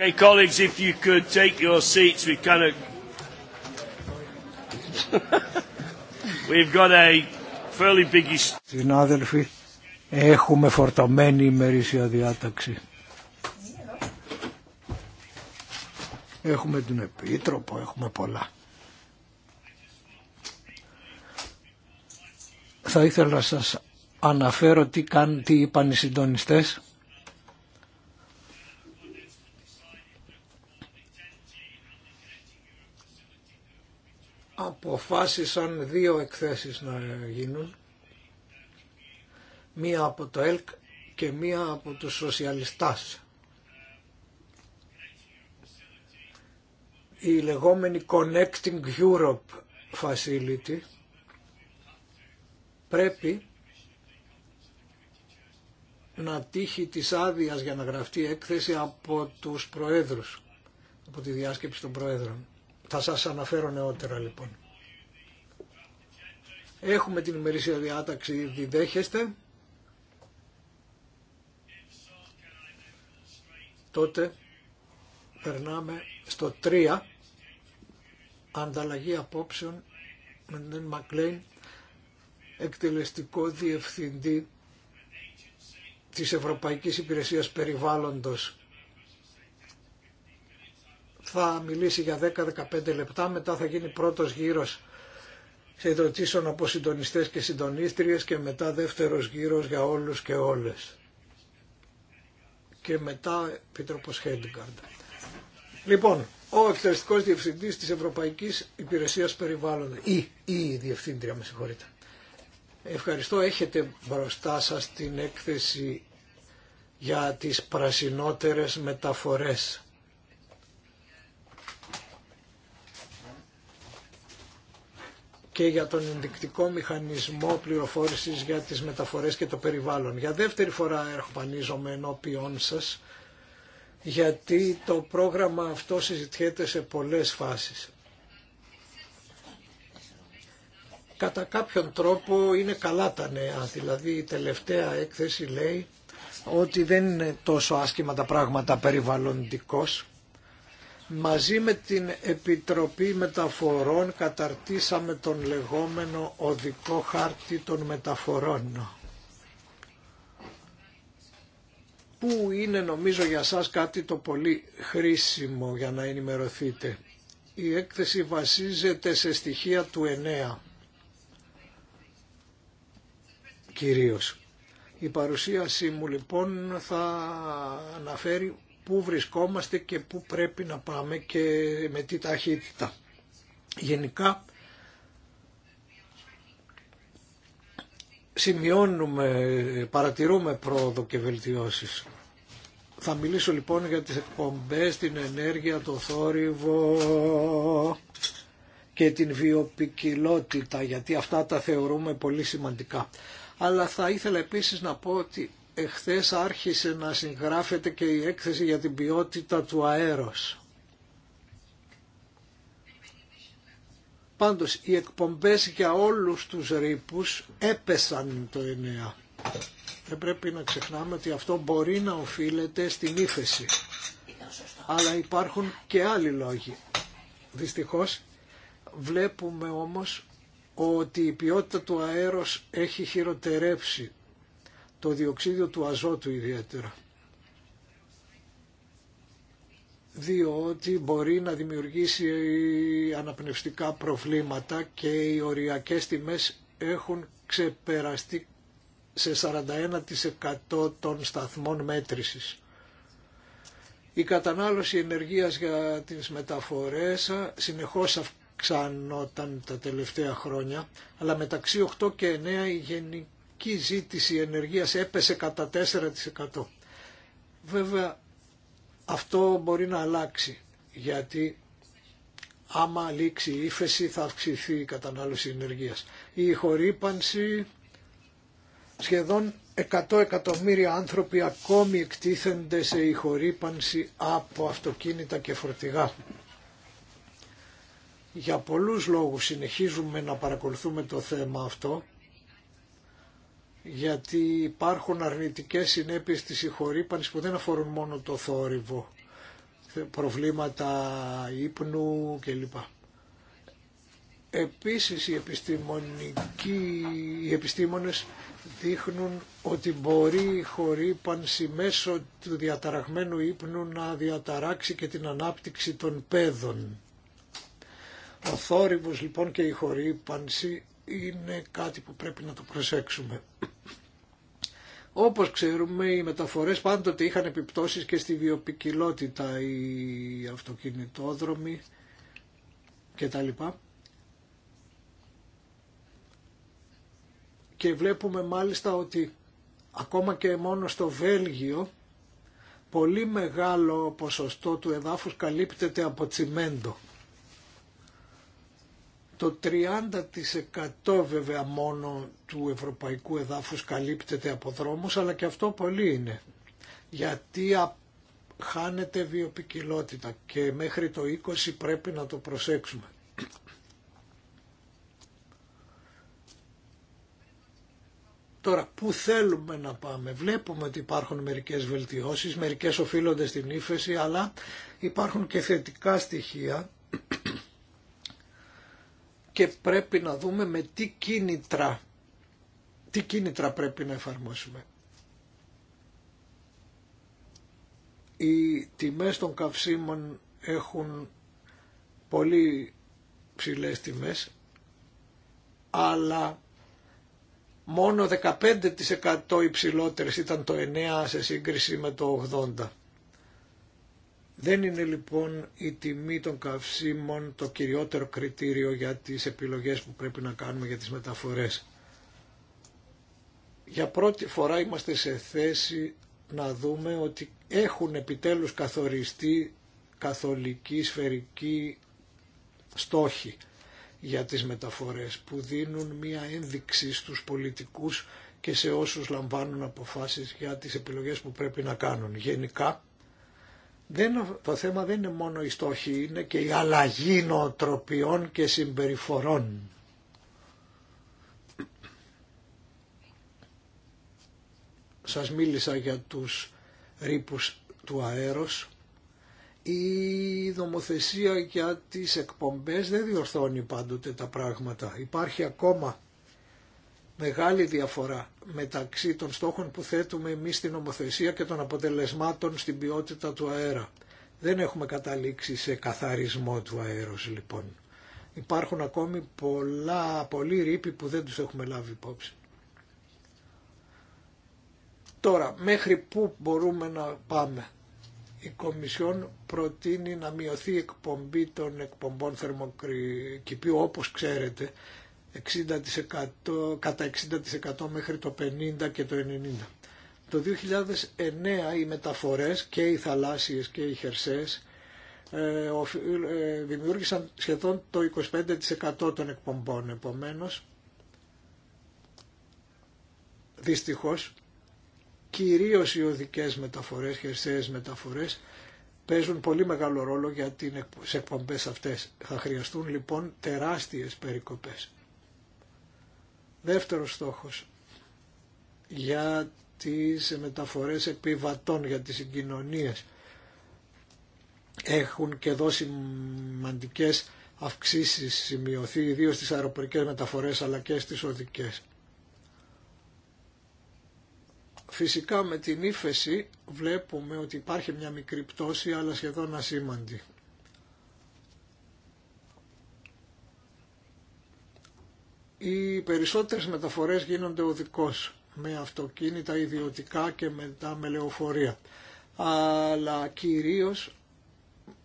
Okay, colleagues, if Συνάδελφοι, έχουμε φορτωμένη ημερήσια διάταξη. Έχουμε την Επίτροπο, έχουμε πολλά. Θα ήθελα να σας αναφέρω τι, καν, τι είπαν οι συντονιστές αποφάσισαν δύο εκθέσεις να γίνουν. Μία από το ΕΛΚ και μία από τους σοσιαλιστάς. Η λεγόμενη Connecting Europe Facility πρέπει να τύχει της άδεια για να γραφτεί έκθεση από τους προέδρους, από τη διάσκεψη των προέδρων. Θα σας αναφέρω νεότερα λοιπόν. Έχουμε την ημερήσια διάταξη, Διδέχεστε. Τότε περνάμε στο 3, ανταλλαγή απόψεων με τον Μακλέιν, εκτελεστικό διευθυντή της Ευρωπαϊκής Υπηρεσίας Περιβάλλοντος. Θα μιλήσει για 10-15 λεπτά, μετά θα γίνει πρώτος γύρος σε ρωτήσεων από συντονιστέ και συντονίστριες και μετά δεύτερος γύρος για όλους και όλες. Και μετά Επίτροπος Χέντγκαρντ. Λοιπόν, ο εκτελεστικός διευθυντής της Ευρωπαϊκής Υπηρεσίας Περιβάλλοντος, ή, ή η διευθύντρια, με συγχωρείτε. Ευχαριστώ, έχετε μπροστά σας την έκθεση για τις πρασινότερες μεταφορές. και για τον ενδεικτικό μηχανισμό πληροφόρησης για τις μεταφορές και το περιβάλλον. Για δεύτερη φορά ερχοπανίζομαι ενώπιόν σας, γιατί το πρόγραμμα αυτό συζητιέται σε πολλές φάσεις. Κατά κάποιον τρόπο είναι καλά τα νέα, δηλαδή η τελευταία έκθεση λέει ότι δεν είναι τόσο άσχημα τα πράγματα περιβαλλοντικός Μαζί με την Επιτροπή Μεταφορών καταρτήσαμε τον λεγόμενο οδικό χάρτη των μεταφορών που είναι νομίζω για σας κάτι το πολύ χρήσιμο για να ενημερωθείτε. Η έκθεση βασίζεται σε στοιχεία του 9 κυρίως. Η παρουσίασή μου λοιπόν θα αναφέρει πού βρισκόμαστε και πού πρέπει να πάμε και με τι ταχύτητα. Γενικά σημειώνουμε, παρατηρούμε πρόοδο και βελτιώσεις. Θα μιλήσω λοιπόν για τις εκπομπές, την ενέργεια, το θόρυβο και την βιοπικιλότητα γιατί αυτά τα θεωρούμε πολύ σημαντικά. Αλλά θα ήθελα επίσης να πω ότι εχθές άρχισε να συγγράφεται και η έκθεση για την ποιότητα του αέρος. Πάντως οι εκπομπές για όλους τους ρήπους έπεσαν το 9. Δεν πρέπει να ξεχνάμε ότι αυτό μπορεί να οφείλεται στην ύφεση. Αλλά υπάρχουν και άλλοι λόγοι. Δυστυχώς βλέπουμε όμως ότι η ποιότητα του αέρος έχει χειροτερέψει το διοξίδιο του αζότου ιδιαίτερα. διότι μπορεί να δημιουργήσει αναπνευστικά προβλήματα και οι οριακές τιμές έχουν ξεπεραστεί σε 41% των σταθμών μέτρησης. Η κατανάλωση ενεργείας για τις μεταφορές συνεχώς αυξανόταν τα τελευταία χρόνια, αλλά μεταξύ 8 και 9 η γενική η ζήτηση ενεργείας έπεσε κατά 4%. Βέβαια αυτό μπορεί να αλλάξει γιατί άμα λήξει η ύφεση θα αυξηθεί η κατανάλωση ενεργείας. Η χορύπανση σχεδόν 100 εκατομμύρια άνθρωποι ακόμη εκτίθενται σε ηχορύπανση από αυτοκίνητα και φορτηγά. Για πολλούς λόγους συνεχίζουμε να παρακολουθούμε το θέμα αυτό γιατί υπάρχουν αρνητικές συνέπειες της ηχορύπανης που δεν αφορούν μόνο το θόρυβο, προβλήματα ύπνου κλπ. Επίσης οι, επιστημονικοί, οι επιστήμονες δείχνουν ότι μπορεί η χορύπανση μέσω του διαταραγμένου ύπνου να διαταράξει και την ανάπτυξη των παιδών. Ο θόρυβος λοιπόν και η χορύπανση είναι κάτι που πρέπει να το προσέξουμε. Όπως ξέρουμε οι μεταφορές πάντοτε είχαν επιπτώσεις και στη βιοπικιλότητα οι αυτοκινητόδρομοι και τα λοιπά. Και βλέπουμε μάλιστα ότι ακόμα και μόνο στο Βέλγιο πολύ μεγάλο ποσοστό του εδάφους καλύπτεται από τσιμέντο. Το 30% βέβαια μόνο του ευρωπαϊκού εδάφους καλύπτεται από δρόμους, αλλά και αυτό πολύ είναι. Γιατί χάνεται βιοπικιλότητα και μέχρι το 20 πρέπει να το προσέξουμε. Τώρα, πού θέλουμε να πάμε. Βλέπουμε ότι υπάρχουν μερικές βελτιώσεις, μερικές οφείλονται στην ύφεση, αλλά υπάρχουν και θετικά στοιχεία και πρέπει να δούμε με τι κίνητρα, τι κίνητρα πρέπει να εφαρμόσουμε. Οι τιμές των καυσίμων έχουν πολύ ψηλές τιμές, αλλά μόνο 15% υψηλότερες ήταν το 9 σε σύγκριση με το 80. Δεν είναι λοιπόν η τιμή των καυσίμων το κυριότερο κριτήριο για τις επιλογές που πρέπει να κάνουμε για τις μεταφορές. Για πρώτη φορά είμαστε σε θέση να δούμε ότι έχουν επιτέλους καθοριστεί καθολική σφαιρικοί στόχοι για τις μεταφορές που δίνουν μία ένδειξη στους πολιτικούς και σε όσους λαμβάνουν αποφάσεις για τις επιλογές που πρέπει να κάνουν. Γενικά δεν, το θέμα δεν είναι μόνο η στόχη, είναι και η αλλαγή νοοτροπιών και συμπεριφορών. Σας μίλησα για τους ρήπους του αέρος. Η δομοθεσία για τις εκπομπές δεν διορθώνει πάντοτε τα πράγματα. Υπάρχει ακόμα μεγάλη διαφορά μεταξύ των στόχων που θέτουμε εμείς στην ομοθεσία και των αποτελεσμάτων στην ποιότητα του αέρα. Δεν έχουμε καταλήξει σε καθαρισμό του αέρος λοιπόν. Υπάρχουν ακόμη πολλά, πολλοί ρήποι που δεν τους έχουμε λάβει υπόψη. Τώρα, μέχρι πού μπορούμε να πάμε. Η Κομισιόν προτείνει να μειωθεί η εκπομπή των εκπομπών θερμοκηπίου, όπως ξέρετε, 60%, κατά 60% μέχρι το 50% και το 90%. Το 2009 οι μεταφορές και οι θαλάσσιες και οι χερσές ε, ε, δημιούργησαν σχεδόν το 25% των εκπομπών. Επομένως, δυστυχώς, κυρίως οι οδικές μεταφορές, χερσαίες μεταφορές, παίζουν πολύ μεγάλο ρόλο για τις εκπομπές αυτές. Θα χρειαστούν λοιπόν τεράστιες περικοπές. Δεύτερος στόχος για τις μεταφορές επιβατών, για τις συγκοινωνίες. Έχουν και εδώ σημαντικέ αυξήσεις σημειωθεί, ιδίως στις αεροπορικές μεταφορές αλλά και στις οδικές. Φυσικά με την ύφεση βλέπουμε ότι υπάρχει μια μικρή πτώση αλλά σχεδόν ασήμαντη. Οι περισσότερες μεταφορές γίνονται οδικός με αυτοκίνητα ιδιωτικά και με με λεωφορεία αλλά κυρίως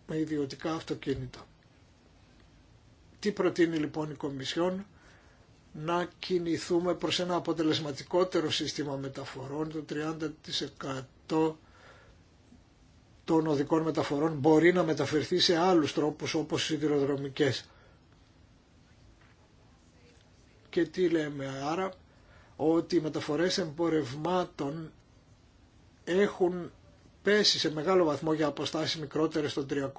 με ιδιωτικά αυτοκίνητα. Τι προτείνει λοιπόν η Κομισιόν να κινηθούμε προς ένα αποτελεσματικότερο σύστημα μεταφορών. Το 30% των οδικών μεταφορών μπορεί να μεταφερθεί σε άλλους τρόπους όπως σιδηροδρομικές. Και τι λέμε άρα, ότι οι μεταφορές εμπορευμάτων έχουν πέσει σε μεγάλο βαθμό για αποστάσεις μικρότερες των 300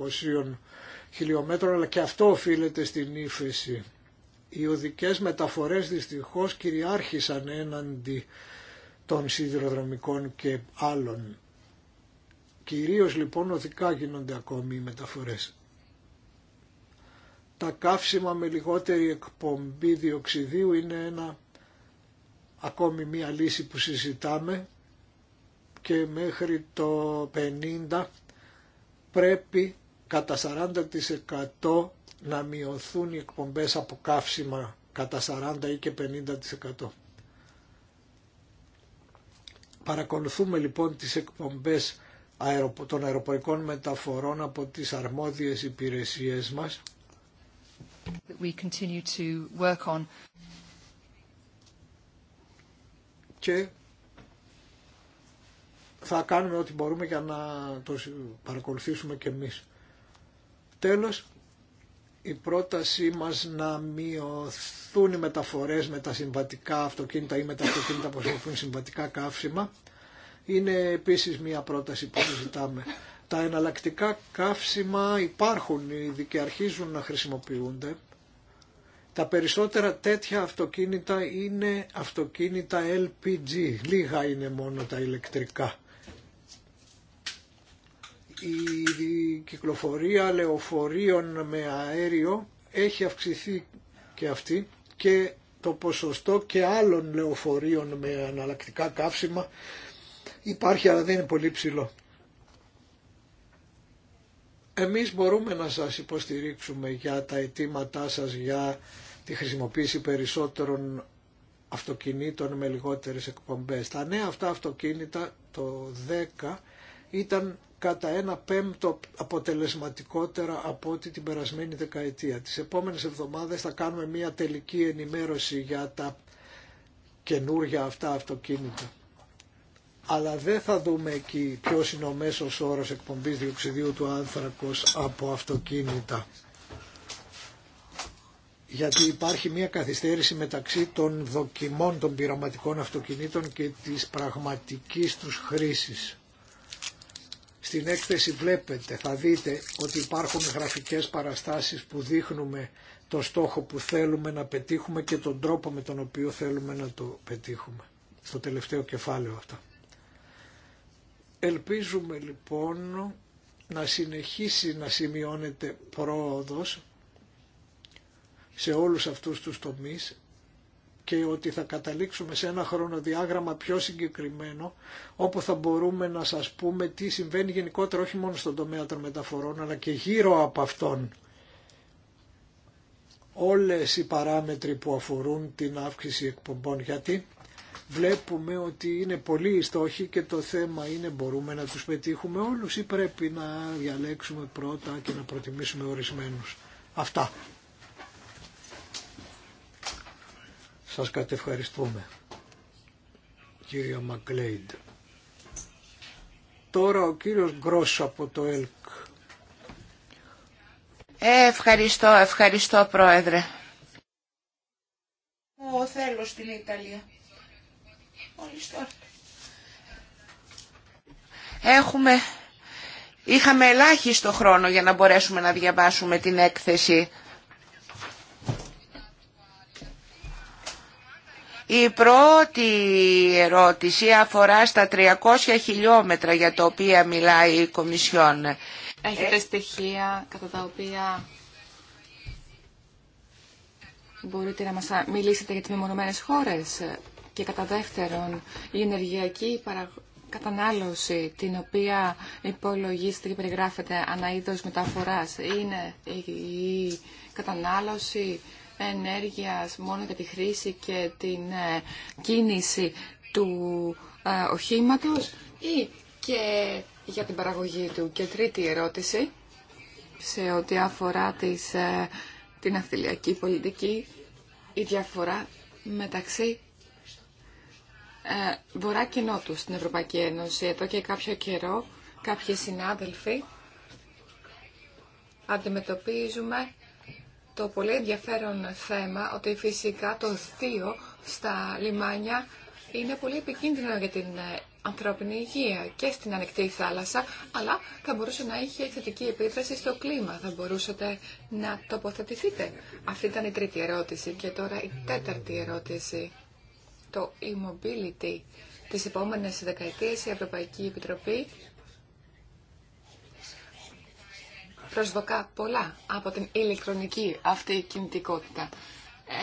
χιλιόμετρων, αλλά και αυτό οφείλεται στην ύφεση. Οι οδικές μεταφορές δυστυχώς κυριάρχησαν έναντι των σιδηροδρομικών και άλλων. Κυρίως λοιπόν οδικά γίνονται ακόμη οι μεταφορές τα καύσιμα με λιγότερη εκπομπή διοξιδίου είναι ένα ακόμη μία λύση που συζητάμε και μέχρι το 50 πρέπει κατά 40% να μειωθούν οι εκπομπές από καύσιμα κατά 40% ή και 50%. Παρακολουθούμε λοιπόν τις εκπομπές των αεροπορικών μεταφορών από τις αρμόδιες υπηρεσίες μας That we continue to work on. Και θα κάνουμε ό,τι μπορούμε για να το παρακολουθήσουμε και εμείς. Τέλος, η πρότασή μας να μειωθούν οι μεταφορές με τα συμβατικά αυτοκίνητα ή με τα αυτοκίνητα που συμβατικά καύσιμα είναι επίσης μια πρόταση που ζητάμε τα εναλλακτικά καύσιμα υπάρχουν ήδη και αρχίζουν να χρησιμοποιούνται. Τα περισσότερα τέτοια αυτοκίνητα είναι αυτοκίνητα LPG, λίγα είναι μόνο τα ηλεκτρικά. Η κυκλοφορία λεωφορείων με αέριο έχει αυξηθεί και αυτή και το ποσοστό και άλλων λεωφορείων με αναλλακτικά καύσιμα υπάρχει αλλά δεν είναι πολύ ψηλό. Εμείς μπορούμε να σας υποστηρίξουμε για τα αιτήματά σας για τη χρησιμοποίηση περισσότερων αυτοκινήτων με λιγότερες εκπομπές. Τα νέα αυτά αυτοκίνητα το 10 ήταν κατά ένα πέμπτο αποτελεσματικότερα από ό,τι την περασμένη δεκαετία. Τις επόμενες εβδομάδες θα κάνουμε μια τελική ενημέρωση για τα καινούργια αυτά αυτοκίνητα αλλά δεν θα δούμε εκεί ποιο είναι ο μέσος όρος εκπομπής διοξιδίου του άνθρακο από αυτοκίνητα. Γιατί υπάρχει μια καθυστέρηση μεταξύ των δοκιμών των πειραματικών αυτοκινήτων και της πραγματικής τους χρήσης. Στην έκθεση βλέπετε, θα δείτε ότι υπάρχουν γραφικές παραστάσεις που δείχνουμε το στόχο που θέλουμε να πετύχουμε και τον τρόπο με τον οποίο θέλουμε να το πετύχουμε. Στο τελευταίο κεφάλαιο αυτά. Ελπίζουμε λοιπόν να συνεχίσει να σημειώνεται πρόοδος σε όλους αυτούς τους τομείς και ότι θα καταλήξουμε σε ένα χρονοδιάγραμμα πιο συγκεκριμένο όπου θα μπορούμε να σας πούμε τι συμβαίνει γενικότερα όχι μόνο στον τομέα των μεταφορών αλλά και γύρω από αυτόν. Όλες οι παράμετροι που αφορούν την αύξηση εκπομπών γιατί βλέπουμε ότι είναι πολλοί οι στόχοι και το θέμα είναι μπορούμε να τους πετύχουμε όλους ή πρέπει να διαλέξουμε πρώτα και να προτιμήσουμε ορισμένους. Αυτά. Σας κατευχαριστούμε. Κύριε Μακλέιντ. Τώρα ο κύριος Γκρός από το ΕΛΚ. ευχαριστώ, ευχαριστώ πρόεδρε. Ο θέλω στην Ιταλία. Έχουμε... Είχαμε ελάχιστο χρόνο για να μπορέσουμε να διαβάσουμε την έκθεση. Η πρώτη ερώτηση αφορά στα 300 χιλιόμετρα για τα οποία μιλάει η Κομισιόν. Έχετε στοιχεία κατά τα οποία μπορείτε να μας μιλήσετε για τις μεμονωμένες χώρες και κατά δεύτερον, η ενεργειακή κατανάλωση, την οποία υπολογίζεται και περιγράφεται ανά είδος μεταφοράς, είναι η κατανάλωση ενέργειας μόνο για τη χρήση και την ε, κίνηση του ε, οχήματος ή και για την παραγωγή του. Και τρίτη ερώτηση σε ό,τι αφορά ε, την αυτιλιακή πολιτική, η διαφορά μεταξύ ε, βορρά κοινό του στην Ευρωπαϊκή Ένωση. Εδώ και κάποιο καιρό κάποιοι συνάδελφοι αντιμετωπίζουμε το πολύ ενδιαφέρον θέμα ότι φυσικά το θείο στα λιμάνια είναι πολύ επικίνδυνο για την ε, ανθρώπινη υγεία και στην ανοιχτή θάλασσα, αλλά θα μπορούσε να είχε θετική επίδραση στο κλίμα. Θα μπορούσατε να τοποθετηθείτε. Αυτή ήταν η τρίτη ερώτηση και τώρα η τέταρτη ερώτηση το e-mobility τις επόμενες δεκαετίες η Ευρωπαϊκή Επιτροπή προσδοκά πολλά από την ηλεκτρονική αυτή κινητικότητα. Ε,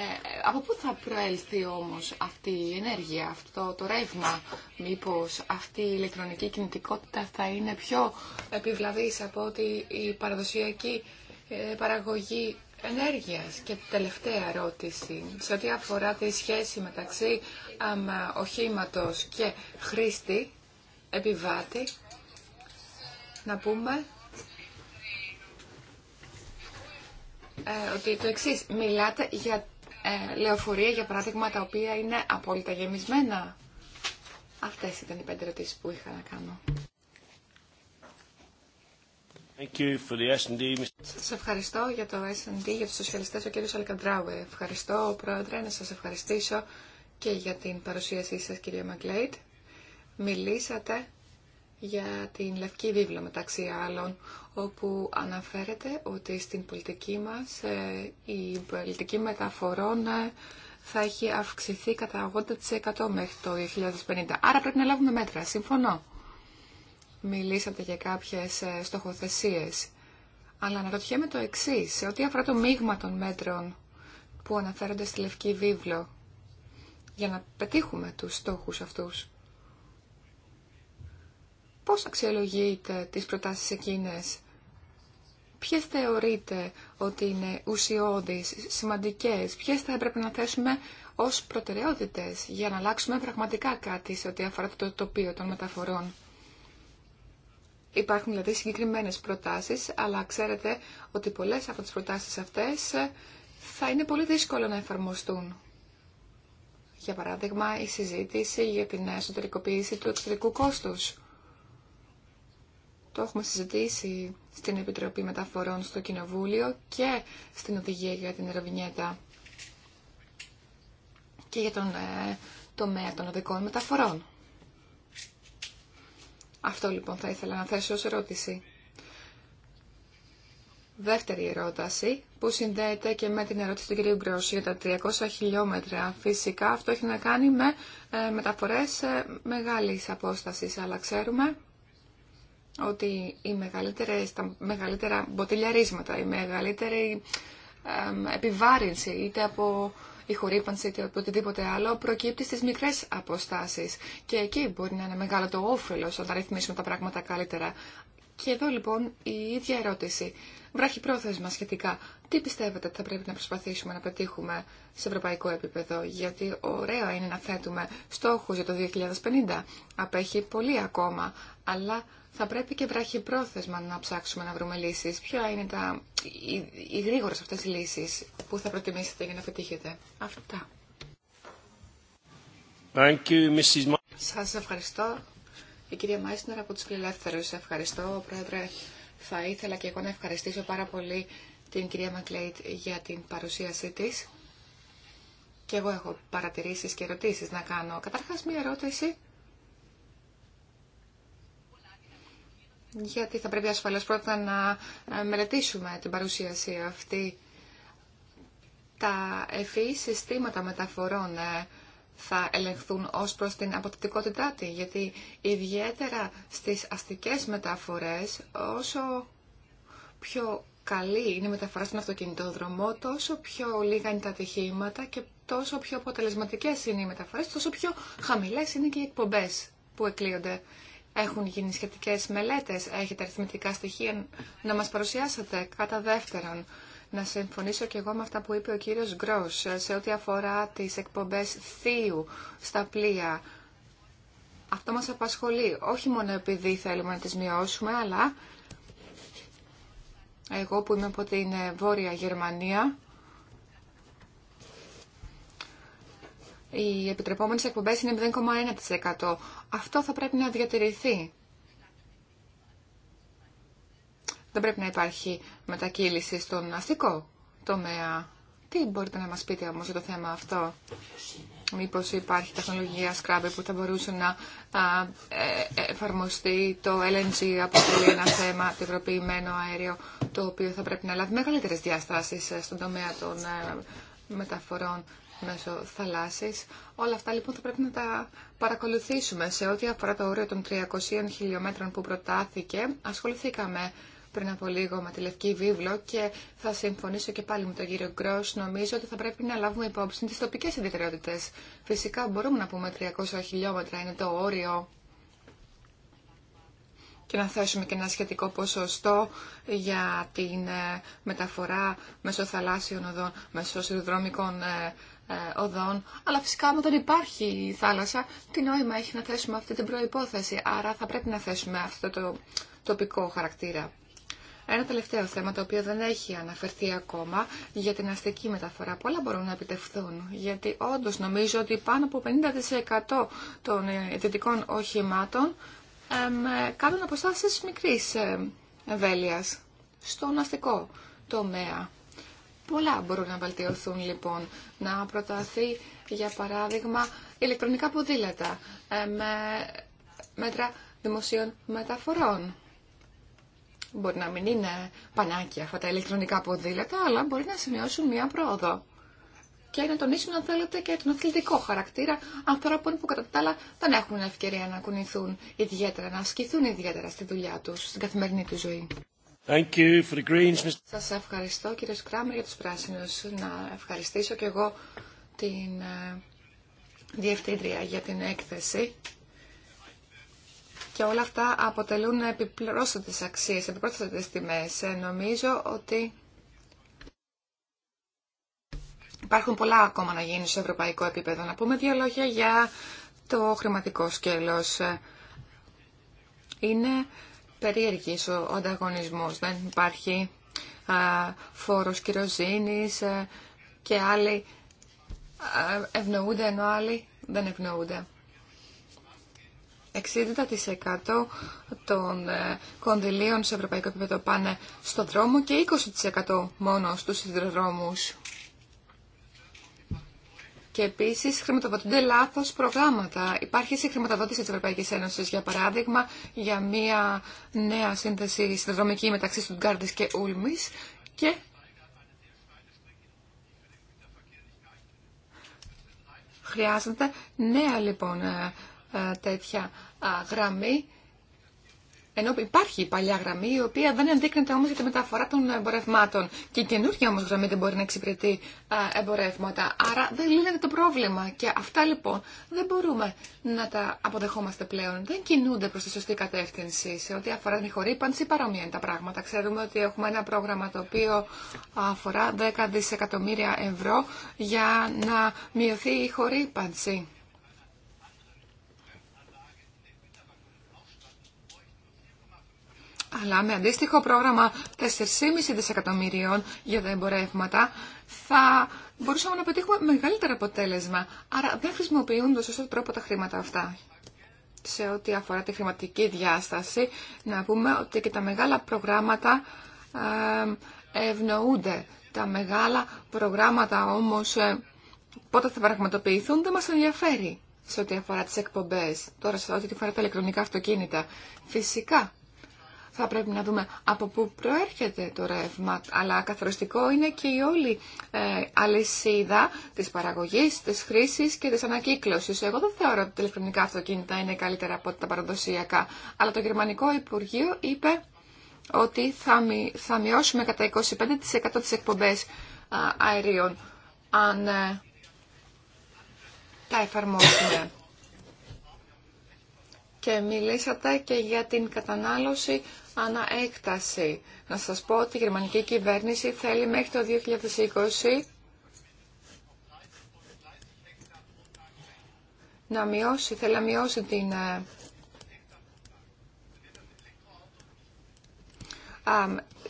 από πού θα προέλθει όμως αυτή η ενέργεια, αυτό το ρεύμα, μήπως αυτή η ηλεκτρονική κινητικότητα θα είναι πιο επιβλαβής από ότι η παραδοσιακή ε, παραγωγή ενέργειας. Και τελευταία ερώτηση, σε ό,τι αφορά τη σχέση μεταξύ αμα, οχήματος και χρήστη, επιβάτη, να πούμε ε, ότι το εξής, μιλάτε για ε, λεωφορεία, για παράδειγμα, τα οποία είναι απόλυτα γεμισμένα. Αυτές ήταν οι πέντε ερωτήσεις που είχα να κάνω. Thank Σας ευχαριστώ για το S&D, για τους σοσιαλιστές, ο κύριος Αλκαντράουε. Ευχαριστώ, Πρόεδρε, να σας ευχαριστήσω και για την παρουσίασή σας, κυρία Μαγκλέιτ. Μιλήσατε για την Λευκή Βίβλο, μεταξύ άλλων, όπου αναφέρεται ότι στην πολιτική μας ε, η πολιτική μεταφορών ε, θα έχει αυξηθεί κατά 80% μέχρι το 2050. Άρα πρέπει να λάβουμε μέτρα. Συμφωνώ μιλήσατε για κάποιες ε, στοχοθεσίες. Αλλά αναρωτιέμαι το εξή, σε ό,τι αφορά το μείγμα των μέτρων που αναφέρονται στη Λευκή Βίβλο, για να πετύχουμε τους στόχους αυτούς. Πώς αξιολογείτε τις προτάσεις εκείνες, ποιες θεωρείτε ότι είναι ουσιώδεις, σημαντικές, ποιες θα έπρεπε να θέσουμε ως προτεραιότητες για να αλλάξουμε πραγματικά κάτι σε ό,τι αφορά το τοπίο των μεταφορών. Υπάρχουν δηλαδή συγκεκριμένες προτάσεις, αλλά ξέρετε ότι πολλές από τις προτάσεις αυτές θα είναι πολύ δύσκολο να εφαρμοστούν. Για παράδειγμα, η συζήτηση για την εσωτερικοποίηση του εξωτερικού κόστους. Το έχουμε συζητήσει στην Επιτροπή Μεταφορών στο Κοινοβούλιο και στην Οδηγία για την Ραβινιέτα και για τον ε, τομέα των οδικών μεταφορών. Αυτό λοιπόν θα ήθελα να θέσω ως ερώτηση. Δεύτερη ερώταση που συνδέεται και με την ερώτηση του κ. Γκρόση για τα 300 χιλιόμετρα. Φυσικά αυτό έχει να κάνει με ε, μεταφορές ε, μεγάλης απόστασης, αλλά ξέρουμε ότι οι μεγαλύτερες, τα μεγαλύτερα μποτιλιαρίσματα, η μεγαλύτερη ε, επιβάρυνση είτε από η χορύπανση ή οτιδήποτε άλλο προκύπτει στις μικρές αποστάσεις και εκεί μπορεί να είναι μεγάλο το όφελος όταν ρυθμίσουμε τα πράγματα καλύτερα. Και εδώ λοιπόν η ίδια ερώτηση. Βράχει στι σχετικά. Τι πιστεύετε ότι θα πρέπει να ειναι μεγαλο το όφελο οταν ρυθμισουμε τα πραγματα καλυτερα και εδω λοιπον η ιδια ερωτηση βραχει προθεσμα σχετικα τι πιστευετε οτι θα πρεπει να πετύχουμε σε ευρωπαϊκό επίπεδο, γιατί ωραίο είναι να θέτουμε στόχους για το 2050. Απέχει πολύ ακόμα, αλλά θα πρέπει και βράχει πρόθεσμα να ψάξουμε να βρούμε λύσεις. Ποια είναι τα, οι, οι γρήγορες αυτές οι λύσεις που θα προτιμήσετε για να πετύχετε. Αυτά. Thank you, Mrs. Σας ευχαριστώ. Η κυρία Μάισνερ από τους Φιλελεύθερους. Ευχαριστώ, Πρόεδρε. Θα ήθελα και εγώ να ευχαριστήσω πάρα πολύ την κυρία Μακλέιτ για την παρουσίασή της. Και εγώ έχω παρατηρήσεις και ερωτήσεις να κάνω. Καταρχάς, μία ερώτηση γιατί θα πρέπει ασφαλώς πρώτα να ε, μελετήσουμε την παρουσίαση αυτή. Τα ευφυή e συστήματα μεταφορών ε, θα ελεγχθούν ως προς την αποτετικότητά τη, γιατί ιδιαίτερα στις αστικές μεταφορές, όσο πιο καλή είναι η μεταφορά στον αυτοκινητόδρομο, τόσο πιο λίγα είναι τα ατυχήματα και τόσο πιο αποτελεσματικές είναι οι μεταφορές, τόσο πιο χαμηλές είναι και οι εκπομπές που εκλείονται. Έχουν γίνει σχετικές μελέτες, έχετε αριθμητικά στοιχεία να μας παρουσιάσετε. Κατά δεύτερον, να συμφωνήσω και εγώ με αυτά που είπε ο κύριος Γκρός σε ό,τι αφορά τις εκπομπές θείου στα πλοία. Αυτό μας απασχολεί, όχι μόνο επειδή θέλουμε να τις μειώσουμε, αλλά εγώ που είμαι από την Βόρεια Γερμανία, οι επιτρεπόμενες εκπομπές είναι 0,1%. Αυτό θα πρέπει να διατηρηθεί. Δεν πρέπει να υπάρχει μετακύληση στον αστικό τομέα. Τι μπορείτε να μας πείτε όμως για το θέμα αυτό. Μήπως υπάρχει τεχνολογία σκράμπε που θα μπορούσε να ε, ε, εφαρμοστεί το LNG από ένα θέμα, το ευρωποιημένο αέριο, το οποίο θα πρέπει να λάβει μεγαλύτερες διαστάσεις ε, στον τομέα των μεταφορών μέσω θαλάσσης. Όλα αυτά λοιπόν θα πρέπει να τα παρακολουθήσουμε. Σε ό,τι αφορά το όριο των 300 χιλιόμετρων που προτάθηκε, ασχοληθήκαμε πριν από λίγο με τη Λευκή Βίβλο και θα συμφωνήσω και πάλι με τον κύριο Γκρό. Νομίζω ότι θα πρέπει να λάβουμε υπόψη τι τοπικέ ιδιαιτερότητε. Φυσικά μπορούμε να πούμε 300 χιλιόμετρα είναι το όριο και να θέσουμε και ένα σχετικό ποσοστό για την ε, μεταφορά μέσω οδών, μέσω σιδηροδρομικών ε, ε, οδών, αλλά φυσικά άμα δεν υπάρχει θάλασσα, τι νόημα έχει να θέσουμε αυτή την προϋπόθεση. Άρα θα πρέπει να θέσουμε αυτό το τοπικό χαρακτήρα. Ένα τελευταίο θέμα, το οποίο δεν έχει αναφερθεί ακόμα, για την αστική μεταφορά. Πολλά μπορούν να επιτευχθούν, γιατί όντω νομίζω ότι πάνω από 50% των ε, ιδιωτικών οχημάτων εμ, ε, κάνουν αποστάσεις μικρής εμβέλειας στον αστικό τομέα. Πολλά μπορούν να βελτιωθούν λοιπόν. Να προταθεί, για παράδειγμα, ηλεκτρονικά ποδήλατα ε, με μέτρα δημοσίων μεταφορών. Μπορεί να μην είναι πανάκια αυτά τα ηλεκτρονικά ποδήλατα, αλλά μπορεί να σημειώσουν μία πρόοδο. Και να τονίσουν, αν θέλετε, και τον αθλητικό χαρακτήρα ανθρώπων που κατά τα άλλα δεν έχουν ευκαιρία να κουνηθούν ιδιαίτερα, να ασκηθούν ιδιαίτερα στη δουλειά τους, στην καθημερινή του ζωή. Thank Σας ευχαριστώ κύριε Σκράμερ για τους πράσινους. Να ευχαριστήσω και εγώ την ε, Διευθύντρια για την έκθεση. Και όλα αυτά αποτελούν επιπρόσθετες αξίες, επιπρόσθετες τιμές. Ε, νομίζω ότι υπάρχουν πολλά ακόμα να γίνουν σε ευρωπαϊκό επίπεδο. Να πούμε δύο λόγια για το χρηματικό σκέλος. Ε, είναι περίεργης ο ανταγωνισμός. Δεν υπάρχει φόρος κυροζήνης ε, και άλλοι ε, ευνοούνται ενώ άλλοι δεν ευνοούνται. 60% των ε, κονδυλίων σε ευρωπαϊκό επίπεδο πάνε στο δρόμο και 20% μόνο στους σιδηροδρόμους. Και επίση χρηματοδοτούνται λάθο προγράμματα. Υπάρχει συγχρηματοδότηση τη Ευρωπαϊκή Ένωση, για παράδειγμα, για μια νέα σύνθεση συνδρομική μεταξύ Στουτγκάρντε και Ούλμη και χρειάζεται νέα λοιπόν ε, ε, τέτοια ε, γραμμή ενώ υπάρχει η παλιά γραμμή η οποία δεν ενδείκνεται όμω για τη μεταφορά των εμπορευμάτων. Και η καινούργια όμω γραμμή δεν μπορεί να εξυπηρετεί εμπορεύματα. Άρα δεν λύνεται το πρόβλημα. Και αυτά λοιπόν δεν μπορούμε να τα αποδεχόμαστε πλέον. Δεν κινούνται προ τη σωστή κατεύθυνση. Σε ό,τι αφορά την χορύπανση παρόμοια είναι τα πράγματα. Ξέρουμε ότι έχουμε ένα πρόγραμμα το οποίο αφορά 10 δισεκατομμύρια ευρώ για να μειωθεί η χορύπανση. Αλλά με αντίστοιχο πρόγραμμα 4,5 δισεκατομμυρίων για τα εμπορεύματα θα μπορούσαμε να πετύχουμε μεγαλύτερο αποτέλεσμα. Άρα δεν χρησιμοποιούν το σωστό τρόπο τα χρήματα αυτά. Σε ό,τι αφορά τη χρηματική διάσταση, να πούμε ότι και τα μεγάλα προγράμματα ευνοούνται. Τα μεγάλα προγράμματα όμως ε, πότε θα πραγματοποιηθούν δεν μας ενδιαφέρει σε ό,τι αφορά τις εκπομπές. Τώρα σε ό,τι αφορά τα ηλεκτρονικά αυτοκίνητα. Φυσικά θα πρέπει να δούμε από πού προέρχεται το ρεύμα, αλλά καθοριστικό είναι και η όλη ε, αλυσίδα της παραγωγής, της χρήσης και της ανακύκλωσης. Εγώ δεν θεωρώ ότι τα ηλεκτρονικά αυτοκίνητα είναι καλύτερα από τα παραδοσιακά, αλλά το Γερμανικό Υπουργείο είπε ότι θα, μειώσουμε κατά 25% τις εκπομπές αερίων αν ε, τα εφαρμόσουμε και μιλήσατε και για την κατανάλωση αναέκταση. Να σας πω ότι η γερμανική κυβέρνηση θέλει μέχρι το 2020 να μειώσει, θέλει να μειώσει την ε,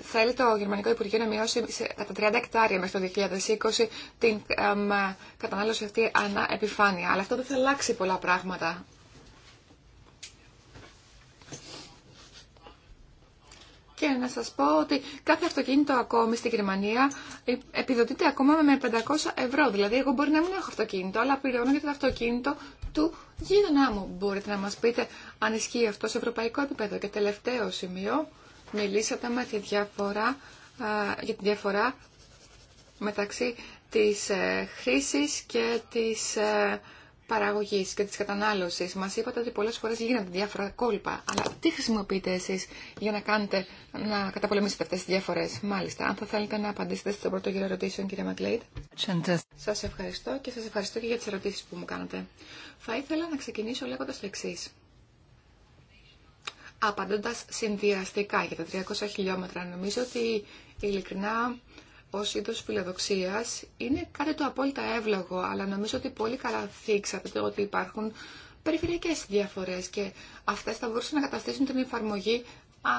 θέλει το Γερμανικό Υπουργείο να μειώσει κατά 30 εκτάρια μέχρι το 2020 την ε, κατανάλωση αυτή ανά επιφάνεια. Αλλά αυτό δεν θα αλλάξει πολλά πράγματα. Και να σας πω ότι κάθε αυτοκίνητο ακόμη στη Γερμανία ε, επιδοτείται ακόμα με 500 ευρώ. Δηλαδή, εγώ μπορεί να μην έχω αυτοκίνητο, αλλά πληρώνω για το αυτοκίνητο του γείτονά μου. Μπορείτε να μας πείτε αν ισχύει αυτό σε ευρωπαϊκό επίπεδο. Και τελευταίο σημείο, μιλήσατε με τη διαφορά, για τη διαφορά μεταξύ της ε, χρήσης και της ε, παραγωγής και της κατανάλωσης. Μας είπατε ότι πολλές φορές γίνονται διάφορα κόλπα. Αλλά τι χρησιμοποιείτε εσείς για να κάνετε, να καταπολεμήσετε αυτές τις διαφορές. Μάλιστα, αν θα θέλετε να απαντήσετε στον πρώτο γύρο ερωτήσεων, κύριε Μακλέιτ. Σας ευχαριστώ και σας ευχαριστώ και για τις ερωτήσεις που μου κάνετε. Θα ήθελα να ξεκινήσω λεγοντα το εξή. Απαντώντας συνδυαστικά για τα 300 χιλιόμετρα, νομίζω ότι ειλικρινά ως είδος φιλοδοξίας είναι κάτι το απόλυτα εύλογο, αλλά νομίζω ότι πολύ καλά θίξατε ότι υπάρχουν περιφερειακές διαφορές και αυτές θα μπορούσαν να καταστήσουν την εφαρμογή α...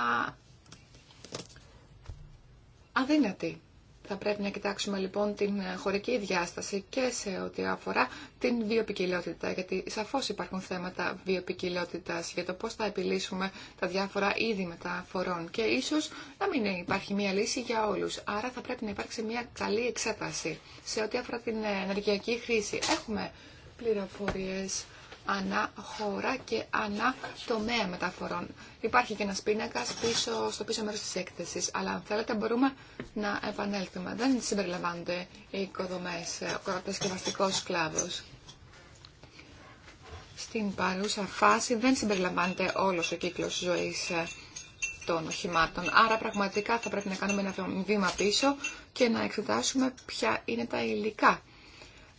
αδύνατη. Θα πρέπει να κοιτάξουμε λοιπόν την χωρική διάσταση και σε ό,τι αφορά την βιοπικιλότητα, γιατί σαφώς υπάρχουν θέματα βιοπικιλότητας για το πώς θα επιλύσουμε τα διάφορα είδη μεταφορών και ίσως να μην υπάρχει μία λύση για όλους. Άρα θα πρέπει να υπάρξει μία καλή εξέταση σε ό,τι αφορά την ενεργειακή χρήση. Έχουμε πληροφορίες ανά χώρα και ανά τομέα μεταφορών. Υπάρχει και ένα πίνακας πίσω, στο πίσω μέρο τη έκθεση. αλλά αν θέλετε μπορούμε να επανέλθουμε. Δεν συμπεριλαμβάνονται οι οικοδομέ ε, ο κατασκευαστικό κλάδο. Στην παρούσα φάση δεν συμπεριλαμβάνεται όλος ο κύκλος ζωής ε, των οχημάτων. Άρα πραγματικά θα πρέπει να κάνουμε ένα βήμα πίσω και να εξετάσουμε ποια είναι τα υλικά.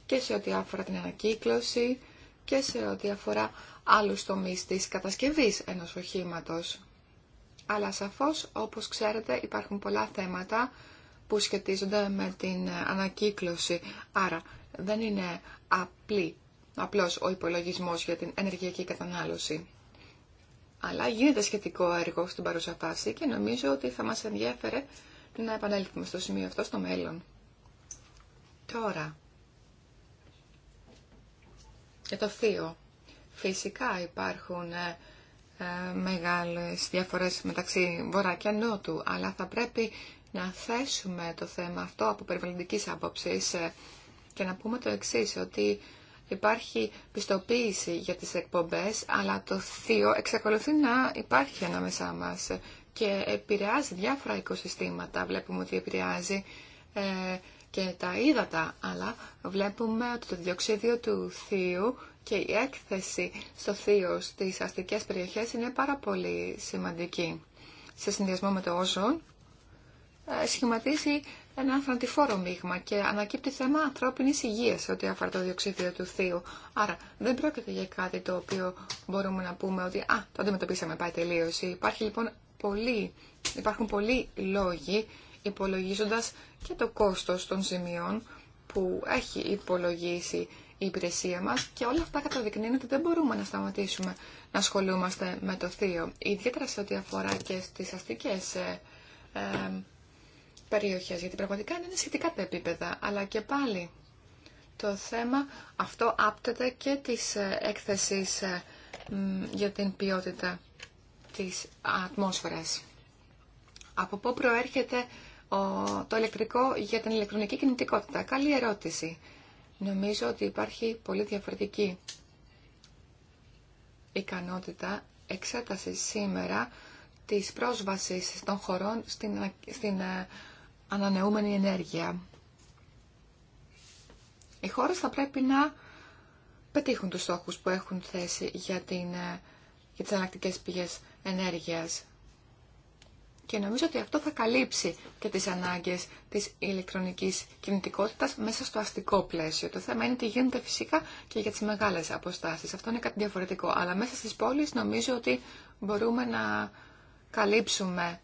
Και σε ό,τι αφορά την ανακύκλωση, και σε ό,τι αφορά άλλους τομείς της κατασκευής ενός οχήματος. Αλλά σαφώς, όπως ξέρετε, υπάρχουν πολλά θέματα που σχετίζονται με την ανακύκλωση. Άρα, δεν είναι απλή, απλώς ο υπολογισμός για την ενεργειακή κατανάλωση. Αλλά γίνεται σχετικό έργο στην παρούσα φάση και νομίζω ότι θα μας ενδιέφερε να επανέλθουμε στο σημείο αυτό στο μέλλον. Τώρα, για το θείο. Φυσικά υπάρχουν ε, ε, μεγάλες διαφορές μεταξύ βορρά και νότου, αλλά θα πρέπει να θέσουμε το θέμα αυτό από περιβαλλοντικής άποψης ε, και να πούμε το εξή, ότι υπάρχει πιστοποίηση για τις εκπομπές, αλλά το θείο εξακολουθεί να υπάρχει ανάμεσά μας και επηρεάζει διάφορα οικοσυστήματα. Βλέπουμε ότι επηρεάζει και τα ύδατα, αλλά βλέπουμε ότι το διοξίδιο του θείου και η έκθεση στο θείο στις αστικές περιοχές είναι πάρα πολύ σημαντική. Σε συνδυασμό με το όζον, ε, σχηματίζει ένα ανθραντιφόρο μείγμα και ανακύπτει θέμα ανθρώπινης υγείας σε ό,τι αφορά το διοξίδιο του θείου. Άρα δεν πρόκειται για κάτι το οποίο μπορούμε να πούμε ότι «Α, το αντιμετωπίσαμε, πάει τελείωση». Υπάρχει λοιπόν πολύ, υπάρχουν πολλοί λόγοι υπολογίζοντας και το κόστος των ζημιών που έχει υπολογίσει η υπηρεσία μας και όλα αυτά καταδεικνύουν ότι δεν μπορούμε να σταματήσουμε να ασχολούμαστε με το θείο. Ιδιαίτερα σε ό,τι αφορά και στις αστικές ε, περιοχές, γιατί πραγματικά είναι σχετικά τα επίπεδα, αλλά και πάλι το θέμα αυτό άπτεται και της ε, έκθεσης ε, για την ποιότητα της ατμόσφαιρας. Από πού προέρχεται το ηλεκτρικό για την ηλεκτρονική κινητικότητα. Καλή ερώτηση. Νομίζω ότι υπάρχει πολύ διαφορετική ικανότητα εξέταση σήμερα της πρόσβασης των χωρών στην, στην ε, ανανεούμενη ενέργεια. Οι χώρες θα πρέπει να πετύχουν τους στόχους που έχουν θέσει για, την, ε, για τις ανακτικές πηγές ενέργειας. Και νομίζω ότι αυτό θα καλύψει και τις ανάγκες της ηλεκτρονικής κινητικότητας μέσα στο αστικό πλαίσιο. Το θέμα είναι ότι γίνεται φυσικά και για τις μεγάλες αποστάσεις. Αυτό είναι κάτι διαφορετικό. Αλλά μέσα στις πόλεις νομίζω ότι μπορούμε να καλύψουμε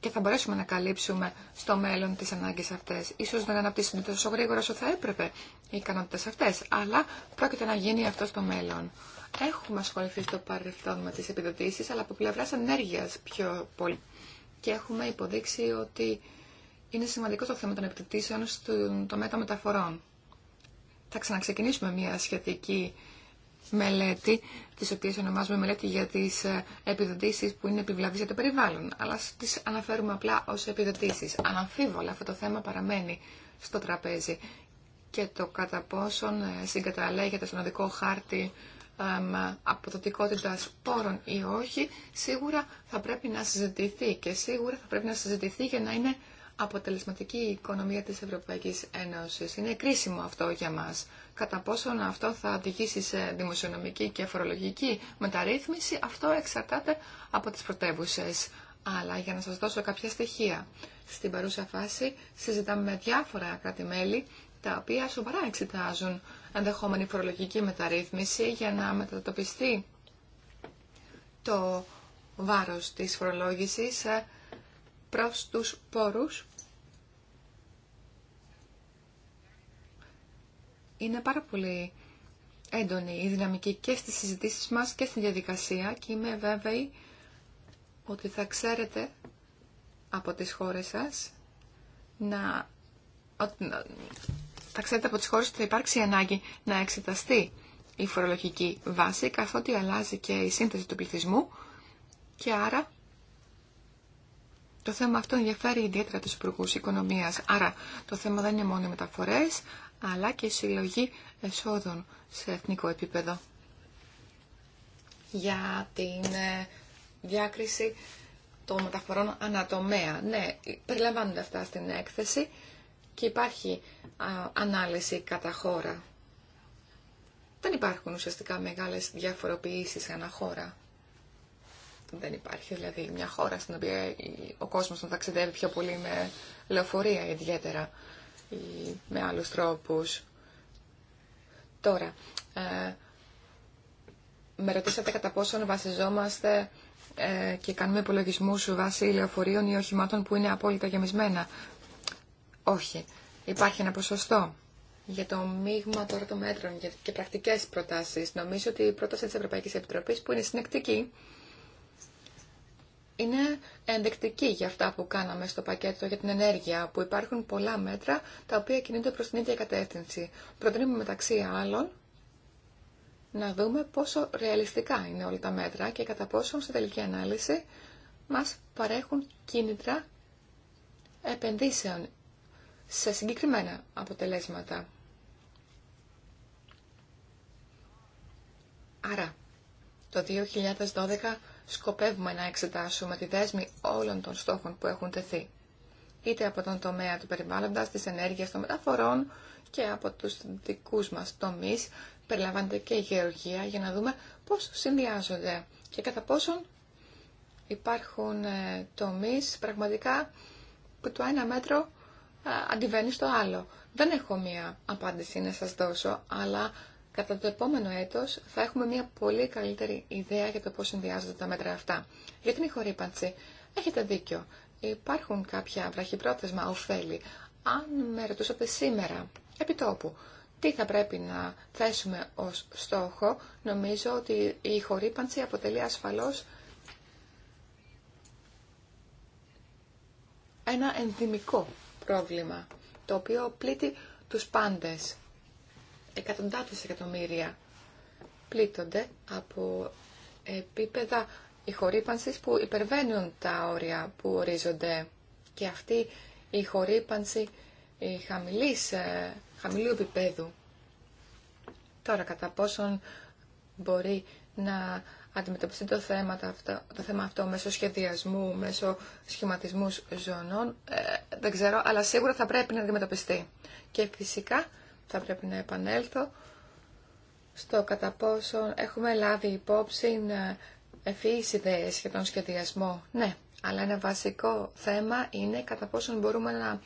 και θα μπορέσουμε να καλύψουμε στο μέλλον τις ανάγκες αυτές. Ίσως δεν αναπτύσσονται τόσο γρήγορα όσο θα έπρεπε οι ικανότητες αυτές, αλλά πρόκειται να γίνει αυτό στο μέλλον. Έχουμε ασχοληθεί στο παρελθόν με τις επιδοτήσεις, αλλά από πλευρά ενέργειας πιο πολύ. Και έχουμε υποδείξει ότι είναι σημαντικό το θέμα των επιδοτήσεων στον τομέα μεταφορών. Θα ξαναξεκινήσουμε μια σχετική μελέτη, τις οποίες ονομάζουμε μελέτη για τις ε, επιδοτήσεις που είναι επιβλαβείς για το περιβάλλον, αλλά τις αναφέρουμε απλά ως επιδοτήσεις. Αναμφίβολα αυτό το θέμα παραμένει στο τραπέζι και το κατά πόσον ε, συγκαταλέγεται στον οδικό χάρτη αποδοτικότητα πόρων ή όχι, σίγουρα θα πρέπει να συζητηθεί και σίγουρα θα πρέπει να συζητηθεί για να είναι αποτελεσματική η οικονομία της Ευρωπαϊκής Ένωσης. Είναι κρίσιμο αυτό για μας. Κατά πόσον αυτό θα οδηγήσει σε δημοσιονομική και φορολογική μεταρρύθμιση, αυτό εξαρτάται από τις πρωτεύουσε. Αλλά για να σας δώσω κάποια στοιχεία. Στην παρούσα φάση συζητάμε με διάφορα κράτη-μέλη, τα οποία σοβαρά εξετάζουν ενδεχόμενη φορολογική μεταρρύθμιση για να μετατοπιστεί το βάρος της φορολόγησης ε, προς τους πόρους. Είναι πάρα πολύ έντονη η δυναμική και στις συζητήσεις μας και στην διαδικασία και είμαι βέβαιη ότι θα ξέρετε από τις χώρες σας να θα ξέρετε από τις χώρες ότι θα υπάρξει ανάγκη να εξεταστεί η φορολογική βάση, καθότι αλλάζει και η σύνθεση του πληθυσμού και άρα το θέμα αυτό ενδιαφέρει ιδιαίτερα τους υπουργούς οικονομίας. Άρα το θέμα δεν είναι μόνο οι μεταφορές, αλλά και η συλλογή εσόδων σε εθνικό επίπεδο. Για την ε, διάκριση των μεταφορών ανατομέα. Ναι, περιλαμβάνονται αυτά στην έκθεση και υπάρχει ανάλυση κατά χώρα. Δεν υπάρχουν ουσιαστικά μεγάλες διαφοροποιήσεις ανά χώρα. Δεν υπάρχει δηλαδή μια χώρα στην οποία ο κόσμος να ταξιδεύει πιο πολύ με λεωφορεία ιδιαίτερα ή με άλλους τρόπους. Τώρα, ε, με ρωτήσατε κατά πόσον βασιζόμαστε ε, και κάνουμε υπολογισμούς βάσει λεωφορείων ή οχημάτων που είναι απόλυτα γεμισμένα. Όχι. Υπάρχει ένα ποσοστό για το μείγμα τώρα των μέτρων και πρακτικέ προτάσει. Νομίζω ότι η πρόταση τη Ευρωπαϊκή Επιτροπή που είναι συνεκτική είναι ενδεκτική για αυτά που κάναμε στο πακέτο για την ενέργεια, που υπάρχουν πολλά μέτρα τα οποία κινούνται προ την ίδια κατεύθυνση. Προτείνουμε μεταξύ άλλων να δούμε πόσο ρεαλιστικά είναι όλα τα μέτρα και κατά πόσο σε τελική ανάλυση μας παρέχουν κίνητρα επενδύσεων σε συγκεκριμένα αποτελέσματα. Άρα, το 2012 σκοπεύουμε να εξετάσουμε τη δέσμη όλων των στόχων που έχουν τεθεί, είτε από τον τομέα του περιβάλλοντας, της ενέργειας των μεταφορών και από τους δικούς μας τομείς, περιλαμβάνεται και η γεωργία, για να δούμε πώς συνδυάζονται και κατά πόσον υπάρχουν ε, τομείς πραγματικά που το ένα μέτρο αντιβαίνει στο άλλο. Δεν έχω μία απάντηση να σας δώσω, αλλά κατά το επόμενο έτος θα έχουμε μία πολύ καλύτερη ιδέα για το πώς συνδυάζονται τα μέτρα αυτά. Για την ηχορύπανση, έχετε δίκιο. Υπάρχουν κάποια βραχυπρόθεσμα ωφέλη. Αν με ρωτούσατε σήμερα, επί τι θα πρέπει να θέσουμε ως στόχο, νομίζω ότι η ηχορύπανση αποτελεί ασφαλώς ένα ενδυμικό πρόβλημα, το οποίο πλήττει τους πάντες. Εκατοντάδες εκατομμύρια πλήττονται από επίπεδα ηχορύπανσης που υπερβαίνουν τα όρια που ορίζονται. Και αυτή η ηχορύπανση η χαμηλής, ε, χαμηλού επίπεδου. Τώρα, κατά πόσον μπορεί να αντιμετωπιστεί το θέμα, αυτό, το θέμα αυτό μέσω σχεδιασμού, μέσω σχηματισμού ζωνών, ε, δεν ξέρω, αλλά σίγουρα θα πρέπει να αντιμετωπιστεί. Και φυσικά θα πρέπει να επανέλθω στο κατά πόσο έχουμε λάβει υπόψη ε, ευφύης ιδέες για τον σχεδιασμό. Ναι, αλλά ένα βασικό θέμα είναι κατά πόσο μπορούμε να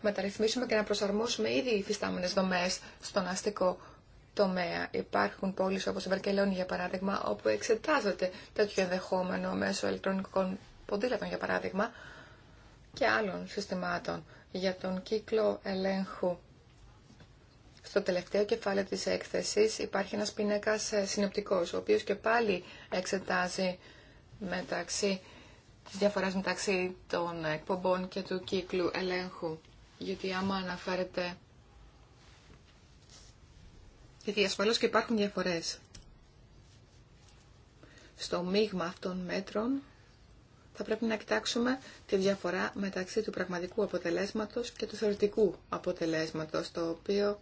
μεταρρυθμίσουμε και να προσαρμόσουμε ήδη οι υφιστάμενες δομές στον αστικό τομέα. Υπάρχουν πόλεις όπως η Βαρκελόνη για παράδειγμα όπου εξετάζεται τέτοιο ενδεχόμενο μέσω ηλεκτρονικών ποντήλατων για παράδειγμα και άλλων συστημάτων για τον κύκλο ελέγχου. Στο τελευταίο κεφάλαιο της έκθεσης υπάρχει ένας πίνακας ε, συνοπτικός, ο οποίος και πάλι εξετάζει μεταξύ, της διαφορές μεταξύ των εκπομπών και του κύκλου ελέγχου. Γιατί άμα αναφέρεται γιατί ασφαλώς και υπάρχουν διαφορές. Στο μείγμα αυτών μέτρων θα πρέπει να κοιτάξουμε τη διαφορά μεταξύ του πραγματικού αποτελέσματος και του θεωρητικού αποτελέσματος, το οποίο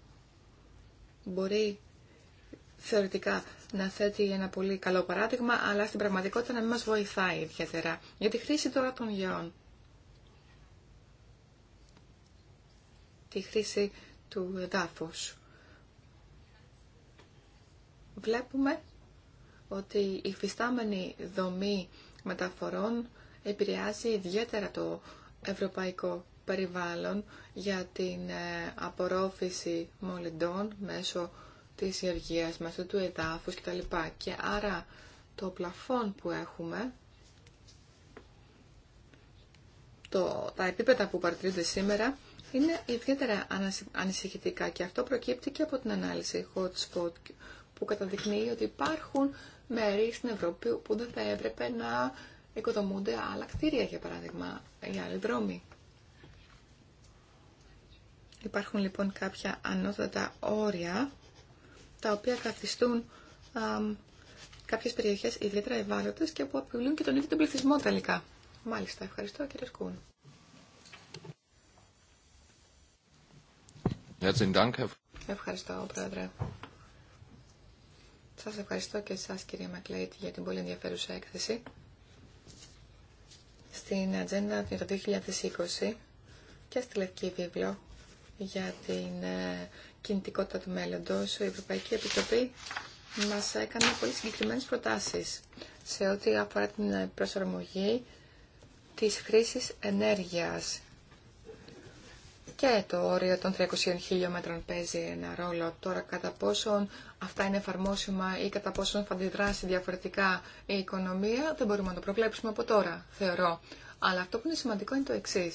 μπορεί θεωρητικά να θέτει ένα πολύ καλό παράδειγμα, αλλά στην πραγματικότητα να μην μας βοηθάει ιδιαίτερα για τη χρήση τώρα των γεών. Τη χρήση του εδάφους βλέπουμε ότι η φυστάμενη δομή μεταφορών επηρεάζει ιδιαίτερα το ευρωπαϊκό περιβάλλον για την ε, απορρόφηση μολυντών μέσω της γεωργίας, μέσω του εδάφους κτλ. Και άρα το πλαφόν που έχουμε, το, τα επίπεδα που παρατηρούνται σήμερα, είναι ιδιαίτερα ανησυχητικά και αυτό προκύπτει και από την ανάλυση hot που καταδεικνύει ότι υπάρχουν μέρη στην Ευρώπη που δεν θα έπρεπε να οικοδομούνται άλλα κτίρια, για παράδειγμα, ή άλλοι δρόμοι. Υπάρχουν λοιπόν κάποια ανώτατα όρια, τα οποία καθιστούν α, κάποιες περιοχές ιδιαίτερα ευάλωτες και που απειλούν και τον ίδιο τον πληθυσμό τελικά. Μάλιστα, ευχαριστώ κύριε Σκούν. Ευχαριστώ, Πρόεδρε. Σας ευχαριστώ και εσάς κυρία Μακλέιτ για την πολύ ενδιαφέρουσα έκθεση. Στην ατζέντα του 2020 και στη Λευκή Βίβλο για την ε, κινητικότητα του μέλλοντος, η Ευρωπαϊκή Επιτροπή μας έκανε πολύ συγκεκριμένες προτάσεις σε ό,τι αφορά την προσαρμογή της χρήσης ενέργειας και το όριο των 300 χιλιόμετρων παίζει ένα ρόλο. Τώρα κατά πόσον αυτά είναι εφαρμόσιμα ή κατά πόσον θα αντιδράσει διαφορετικά η οικονομία δεν μπορούμε να το προβλέψουμε από τώρα, θεωρώ. Αλλά αυτό που είναι σημαντικό είναι το εξή.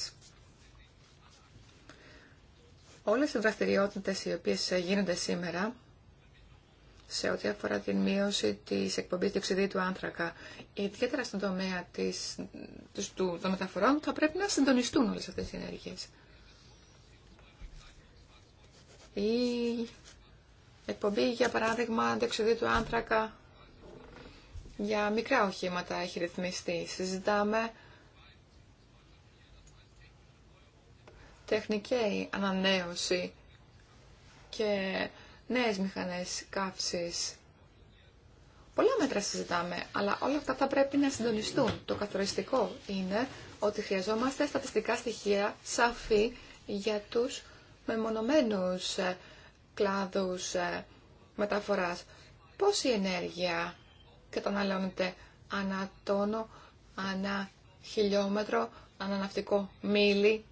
Όλες οι δραστηριότητε οι οποίες γίνονται σήμερα σε ό,τι αφορά την μείωση της εκπομπής διοξιδίου του άνθρακα, ιδιαίτερα στον τομέα της, του, των μεταφορών, θα πρέπει να συντονιστούν όλες αυτές οι ενέργειες. Η εκπομπή, για παράδειγμα, αντεξοδίου του άνθρακα για μικρά οχήματα έχει ρυθμιστεί. Συζητάμε τεχνική ανανέωση και νέες μηχανές καύσης. Πολλά μέτρα συζητάμε, αλλά όλα αυτά θα πρέπει να συντονιστούν. Το καθοριστικό είναι ότι χρειαζόμαστε στατιστικά στοιχεία σαφή για τους μεμονωμένους ε, κλάδους ε, μεταφοράς. Πόση ενέργεια καταναλώνεται ανά τόνο, ανά χιλιόμετρο, ανά ναυτικό μίλι.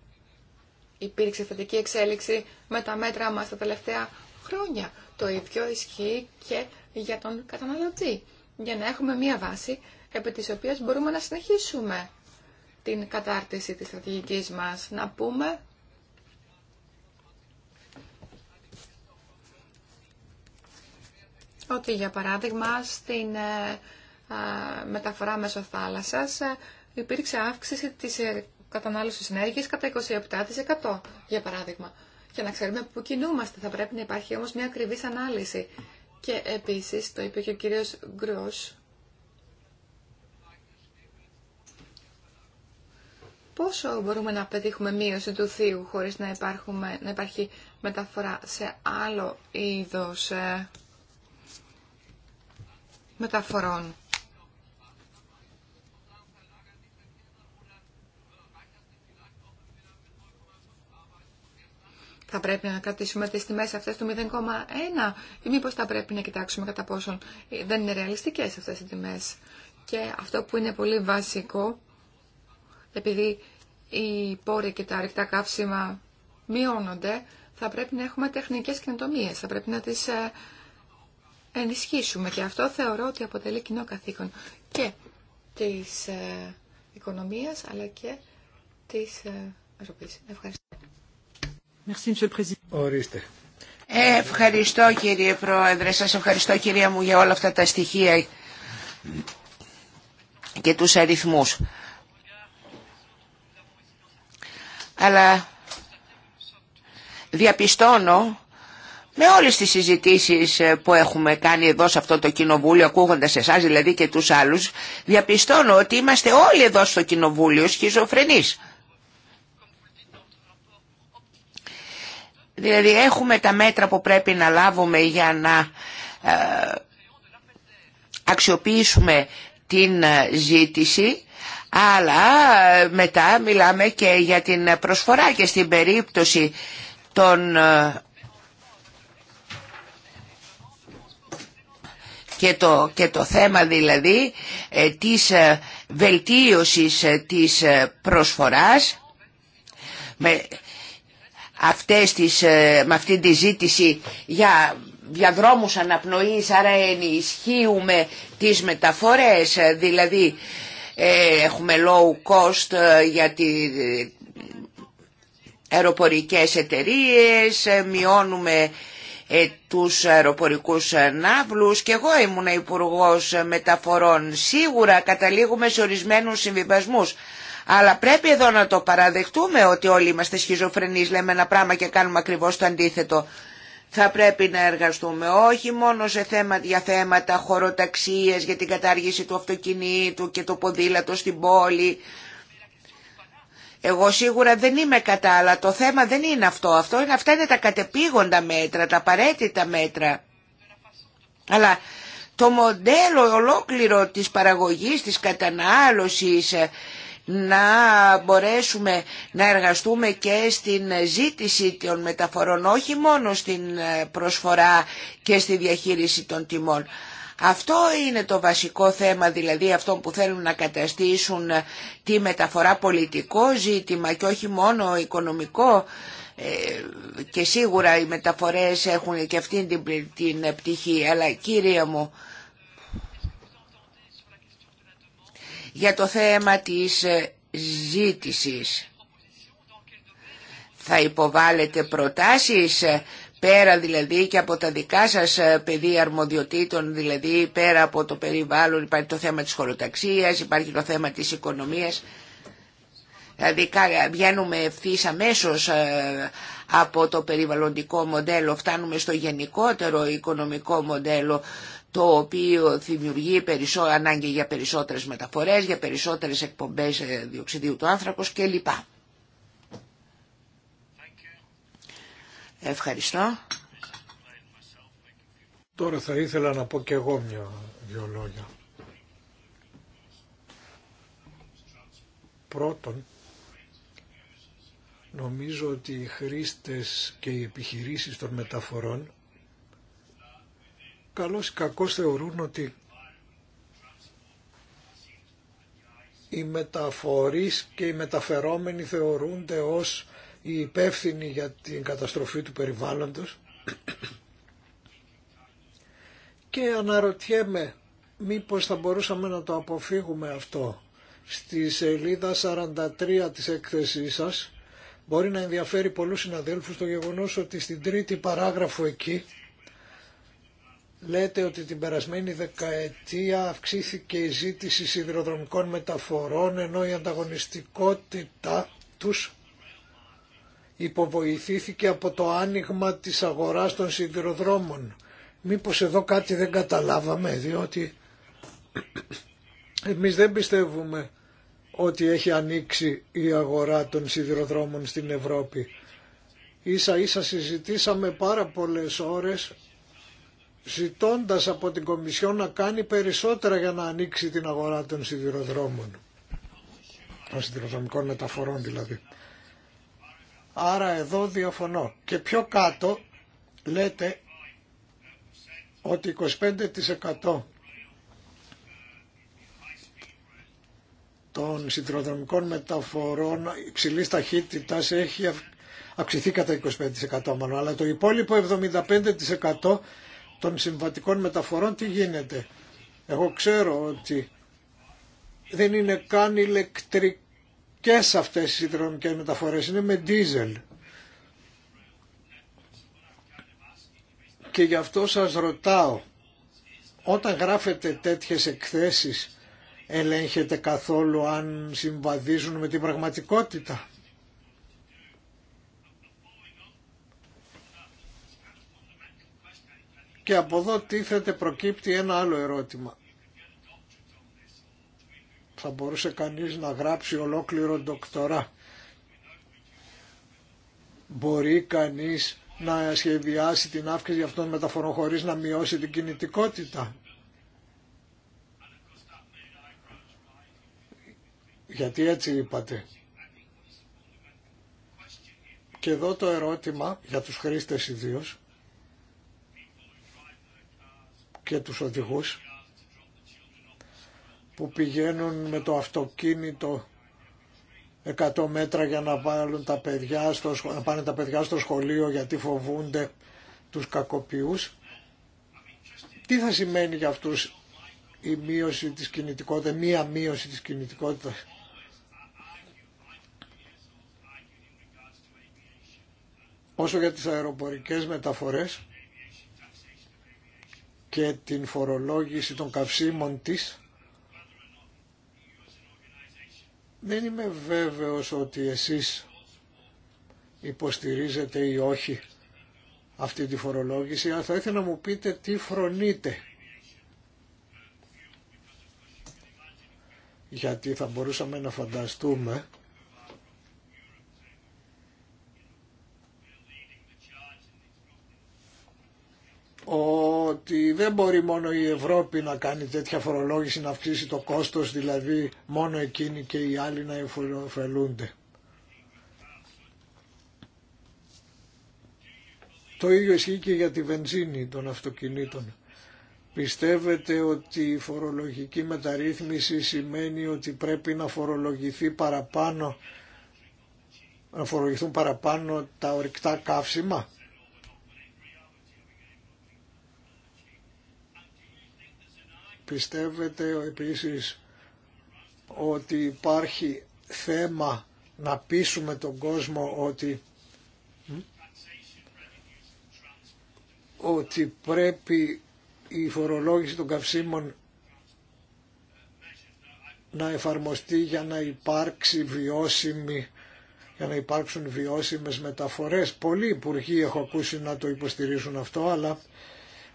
Υπήρξε θετική εξέλιξη με τα μέτρα μας τα τελευταία χρόνια. Το ίδιο ισχύει και για τον καταναλωτή, για να έχουμε μία βάση επί της οποίας μπορούμε να συνεχίσουμε την κατάρτιση της στρατηγικής μας. Να πούμε ότι για παράδειγμα στην ε, μεταφορά μέσω θάλασσας ε, υπήρξε αύξηση της ε, κατανάλωσης ενέργειας κατά 27% για παράδειγμα. Και να ξέρουμε πού κινούμαστε. Θα πρέπει να υπάρχει όμως μια ακριβής ανάλυση. Και επίσης, το είπε και ο κύριος Γκρός, πόσο μπορούμε να πετύχουμε μείωση του θείου χωρίς να, υπάρχουμε, να υπάρχει μεταφορά σε άλλο είδος μεταφορών. Θα πρέπει να κρατήσουμε τις τιμές αυτές του 0,1 ή μήπως θα πρέπει να κοιτάξουμε κατά πόσον δεν είναι ρεαλιστικές αυτές οι τιμές. Και αυτό που είναι πολύ βασικό, επειδή οι πόροι και τα ρηκτά καύσιμα μειώνονται, θα πρέπει να έχουμε τεχνικές καινοτομίες, θα πρέπει να τις ε, ενισχύσουμε και αυτό θεωρώ ότι αποτελεί κοινό καθήκον και της ε, οικονομίας αλλά και της ε, Ευχαριστώ. Ορίστε. Ευχαριστώ κύριε Πρόεδρε, σας ευχαριστώ κυρία μου για όλα αυτά τα στοιχεία και τους αριθμούς. Αλλά διαπιστώνω με όλες τις συζητήσεις ε, που έχουμε κάνει εδώ σε αυτό το κοινοβούλιο, ακούγοντας εσάς δηλαδή και τους άλλους, διαπιστώνω ότι είμαστε όλοι εδώ στο κοινοβούλιο σχιζοφρενείς. Δηλαδή έχουμε τα μέτρα που πρέπει να λάβουμε για να ε, αξιοποιήσουμε την ε, ζήτηση, αλλά μετά μιλάμε και για την προσφορά και στην περίπτωση των και το, το θέμα δηλαδή ε, της ε, βελτίωσης ε, της προσφοράς με, αυτές τις, με αυτή τη ζήτηση για για δρόμους αναπνοής, άρα ενισχύουμε τις μεταφορές, δηλαδή έχουμε low cost για τις αεροπορικές εταιρείες, μειώνουμε ε, τους αεροπορικούς ναύλους και εγώ ήμουν υπουργό μεταφορών. Σίγουρα καταλήγουμε σε ορισμένους συμβιβασμούς. Αλλά πρέπει εδώ να το παραδεχτούμε ότι όλοι είμαστε σχιζοφρενείς, λέμε ένα πράγμα και κάνουμε ακριβώς το αντίθετο. Θα πρέπει να εργαστούμε όχι μόνο σε θέμα για θέματα χωροταξίες, για την κατάργηση του αυτοκινήτου και το ποδήλατο στην πόλη, εγώ σίγουρα δεν είμαι κατά, αλλά το θέμα δεν είναι αυτό. αυτό είναι, αυτά είναι τα κατεπήγοντα μέτρα, τα απαραίτητα μέτρα. Αλλά το μοντέλο ολόκληρο της παραγωγής, της κατανάλωσης, ε, να μπορέσουμε να εργαστούμε και στην ζήτηση των μεταφορών, όχι μόνο στην ε, προσφορά και στη διαχείριση των τιμών. Αυτό είναι το βασικό θέμα, δηλαδή αυτό που θέλουν να καταστήσουν ε, τη μεταφορά πολιτικό ζήτημα και όχι μόνο οικονομικό ε, και σίγουρα οι μεταφορές έχουν και αυτή την πτυχή, αλλά κύριε μου, για το θέμα της ε, ζήτησης. Θα υποβάλλετε προτάσεις πέρα δηλαδή και από τα δικά σας ε, παιδί αρμοδιοτήτων, δηλαδή πέρα από το περιβάλλον υπάρχει το θέμα της χωροταξίας, υπάρχει το θέμα της οικονομίας. Δηλαδή βγαίνουμε ευθύ αμέσω ε, από το περιβαλλοντικό μοντέλο, φτάνουμε στο γενικότερο οικονομικό μοντέλο, το οποίο δημιουργεί περισσό, ανάγκη για περισσότερες μεταφορές, για περισσότερες εκπομπές διοξιδίου του άνθρακος κλπ. Ευχαριστώ. Τώρα θα ήθελα να πω και εγώ μια δυο λόγια. Πρώτον, νομίζω ότι οι χρήστες και οι επιχειρήσεις των μεταφορών καλώς ή κακώς θεωρούν ότι οι μεταφορείς και οι μεταφερόμενοι θεωρούνται ως οι υπεύθυνοι για την καταστροφή του περιβάλλοντος και αναρωτιέμαι μήπως θα μπορούσαμε να το αποφύγουμε αυτό. Στη σελίδα 43 της έκθεσής σας μπορεί να ενδιαφέρει πολλούς συναδέλφους το γεγονός ότι στην τρίτη παράγραφο εκεί λέτε ότι την περασμένη δεκαετία αυξήθηκε η ζήτηση σιδηροδρομικών μεταφορών ενώ η ανταγωνιστικότητα τους υποβοηθήθηκε από το άνοιγμα της αγοράς των σιδηροδρόμων. Μήπως εδώ κάτι δεν καταλάβαμε, διότι εμείς δεν πιστεύουμε ότι έχει ανοίξει η αγορά των σιδηροδρόμων στην Ευρώπη. Ίσα ίσα συζητήσαμε πάρα πολλές ώρες ζητώντας από την Κομισιόν να κάνει περισσότερα για να ανοίξει την αγορά των σιδηροδρόμων, των σιδηροδρομικών μεταφορών δηλαδή. Άρα εδώ διαφωνώ. Και πιο κάτω λέτε ότι 25% των συνδρομικών μεταφορών υψηλή ταχύτητα έχει αυξηθεί κατά 25% μόνο, αλλά το υπόλοιπο 75% των συμβατικών μεταφορών τι γίνεται. Εγώ ξέρω ότι δεν είναι καν ηλεκτρικό σε αυτές οι συνδρομικές μεταφορές είναι με ντίζελ. Και γι' αυτό σας ρωτάω, όταν γράφετε τέτοιες εκθέσεις ελέγχετε καθόλου αν συμβαδίζουν με την πραγματικότητα. Και από εδώ τίθεται προκύπτει ένα άλλο ερώτημα. Θα μπορούσε κανείς να γράψει ολόκληρο ντοκτορά. Μπορεί κανείς να σχεδιάσει την αύξηση αυτών μεταφορών χωρίς να μειώσει την κινητικότητα. Γιατί έτσι είπατε. Και εδώ το ερώτημα για τους χρήστες ιδίως και τους οδηγούς που πηγαίνουν με το αυτοκίνητο 100 μέτρα για να, βάλουν τα παιδιά στο, να πάνε τα παιδιά στο σχολείο γιατί φοβούνται τους κακοποιούς. Τι θα σημαίνει για αυτούς η μείωση της κινητικότητας, μία μείωση της κινητικότητας. Όσο για τις αεροπορικές μεταφορές και την φορολόγηση των καυσίμων της, Δεν είμαι βέβαιος ότι εσείς υποστηρίζετε ή όχι αυτή τη φορολόγηση, αλλά θα ήθελα να μου πείτε τι φρονείτε. Γιατί θα μπορούσαμε να φανταστούμε ότι δεν μπορεί μόνο η Ευρώπη να κάνει τέτοια φορολόγηση, να αυξήσει το κόστος, δηλαδή μόνο εκείνοι και οι άλλοι να εφελούνται. Το ίδιο ισχύει και για τη βενζίνη των αυτοκινήτων. Πιστεύετε ότι η φορολογική μεταρρύθμιση σημαίνει ότι πρέπει να φορολογηθεί παραπάνω να φορολογηθούν παραπάνω τα ορυκτά καύσιμα Πιστεύετε επίσης ότι υπάρχει θέμα να πείσουμε τον κόσμο ότι ότι πρέπει η φορολόγηση των καυσίμων να εφαρμοστεί για να υπάρξει βιώσιμη για να υπάρξουν βιώσιμες μεταφορές. Πολλοί υπουργοί έχω ακούσει να το υποστηρίζουν αυτό, αλλά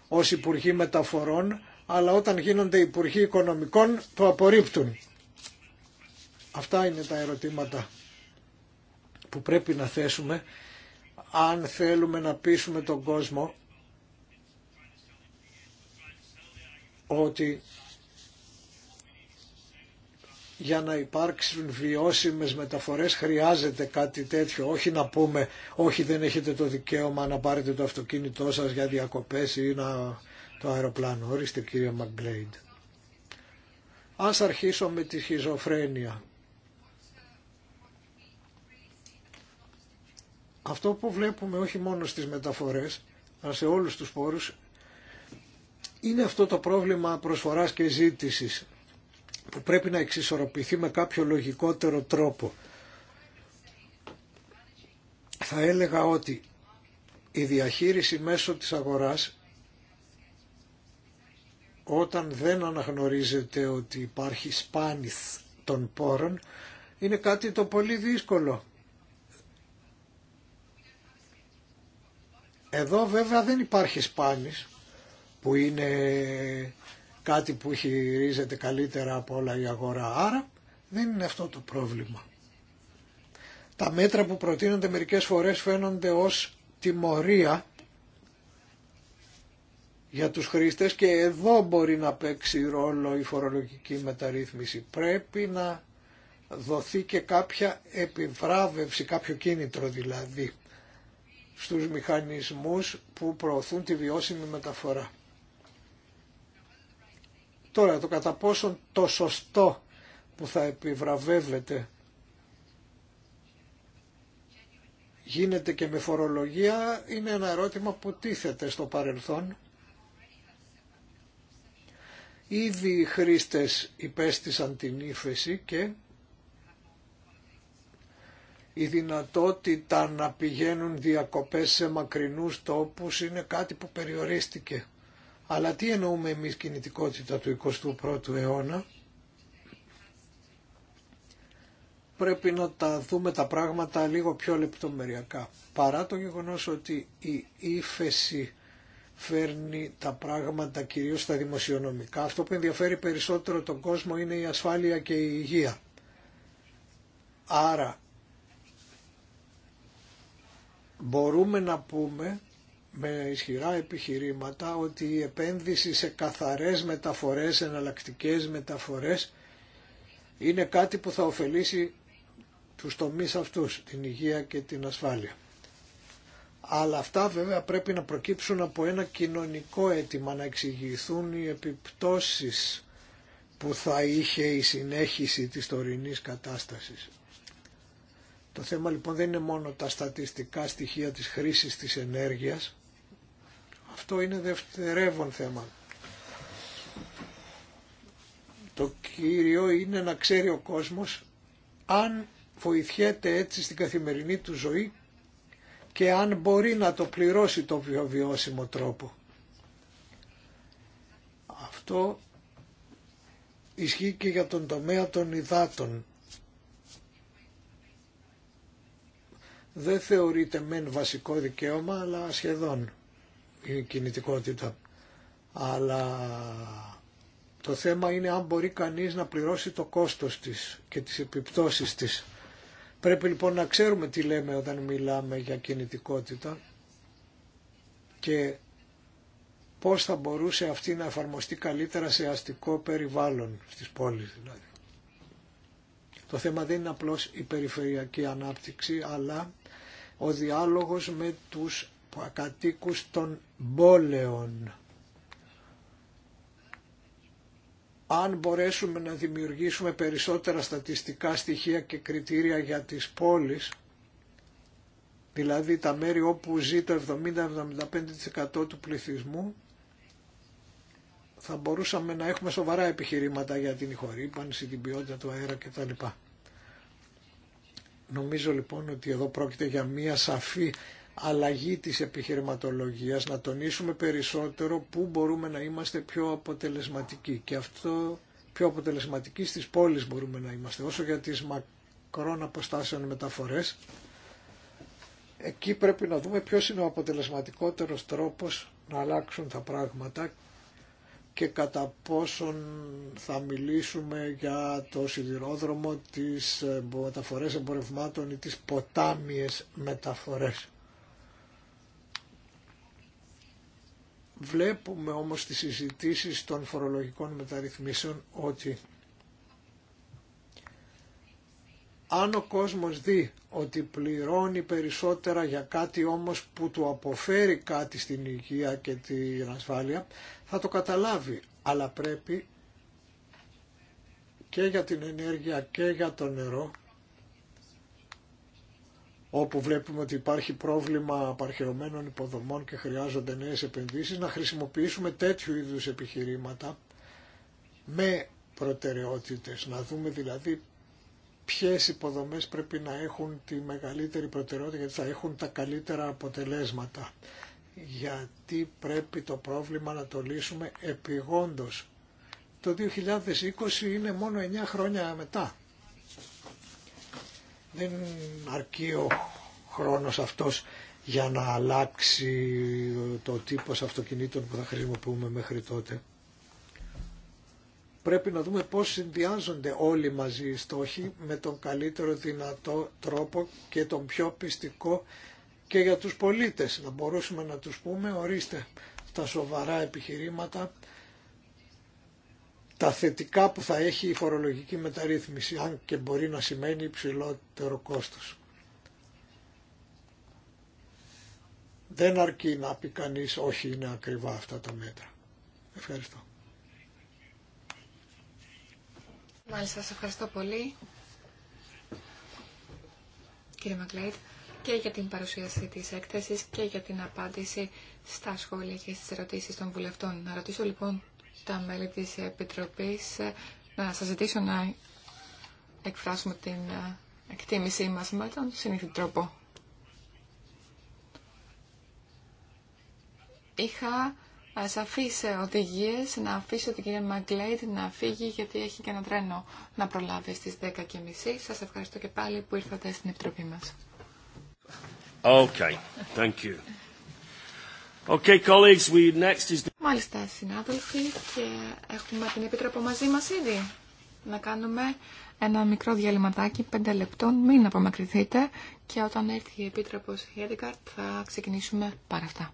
ως υπουργοί μεταφορών αλλά όταν γίνονται υπουργοί οικονομικών το απορρίπτουν. Αυτά είναι τα ερωτήματα που πρέπει να θέσουμε αν θέλουμε να πείσουμε τον κόσμο ότι για να υπάρξουν βιώσιμες μεταφορές χρειάζεται κάτι τέτοιο. Όχι να πούμε, όχι δεν έχετε το δικαίωμα να πάρετε το αυτοκίνητό σας για διακοπές ή να το αεροπλάνο. Ορίστε κύριε Μαγκλέιντ. Ας αρχίσω με τη χιζοφρένεια. Αυτό που βλέπουμε όχι μόνο στις μεταφορές, αλλά σε όλους τους πόρους, είναι αυτό το πρόβλημα προσφοράς και ζήτησης που πρέπει να εξισορροπηθεί με κάποιο λογικότερο τρόπο. Θα έλεγα ότι η διαχείριση μέσω της αγοράς όταν δεν αναγνωρίζετε ότι υπάρχει σπάνις των πόρων είναι κάτι το πολύ δύσκολο. Εδώ βέβαια δεν υπάρχει σπάνις που είναι κάτι που χειρίζεται καλύτερα από όλα η αγορά. Άρα δεν είναι αυτό το πρόβλημα. Τα μέτρα που προτείνονται μερικές φορές φαίνονται ως τιμωρία για τους χρήστες και εδώ μπορεί να παίξει ρόλο η φορολογική μεταρρύθμιση. Πρέπει να δοθεί και κάποια επιβράβευση, κάποιο κίνητρο δηλαδή, στους μηχανισμούς που προωθούν τη βιώσιμη μεταφορά. Τώρα το κατά πόσον το σωστό που θα επιβραβεύεται γίνεται και με φορολογία είναι ένα ερώτημα που τίθεται στο παρελθόν Ήδη οι χρήστες υπέστησαν την ύφεση και η δυνατότητα να πηγαίνουν διακοπές σε μακρινούς τόπους είναι κάτι που περιορίστηκε. Αλλά τι εννοούμε εμείς κινητικότητα του 21ου αιώνα. Πρέπει να τα δούμε τα πράγματα λίγο πιο λεπτομεριακά. Παρά το γεγονός ότι η ύφεση φέρνει τα πράγματα κυρίως στα δημοσιονομικά. Αυτό που ενδιαφέρει περισσότερο τον κόσμο είναι η ασφάλεια και η υγεία. Άρα μπορούμε να πούμε με ισχυρά επιχειρήματα ότι η επένδυση σε καθαρές μεταφορές, εναλλακτικές μεταφορές είναι κάτι που θα ωφελήσει τους τομείς αυτούς, την υγεία και την ασφάλεια. Αλλά αυτά βέβαια πρέπει να προκύψουν από ένα κοινωνικό αίτημα, να εξηγηθούν οι επιπτώσεις που θα είχε η συνέχιση της τωρινής κατάστασης. Το θέμα λοιπόν δεν είναι μόνο τα στατιστικά στοιχεία της χρήσης της ενέργειας. Αυτό είναι δευτερεύον θέμα. Το κύριο είναι να ξέρει ο κόσμος αν βοηθιέται έτσι στην καθημερινή του ζωή και αν μπορεί να το πληρώσει το βιώσιμο τρόπο. Αυτό ισχύει και για τον τομέα των υδάτων. Δεν θεωρείται μεν βασικό δικαίωμα, αλλά σχεδόν η κινητικότητα. Αλλά το θέμα είναι αν μπορεί κανείς να πληρώσει το κόστος της και τις επιπτώσεις της. Πρέπει λοιπόν να ξέρουμε τι λέμε όταν μιλάμε για κινητικότητα και πώς θα μπορούσε αυτή να εφαρμοστεί καλύτερα σε αστικό περιβάλλον, στις πόλεις δηλαδή. Το θέμα δεν είναι απλώς η περιφερειακή ανάπτυξη, αλλά ο διάλογος με τους κατοίκους των πόλεων. αν μπορέσουμε να δημιουργήσουμε περισσότερα στατιστικά στοιχεία και κριτήρια για τις πόλεις, δηλαδή τα μέρη όπου ζει το 70-75% του πληθυσμού, θα μπορούσαμε να έχουμε σοβαρά επιχειρήματα για την ηχορύπανση, την ποιότητα του αέρα κτλ. Νομίζω λοιπόν ότι εδώ πρόκειται για μία σαφή αλλαγή της επιχειρηματολογίας, να τονίσουμε περισσότερο πού μπορούμε να είμαστε πιο αποτελεσματικοί και αυτό πιο αποτελεσματικοί στις πόλεις μπορούμε να είμαστε. Όσο για τις μακρών αποστάσεων μεταφορές, εκεί πρέπει να δούμε ποιος είναι ο αποτελεσματικότερος τρόπος να αλλάξουν τα πράγματα και κατά πόσον θα μιλήσουμε για το σιδηρόδρομο, τις μεταφορές εμπορευμάτων ή τις ποτάμιες μεταφορές. Βλέπουμε όμως τις συζητήσεις των φορολογικών μεταρρυθμίσεων ότι αν ο κόσμος δει ότι πληρώνει περισσότερα για κάτι όμως που του αποφέρει κάτι στην υγεία και την ασφάλεια, θα το καταλάβει. Αλλά πρέπει και για την ενέργεια και για το νερό όπου βλέπουμε ότι υπάρχει πρόβλημα απαρχαιωμένων υποδομών και χρειάζονται νέες επενδύσεις, να χρησιμοποιήσουμε τέτοιου είδους επιχειρήματα με προτεραιότητες, να δούμε δηλαδή ποιες υποδομές πρέπει να έχουν τη μεγαλύτερη προτεραιότητα γιατί θα έχουν τα καλύτερα αποτελέσματα. Γιατί πρέπει το πρόβλημα να το λύσουμε επιγόντως. Το 2020 είναι μόνο 9 χρόνια μετά. Δεν αρκεί ο χρόνος αυτός για να αλλάξει το τύπος αυτοκινήτων που θα χρησιμοποιούμε μέχρι τότε. Πρέπει να δούμε πώς συνδυάζονται όλοι μαζί οι στόχοι με τον καλύτερο δυνατό τρόπο και τον πιο πιστικό και για τους πολίτες. Να μπορούσαμε να τους πούμε, ορίστε, τα σοβαρά επιχειρήματα τα θετικά που θα έχει η φορολογική μεταρρύθμιση, αν και μπορεί να σημαίνει υψηλότερο κόστος. Δεν αρκεί να πει κανεί όχι είναι ακριβά αυτά τα μέτρα. Ευχαριστώ. Μάλιστα, σας ευχαριστώ πολύ, κύριε Μακλέιτ, και για την παρουσίαση της έκθεσης και για την απάντηση στα σχόλια και στις ερωτήσεις των βουλευτών. Να ρωτήσω λοιπόν τα μέλη της Επιτροπής ε, να σας ζητήσω να εκφράσουμε την ε, εκτίμησή μας με τον συνήθι τρόπο. Είχα ε, σαφείς οδηγίες να αφήσω την κυρία Μαγκλέιτ να φύγει γιατί έχει και ένα τρένο να προλάβει στις 10.30. Σας ευχαριστώ και πάλι που ήρθατε στην Επιτροπή μας. Okay. Thank you. Okay, colleagues, we Μάλιστα, συνάδελφοι, και έχουμε την Επίτροπο μαζί μας ήδη. Να κάνουμε ένα μικρό διαλυματάκι, πέντε λεπτών, μην απομακρυνθείτε και όταν έρθει η Επίτροπος Χέντικαρτ θα ξεκινήσουμε πάρα αυτά.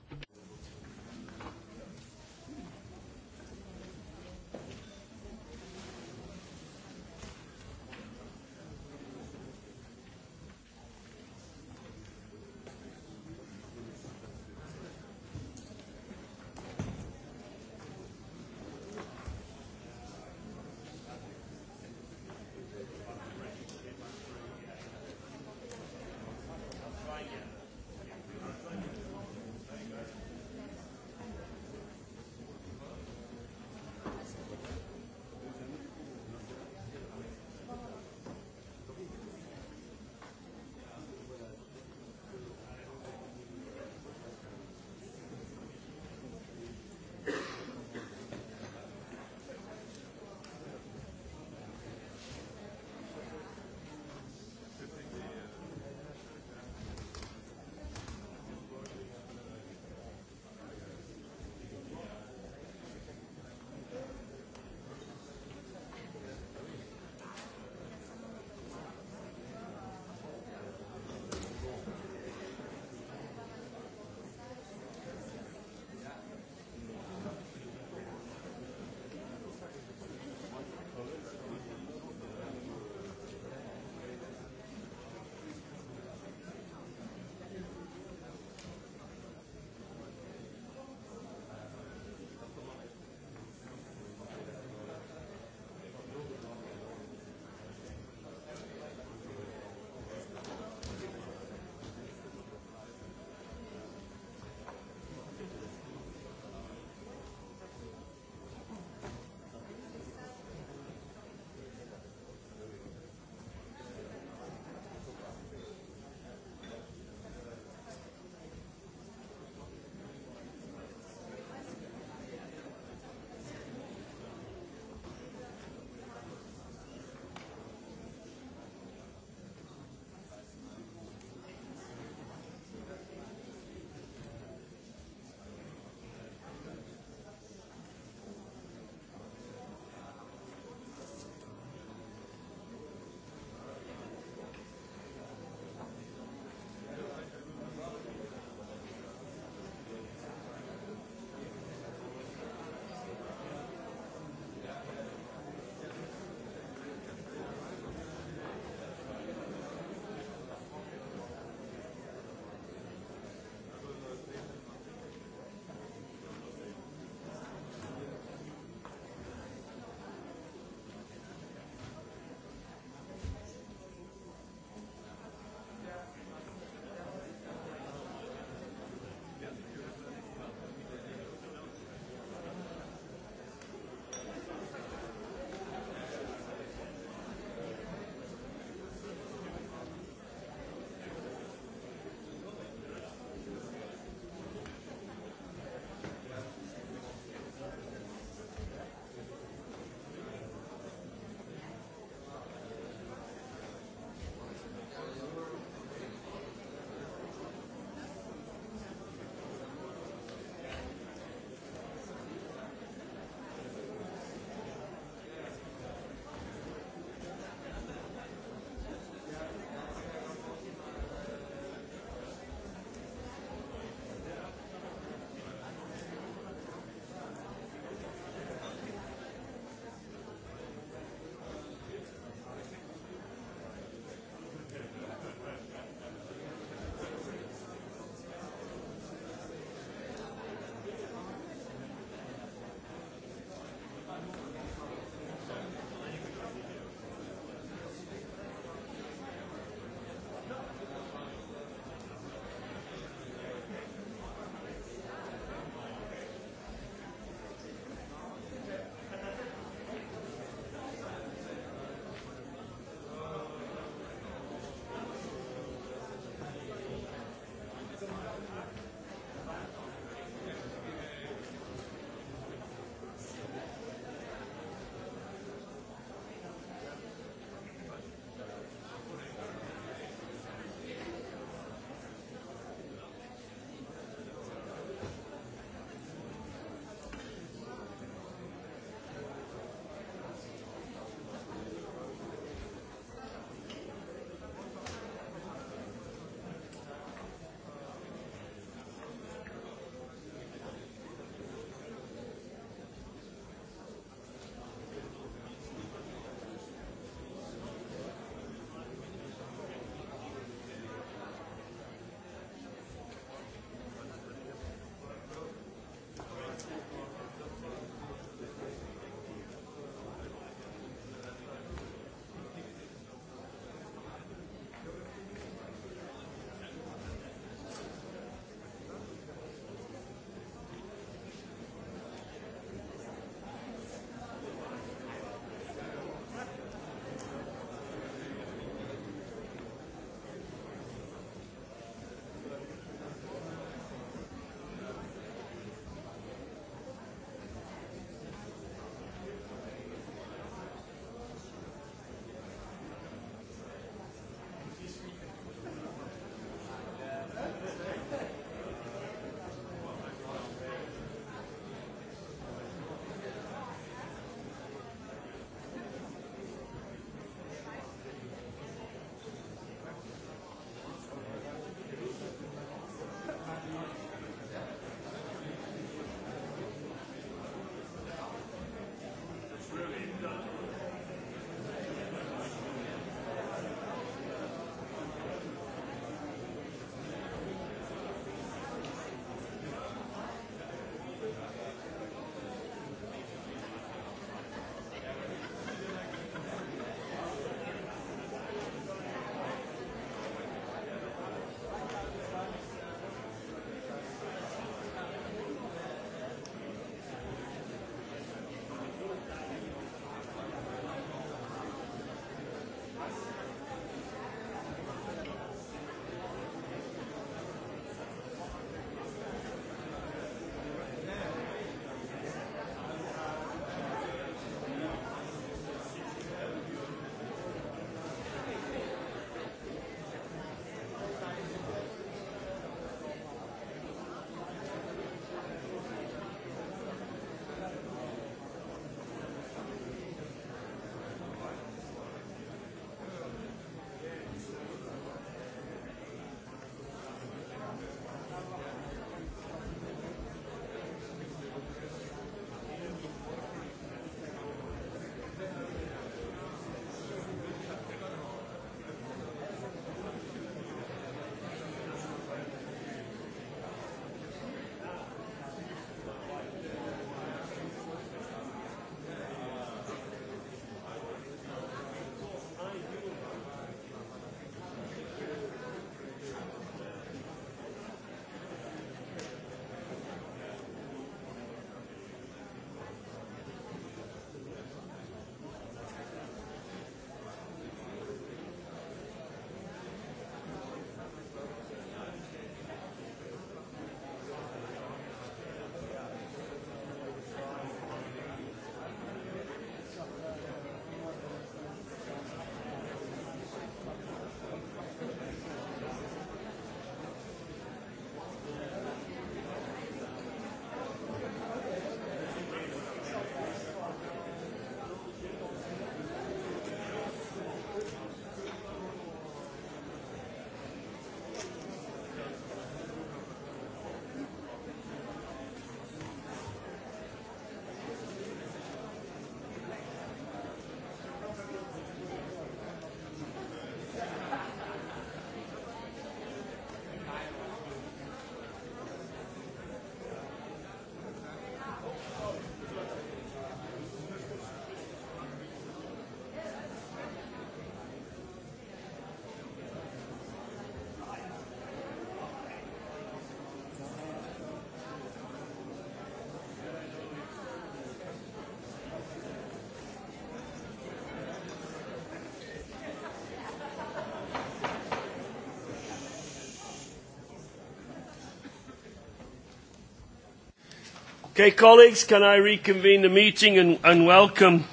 Okay, colleagues, can I reconvene the meeting and, and welcome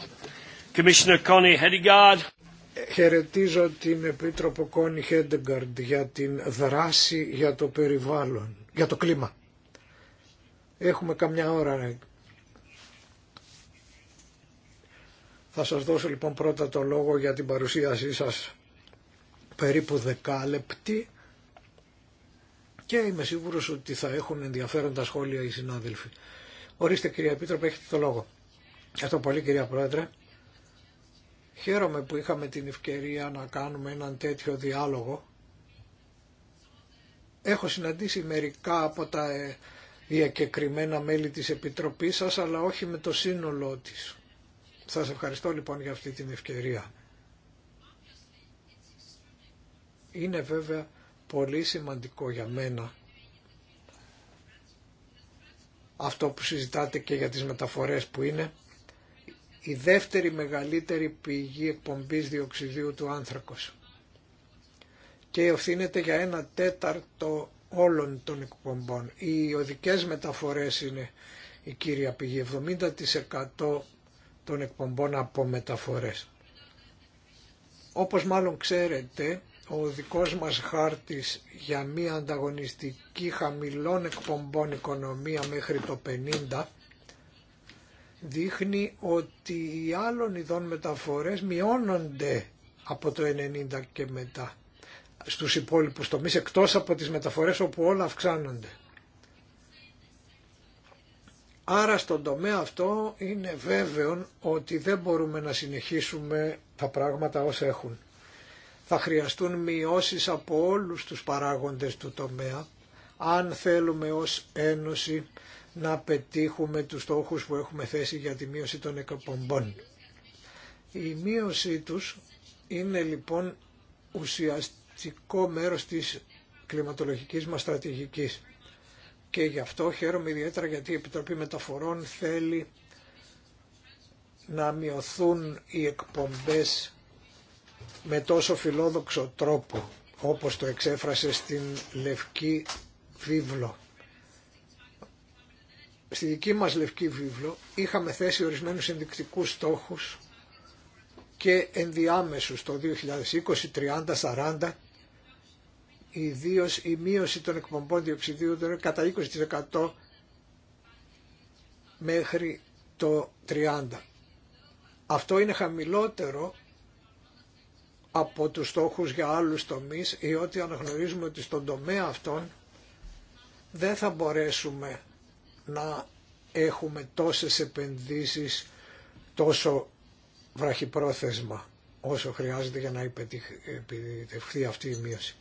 Commissioner Connie Hedegaard. Χαιρετίζω την Επίτροπο Κόνι Χέντεγκαρντ για την δράση για το περιβάλλον, για το κλίμα. Έχουμε καμιά ώρα. Θα σας δώσω λοιπόν πρώτα το λόγο για την παρουσίασή σας περίπου δεκάλεπτη και είμαι σίγουρος ότι θα έχουν ενδιαφέροντα σχόλια οι συνάδελφοι. Ορίστε κυρία Επίτροπε, έχετε το λόγο. Ευχαριστώ πολύ κυρία Πρόεδρε. Χαίρομαι που είχαμε την ευκαιρία να κάνουμε έναν τέτοιο διάλογο. Έχω συναντήσει μερικά από τα ε, διακεκριμένα μέλη της Επιτροπής σας, αλλά όχι με το σύνολό της. Σας ευχαριστώ λοιπόν για αυτή την ευκαιρία. Είναι βέβαια πολύ σημαντικό για μένα αυτό που συζητάτε και για τις μεταφορές που είναι η δεύτερη μεγαλύτερη πηγή εκπομπής διοξιδίου του άνθρακος και ευθύνεται για ένα τέταρτο όλων των εκπομπών. Οι οδικές μεταφορές είναι η κύρια πηγή, 70% των εκπομπών από μεταφορές. Όπως μάλλον ξέρετε, ο δικός μας χάρτης για μία ανταγωνιστική χαμηλών εκπομπών οικονομία μέχρι το 50 δείχνει ότι οι άλλων ειδών μεταφορές μειώνονται από το 90 και μετά στους υπόλοιπους τομείς εκτός από τις μεταφορές όπου όλα αυξάνονται. Άρα στον τομέα αυτό είναι βέβαιο ότι δεν μπορούμε να συνεχίσουμε τα πράγματα όσα έχουν θα χρειαστούν μειώσεις από όλους τους παράγοντες του τομέα αν θέλουμε ως Ένωση να πετύχουμε τους στόχους που έχουμε θέσει για τη μείωση των εκπομπών. Η μείωσή τους είναι λοιπόν ουσιαστικό μέρος της κλιματολογικής μας στρατηγικής. Και γι' αυτό χαίρομαι ιδιαίτερα γιατί η Επιτροπή Μεταφορών θέλει να μειωθούν οι εκπομπές με τόσο φιλόδοξο τρόπο όπως το εξέφρασε στην Λευκή Βίβλο. Στη δική μας Λευκή Βίβλο είχαμε θέσει ορισμένους ενδεικτικούς στόχους και ενδιάμεσους το 2020, 30, 40 Ιδίω η μείωση των εκπομπών διοξιδίου κατά 20% μέχρι το 30. Αυτό είναι χαμηλότερο από τους στόχους για άλλους τομείς, ότι αναγνωρίζουμε ότι στον τομέα αυτών δεν θα μπορέσουμε να έχουμε τόσες επενδύσεις τόσο βραχυπρόθεσμα όσο χρειάζεται για να επιτευχθεί αυτή η μείωση.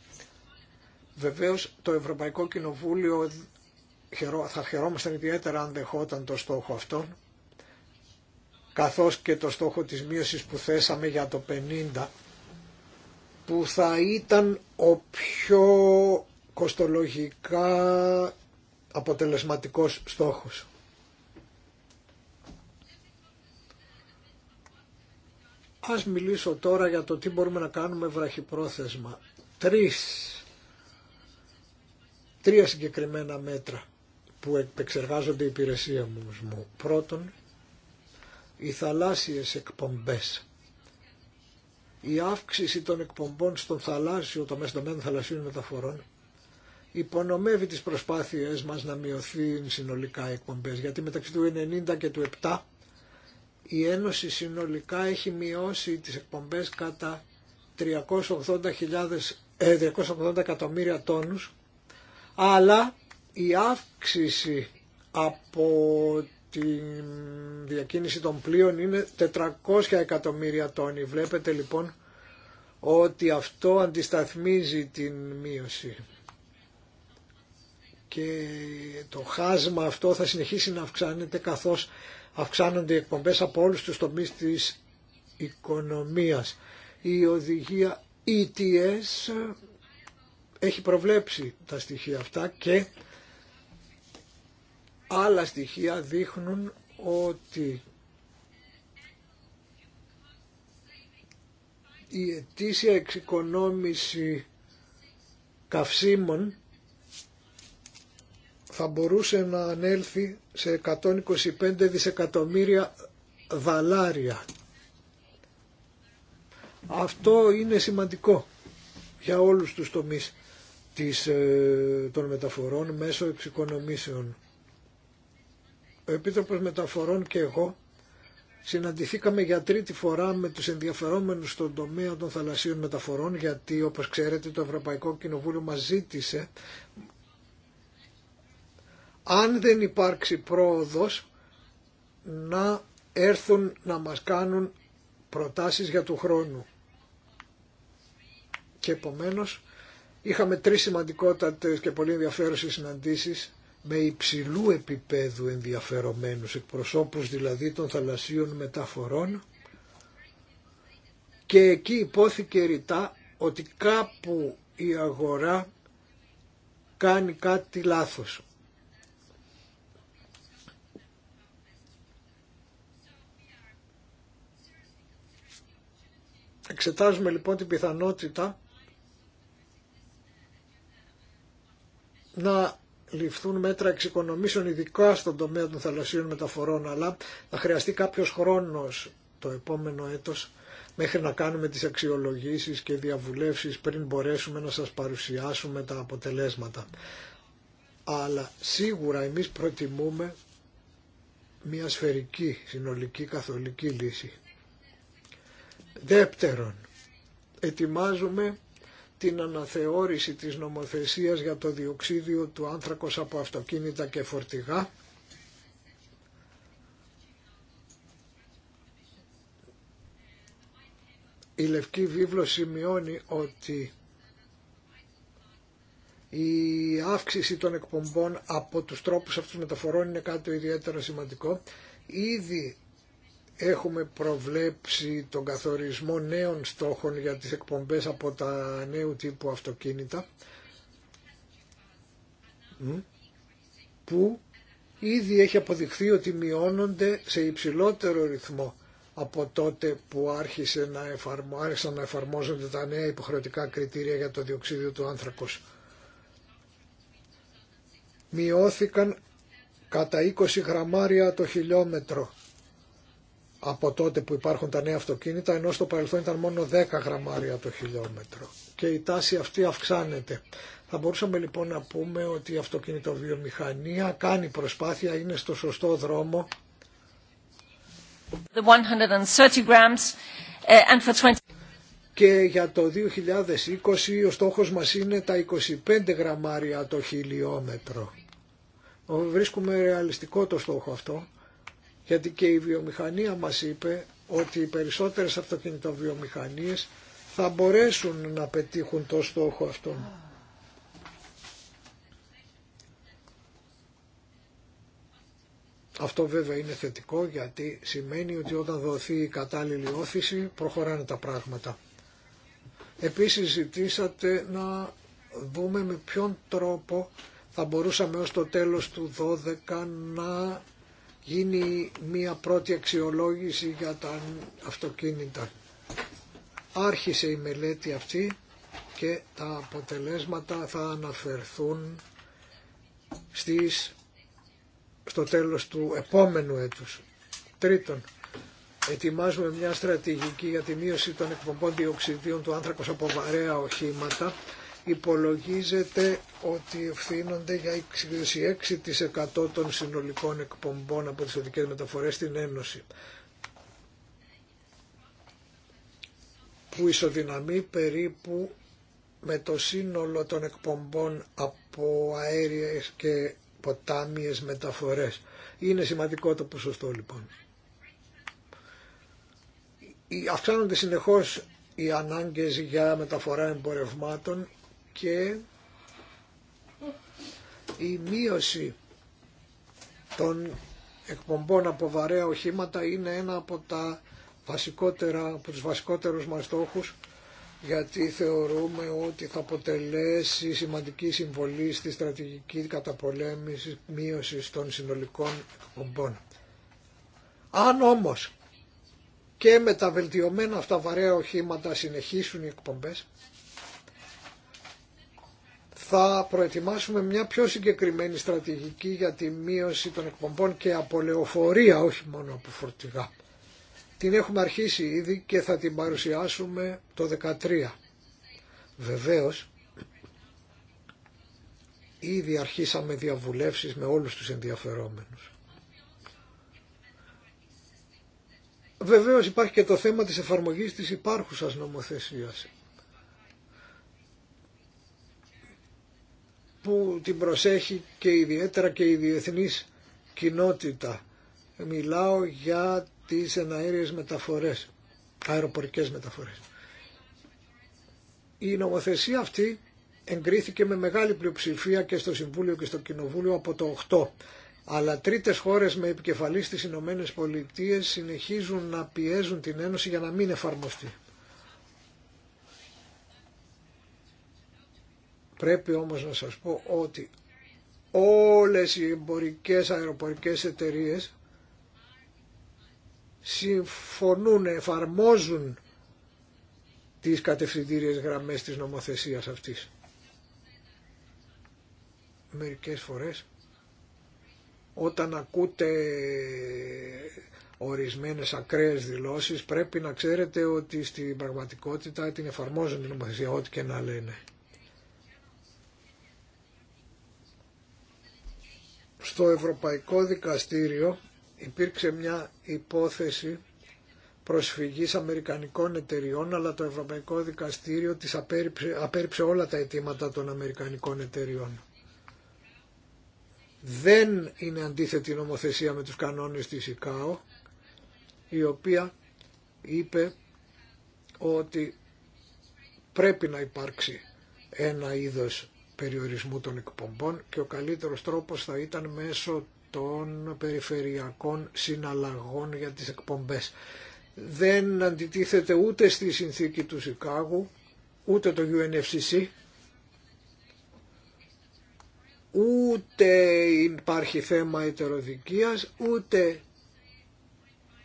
Βεβαίως το Ευρωπαϊκό Κοινοβούλιο θα χαιρόμασταν ιδιαίτερα αν δεχόταν το στόχο αυτόν καθώς και το στόχο της μείωσης που θέσαμε για το 50 που θα ήταν ο πιο κοστολογικά αποτελεσματικός στόχος. Ας μιλήσω τώρα για το τι μπορούμε να κάνουμε βραχυπρόθεσμα. Τρεις, τρία συγκεκριμένα μέτρα που επεξεργάζονται η υπηρεσία μου. Πρώτον, οι θαλάσσιες εκπομπές η αύξηση των εκπομπών στον θαλάσσιο, το μέσο τομέα των θαλασσίων μεταφορών, υπονομεύει τις προσπάθειές μας να μειωθεί συνολικά οι εκπομπές, γιατί μεταξύ του 90 και του 7 η Ένωση συνολικά έχει μειώσει τις εκπομπές κατά 380, ε, εκατομμύρια τόνους, αλλά η αύξηση από την διακίνηση των πλοίων είναι 400 εκατομμύρια τόνοι. Βλέπετε λοιπόν ότι αυτό αντισταθμίζει την μείωση. Και το χάσμα αυτό θα συνεχίσει να αυξάνεται καθώς αυξάνονται οι εκπομπές από όλους τους τομείς της οικονομίας. Η οδηγία ETS έχει προβλέψει τα στοιχεία αυτά και άλλα στοιχεία δείχνουν ότι η ετήσια εξοικονόμηση καυσίμων θα μπορούσε να ανέλθει σε 125 δισεκατομμύρια δαλάρια. Αυτό είναι σημαντικό για όλους τους τομείς της, ε, των μεταφορών μέσω εξοικονομήσεων ο Επίτροπος Μεταφορών και εγώ συναντηθήκαμε για τρίτη φορά με τους ενδιαφερόμενους στον τομέα των θαλασσίων μεταφορών γιατί όπως ξέρετε το Ευρωπαϊκό Κοινοβούλιο μας ζήτησε αν δεν υπάρξει πρόοδος να έρθουν να μας κάνουν προτάσεις για του χρόνου. Και επομένως είχαμε τρεις σημαντικότατες και πολύ ενδιαφέρουσες συναντήσεις με υψηλού επίπεδου ενδιαφερομένους, εκπροσώπους δηλαδή των θαλασσίων μεταφορών και εκεί υπόθηκε ρητά ότι κάπου η αγορά κάνει κάτι λάθος. Εξετάζουμε λοιπόν την πιθανότητα να ληφθούν μέτρα εξοικονομήσεων ειδικά στον τομέα των θαλασσίων μεταφορών αλλά θα χρειαστεί κάποιος χρόνος το επόμενο έτος μέχρι να κάνουμε τις αξιολογήσεις και διαβουλεύσεις πριν μπορέσουμε να σας παρουσιάσουμε τα αποτελέσματα. Αλλά σίγουρα εμείς προτιμούμε μια σφαιρική συνολική καθολική λύση. Δεύτερον, ετοιμάζουμε την αναθεώρηση της νομοθεσίας για το διοξίδιο του άνθρακος από αυτοκίνητα και φορτηγά η Λευκή Βίβλος σημειώνει ότι η αύξηση των εκπομπών από τους τρόπους αυτούς μεταφορών είναι κάτι ιδιαίτερα σημαντικό. Ήδη Έχουμε προβλέψει τον καθορισμό νέων στόχων για τις εκπομπές από τα νέου τύπου αυτοκίνητα που ήδη έχει αποδειχθεί ότι μειώνονται σε υψηλότερο ρυθμό από τότε που άρχισε να εφαρμο... άρχισαν να εφαρμόζονται τα νέα υποχρεωτικά κριτήρια για το διοξίδιο του άνθρακος. Μειώθηκαν κατά 20 γραμμάρια το χιλιόμετρο από τότε που υπάρχουν τα νέα αυτοκίνητα, ενώ στο παρελθόν ήταν μόνο 10 γραμμάρια το χιλιόμετρο. Και η τάση αυτή αυξάνεται. Θα μπορούσαμε λοιπόν να πούμε ότι η αυτοκινητοβιομηχανία κάνει προσπάθεια, είναι στο σωστό δρόμο. Uh, Και για το 2020 ο στόχος μας είναι τα 25 γραμμάρια το χιλιόμετρο. Βρίσκουμε ρεαλιστικό το στόχο αυτό γιατί και η βιομηχανία μας είπε ότι οι περισσότερες αυτοκινητοβιομηχανίες θα μπορέσουν να πετύχουν το στόχο αυτόν. Αυτό βέβαια είναι θετικό γιατί σημαίνει ότι όταν δοθεί η κατάλληλη όθηση προχωράνε τα πράγματα. Επίσης ζητήσατε να δούμε με ποιον τρόπο θα μπορούσαμε ως το τέλος του 12 να γίνει μία πρώτη αξιολόγηση για τα αυτοκίνητα. Άρχισε η μελέτη αυτή και τα αποτελέσματα θα αναφερθούν στις, στο τέλος του επόμενου έτους. Τρίτον, ετοιμάζουμε μια στρατηγική για τη μείωση των εκπομπών διοξιδίων του άνθρακος από βαρέα οχήματα υπολογίζεται ότι ευθύνονται για 66% των συνολικών εκπομπών από τις οδικές μεταφορές στην Ένωση που ισοδυναμεί περίπου με το σύνολο των εκπομπών από αέριες και ποτάμιες μεταφορές. Είναι σημαντικό το ποσοστό λοιπόν. Αυξάνονται συνεχώς οι ανάγκες για μεταφορά εμπορευμάτων και η μείωση των εκπομπών από βαρέα οχήματα είναι ένα από, τα βασικότερα, από τους βασικότερους μας στόχους γιατί θεωρούμε ότι θα αποτελέσει σημαντική συμβολή στη στρατηγική καταπολέμηση μείωση των συνολικών εκπομπών. Αν όμως και με τα βελτιωμένα αυτά βαρέα οχήματα συνεχίσουν οι εκπομπές, θα προετοιμάσουμε μια πιο συγκεκριμένη στρατηγική για τη μείωση των εκπομπών και απολεοφορία, όχι μόνο από φορτηγά. Την έχουμε αρχίσει ήδη και θα την παρουσιάσουμε το 2013. Βεβαίως, ήδη αρχίσαμε διαβουλεύσεις με όλους τους ενδιαφερόμενους. Βεβαίως υπάρχει και το θέμα της εφαρμογής της υπάρχουσας νομοθεσίας. που την προσέχει και ιδιαίτερα και η διεθνής κοινότητα. Μιλάω για τις εναέριες μεταφορές, αεροπορικές μεταφορές. Η νομοθεσία αυτή εγκρίθηκε με μεγάλη πλειοψηφία και στο Συμβούλιο και στο Κοινοβούλιο από το 8. Αλλά τρίτες χώρες με επικεφαλής στις Ηνωμένε Πολιτείες συνεχίζουν να πιέζουν την Ένωση για να μην εφαρμοστεί. Πρέπει όμως να σας πω ότι όλες οι εμπορικές αεροπορικές εταιρείες συμφωνούν, εφαρμόζουν τις κατευθυντήριες γραμμές της νομοθεσίας αυτής. Μερικές φορές όταν ακούτε ορισμένες ακραίες δηλώσεις πρέπει να ξέρετε ότι στην πραγματικότητα την εφαρμόζουν την νομοθεσία ό,τι και να λένε. στο Ευρωπαϊκό Δικαστήριο υπήρξε μια υπόθεση προσφυγής Αμερικανικών εταιριών αλλά το Ευρωπαϊκό Δικαστήριο της απέρριψε, όλα τα αιτήματα των Αμερικανικών εταιριών. Δεν είναι αντίθετη η νομοθεσία με τους κανόνες της ΙΚΑΟ η οποία είπε ότι πρέπει να υπάρξει ένα είδος περιορισμού των εκπομπών και ο καλύτερος τρόπος θα ήταν μέσω των περιφερειακών συναλλαγών για τις εκπομπές. Δεν αντιτίθεται ούτε στη συνθήκη του Σικάγου, ούτε το UNFCC, ούτε υπάρχει θέμα ετεροδικίας, ούτε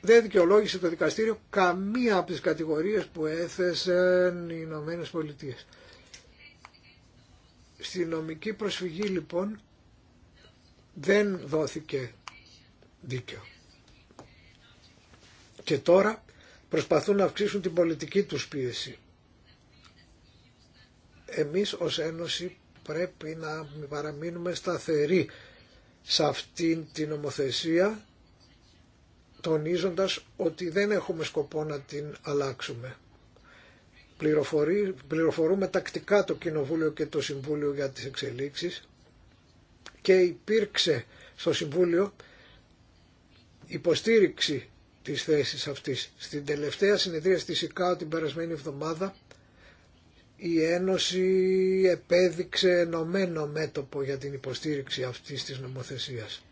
δεν δικαιολόγησε το δικαστήριο καμία από τις κατηγορίες που έθεσαν οι Ηνωμένε Πολιτείες. Στη νομική προσφυγή λοιπόν δεν δόθηκε δίκαιο. Και τώρα προσπαθούν να αυξήσουν την πολιτική τους πίεση. Εμείς ως Ένωση πρέπει να παραμείνουμε σταθεροί σε αυτήν την νομοθεσία τονίζοντας ότι δεν έχουμε σκοπό να την αλλάξουμε πληροφορούμε τακτικά το Κοινοβούλιο και το Συμβούλιο για τις εξελίξεις και υπήρξε στο Συμβούλιο υποστήριξη της θέσης αυτής. Στην τελευταία συνεδρία στη ΣΥΚΑΟ την περασμένη εβδομάδα η Ένωση επέδειξε ενωμένο μέτωπο για την υποστήριξη αυτής της νομοθεσίας.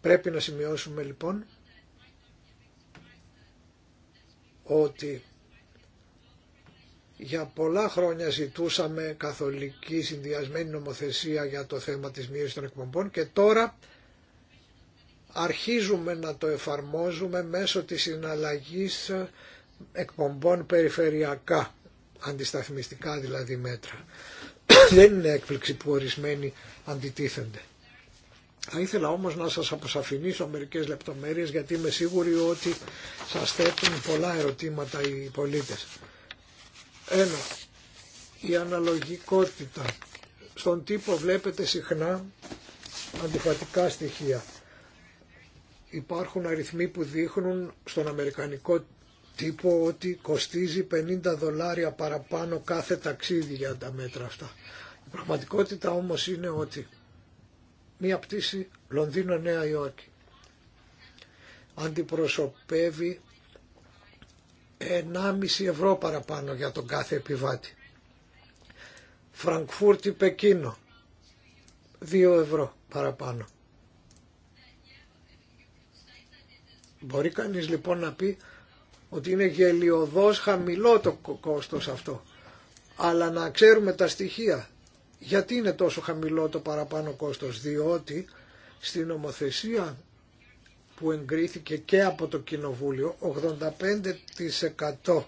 Πρέπει να σημειώσουμε λοιπόν ότι για πολλά χρόνια ζητούσαμε καθολική συνδυασμένη νομοθεσία για το θέμα της μείωσης των εκπομπών και τώρα αρχίζουμε να το εφαρμόζουμε μέσω της συναλλαγής εκπομπών περιφερειακά, αντισταθμιστικά δηλαδή μέτρα. Δεν είναι έκπληξη που ορισμένοι αντιτίθενται. Θα ήθελα όμως να σας αποσαφηνίσω μερικές λεπτομέρειες γιατί είμαι σίγουροι ότι σας θέτουν πολλά ερωτήματα οι πολίτες. Ένα, η αναλογικότητα. Στον τύπο βλέπετε συχνά αντιφατικά στοιχεία. Υπάρχουν αριθμοί που δείχνουν στον αμερικανικό τύπο ότι κοστίζει 50 δολάρια παραπάνω κάθε ταξίδι για τα μέτρα αυτά. Η πραγματικότητα όμως είναι ότι μία πτήση Λονδίνο-Νέα Υόρκη αντιπροσωπεύει 1,5 ευρώ παραπάνω για τον κάθε επιβάτη. Φραγκφούρτη Πεκίνο 2 ευρώ παραπάνω. Μπορεί κανείς λοιπόν να πει ότι είναι γελιοδός χαμηλό το κόστος αυτό. Αλλά να ξέρουμε τα στοιχεία. Γιατί είναι τόσο χαμηλό το παραπάνω κόστος. Διότι στην νομοθεσία που εγκρίθηκε και από το Κοινοβούλιο, 85%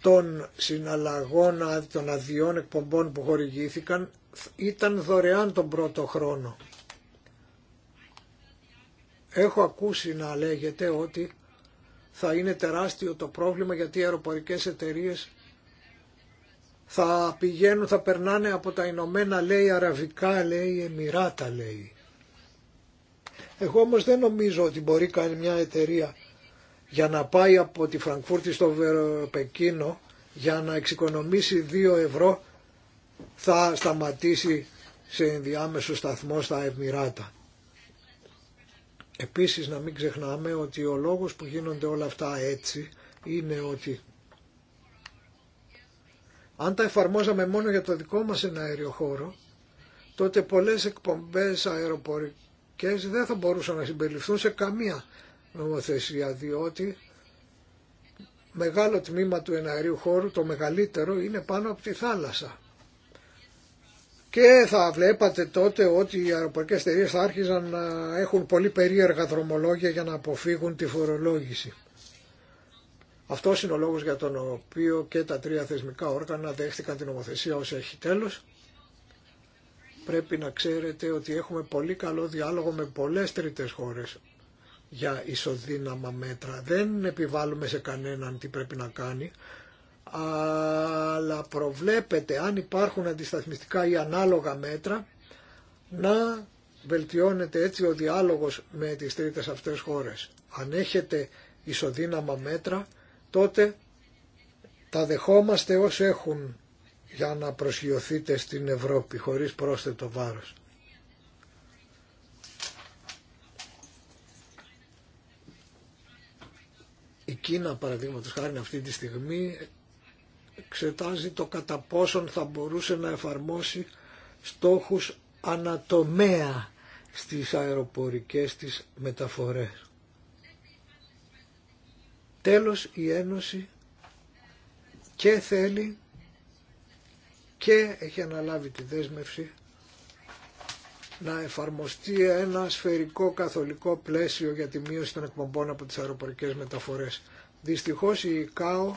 των συναλλαγών των αδειών εκπομπών που χορηγήθηκαν ήταν δωρεάν τον πρώτο χρόνο. Έχω ακούσει να λέγεται ότι θα είναι τεράστιο το πρόβλημα γιατί οι αεροπορικές εταιρείες θα πηγαίνουν, θα περνάνε από τα Ηνωμένα λέει Αραβικά λέει, Εμμυράτα λέει. Εγώ όμως δεν νομίζω ότι μπορεί κάνει μια εταιρεία για να πάει από τη Φραγκφούρτη στο Πεκίνο για να εξοικονομήσει δύο ευρώ θα σταματήσει σε ενδιάμεσο σταθμό στα Εμμυράτα. Επίσης να μην ξεχνάμε ότι ο λόγος που γίνονται όλα αυτά έτσι είναι ότι αν τα εφαρμόζαμε μόνο για το δικό μας ένα χώρο, τότε πολλές εκπομπές αεροπορικές δεν θα μπορούσαν να συμπεριληφθούν σε καμία νομοθεσία, διότι μεγάλο τμήμα του εναερίου χώρου, το μεγαλύτερο, είναι πάνω από τη θάλασσα. Και θα βλέπατε τότε ότι οι αεροπορικές εταιρείε θα άρχιζαν να έχουν πολύ περίεργα δρομολόγια για να αποφύγουν τη φορολόγηση. Αυτό είναι ο λόγος για τον οποίο και τα τρία θεσμικά όργανα δέχτηκαν την νομοθεσία ως έχει τέλος. Πρέπει να ξέρετε ότι έχουμε πολύ καλό διάλογο με πολλές τρίτε χώρες για ισοδύναμα μέτρα. Δεν επιβάλλουμε σε κανέναν τι πρέπει να κάνει, αλλά προβλέπεται αν υπάρχουν αντισταθμιστικά ή ανάλογα μέτρα να βελτιώνεται έτσι ο διάλογος με τις τρίτες αυτές χώρες. Αν έχετε ισοδύναμα μέτρα τότε τα δεχόμαστε όσοι έχουν για να προσγειωθείτε στην Ευρώπη χωρίς πρόσθετο βάρος. Η Κίνα παραδείγματος χάρη αυτή τη στιγμή εξετάζει το κατά πόσον θα μπορούσε να εφαρμόσει στόχους ανατομέα στις αεροπορικές της μεταφορές. Τέλος η Ένωση και θέλει και έχει αναλάβει τη δέσμευση να εφαρμοστεί ένα σφαιρικό καθολικό πλαίσιο για τη μείωση των εκπομπών από τις αεροπορικές μεταφορές. Δυστυχώς η ΚΑΟ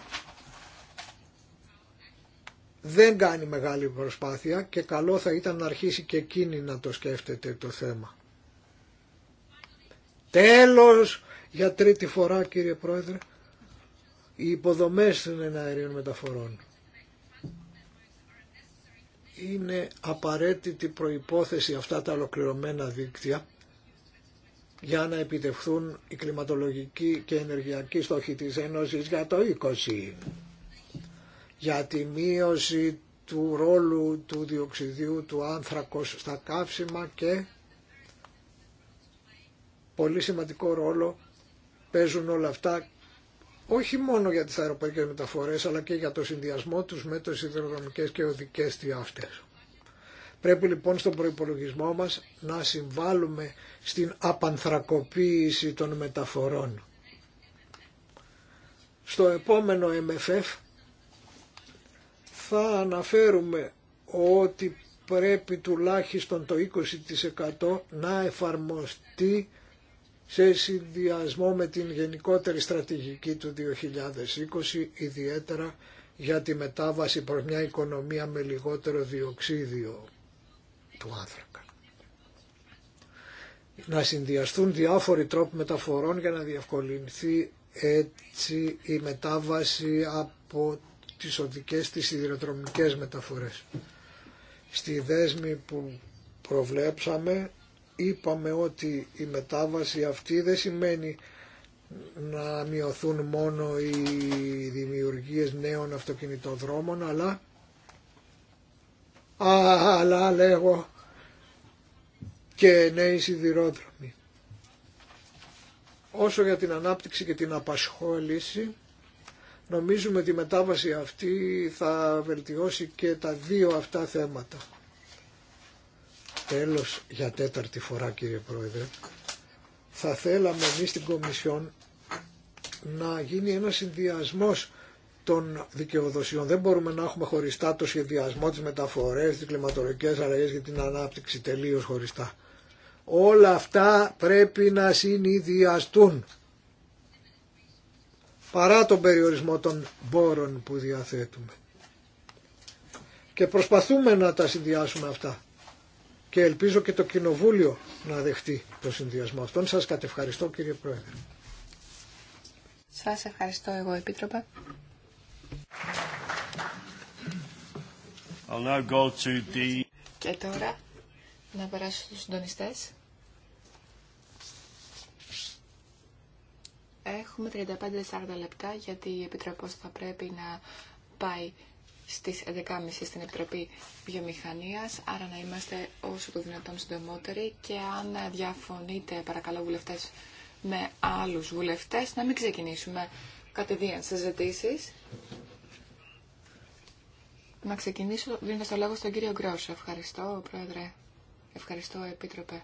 δεν κάνει μεγάλη προσπάθεια και καλό θα ήταν να αρχίσει και εκείνη να το σκέφτεται το θέμα. Τέλος, για τρίτη φορά κύριε Πρόεδρε, οι υποδομές των εναερίων μεταφορών. Είναι απαραίτητη προϋπόθεση αυτά τα ολοκληρωμένα δίκτυα για να επιτευχθούν οι κλιματολογικοί και ενεργειακοί στόχοι της Ένωσης για το 20 για τη μείωση του ρόλου του διοξιδίου του άνθρακος στα καύσιμα και πολύ σημαντικό ρόλο παίζουν όλα αυτά όχι μόνο για τις αεροπορικές μεταφορές αλλά και για το συνδυασμό τους με τις υδροδρομικές και οδικές διάφτες. Πρέπει λοιπόν στον προϋπολογισμό μας να συμβάλλουμε στην απανθρακοποίηση των μεταφορών. Στο επόμενο MFF θα αναφέρουμε ότι πρέπει τουλάχιστον το 20% να εφαρμοστεί σε συνδυασμό με την γενικότερη στρατηγική του 2020, ιδιαίτερα για τη μετάβαση προς μια οικονομία με λιγότερο διοξίδιο του άνθρακα. Να συνδυαστούν διάφοροι τρόποι μεταφορών για να διευκολυνθεί έτσι η μετάβαση από τις οδικές, τις σιδηροδρομικές μεταφορές. Στη δέσμη που προβλέψαμε είπαμε ότι η μετάβαση αυτή δεν σημαίνει να μειωθούν μόνο οι δημιουργίες νέων αυτοκινητοδρόμων, αλλά, α, αλλά λέγω και νέοι σιδηρόδρομοι. Όσο για την ανάπτυξη και την απασχόληση, νομίζουμε ότι η μετάβαση αυτή θα βελτιώσει και τα δύο αυτά θέματα. Τέλος για τέταρτη φορά κύριε Πρόεδρε. Θα θέλαμε εμείς στην Κομισιόν να γίνει ένας συνδυασμός των δικαιοδοσιών. Δεν μπορούμε να έχουμε χωριστά το σχεδιασμό, της μεταφορές, τις κλιματολογικές αλλαγές για την ανάπτυξη τελείως χωριστά. Όλα αυτά πρέπει να συνειδιαστούν παρά τον περιορισμό των πόρων που διαθέτουμε. Και προσπαθούμε να τα συνδυάσουμε αυτά και ελπίζω και το Κοινοβούλιο να δεχτεί το συνδυασμό αυτόν. Σας κατευχαριστώ κύριε Πρόεδρε. Σας ευχαριστώ εγώ Επίτροπα. the... Και τώρα να περάσω στους συντονιστές. Έχουμε 35-40 λεπτά γιατί η Επιτροπός θα πρέπει να πάει στις 11.30 στην Επιτροπή Βιομηχανίας, άρα να είμαστε όσο το δυνατόν συντομότεροι και αν διαφωνείτε παρακαλώ βουλευτές με άλλους βουλευτές να μην ξεκινήσουμε κατεδίαν ζητήσει. Να ξεκινήσω δίνοντας το λόγο στον κύριο Γκρόσο. Ευχαριστώ, Πρόεδρε. Ευχαριστώ, Επίτροπε.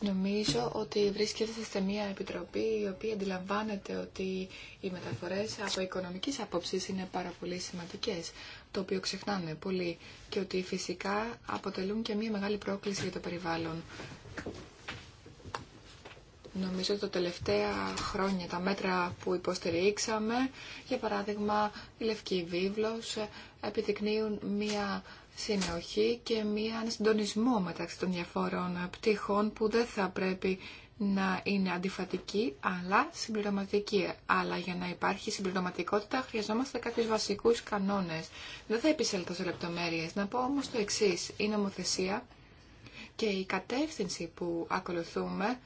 Νομίζω ότι βρίσκεται σε μια επιτροπή η οποία αντιλαμβάνεται ότι οι μεταφορές από οικονομικής άποψης είναι πάρα πολύ σημαντικές, το οποίο ξεχνάμε πολύ και ότι φυσικά αποτελούν και μια μεγάλη πρόκληση για το περιβάλλον. Νομίζω ότι τα τελευταία χρόνια τα μέτρα που υποστηρίξαμε, για παράδειγμα η Λευκή Βίβλος, επιδεικνύουν μια συνοχή και μία συντονισμό μεταξύ των διαφόρων πτυχών που δεν θα πρέπει να είναι αντιφατική αλλά συμπληρωματική. Αλλά για να υπάρχει συμπληρωματικότητα χρειαζόμαστε κάποιους βασικούς κανόνες. Δεν θα επισέλθω σε λεπτομέρειες. Να πω όμως το εξής. Η νομοθεσία και η κατεύθυνση που ακολουθούμε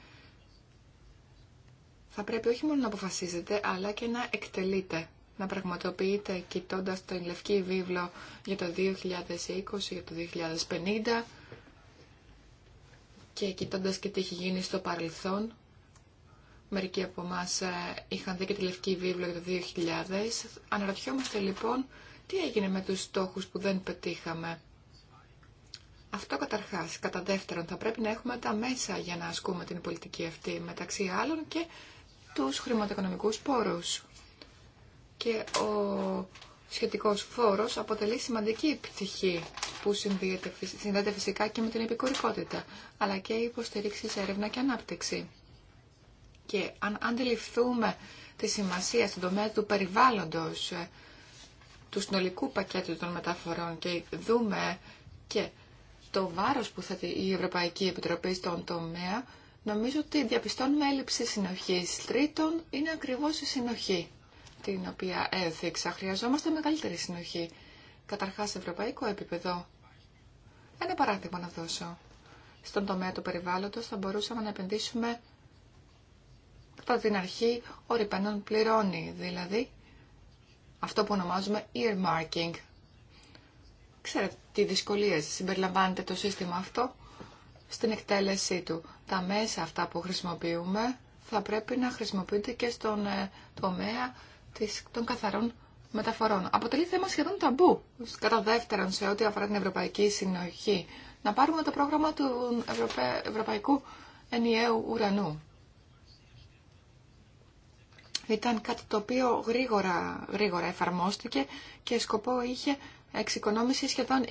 θα πρέπει όχι μόνο να αποφασίζεται αλλά και να εκτελείται να πραγματοποιείται κοιτώντα το λευκή βίβλο για το 2020, για το 2050 και κοιτώντα και τι έχει γίνει στο παρελθόν. Μερικοί από εμά ε, είχαν δει και τη λευκή βίβλο για το 2000. Αναρωτιόμαστε λοιπόν τι έγινε με τους στόχους που δεν πετύχαμε. Αυτό καταρχάς. Κατά δεύτερον, θα πρέπει να έχουμε τα μέσα για να ασκούμε την πολιτική αυτή, μεταξύ άλλων και τους χρηματοοικονομικούς πόρους και ο σχετικός φόρος αποτελεί σημαντική πτυχή που συνδέεται φυσικά και με την επικουρικότητα, αλλά και η υποστηρίξη σε έρευνα και ανάπτυξη. Και αν αντιληφθούμε τη σημασία στον τομέα του περιβάλλοντος, ε, του συνολικού πακέτου των μεταφορών και δούμε και το βάρος που θέτει η Ευρωπαϊκή Επιτροπή στον τομέα, νομίζω ότι διαπιστώνουμε έλλειψη συνοχής. Τρίτον, είναι ακριβώς η συνοχή την οποία έδειξα. Χρειαζόμαστε μεγαλύτερη συνοχή. Καταρχάς, σε ευρωπαϊκό επίπεδο. Ένα παράδειγμα να δώσω. Στον τομέα του περιβάλλοντος θα μπορούσαμε να επενδύσουμε κατά την αρχή ο πληρώνει, δηλαδή αυτό που ονομάζουμε earmarking. Ξέρετε τι δυσκολίες συμπεριλαμβάνεται το σύστημα αυτό στην εκτέλεσή του. Τα μέσα αυτά που χρησιμοποιούμε θα πρέπει να χρησιμοποιούνται και στον ε, τομέα των καθαρών μεταφορών. Αποτελεί θέμα σχεδόν ταμπού. Κατά δεύτερον, σε ό,τι αφορά την Ευρωπαϊκή Συνοχή, να πάρουμε το πρόγραμμα του Ευρωπαϊκού Ενιαίου Ουρανού. Ήταν κάτι το οποίο γρήγορα, γρήγορα εφαρμόστηκε και σκοπό είχε εξοικονόμηση σχεδόν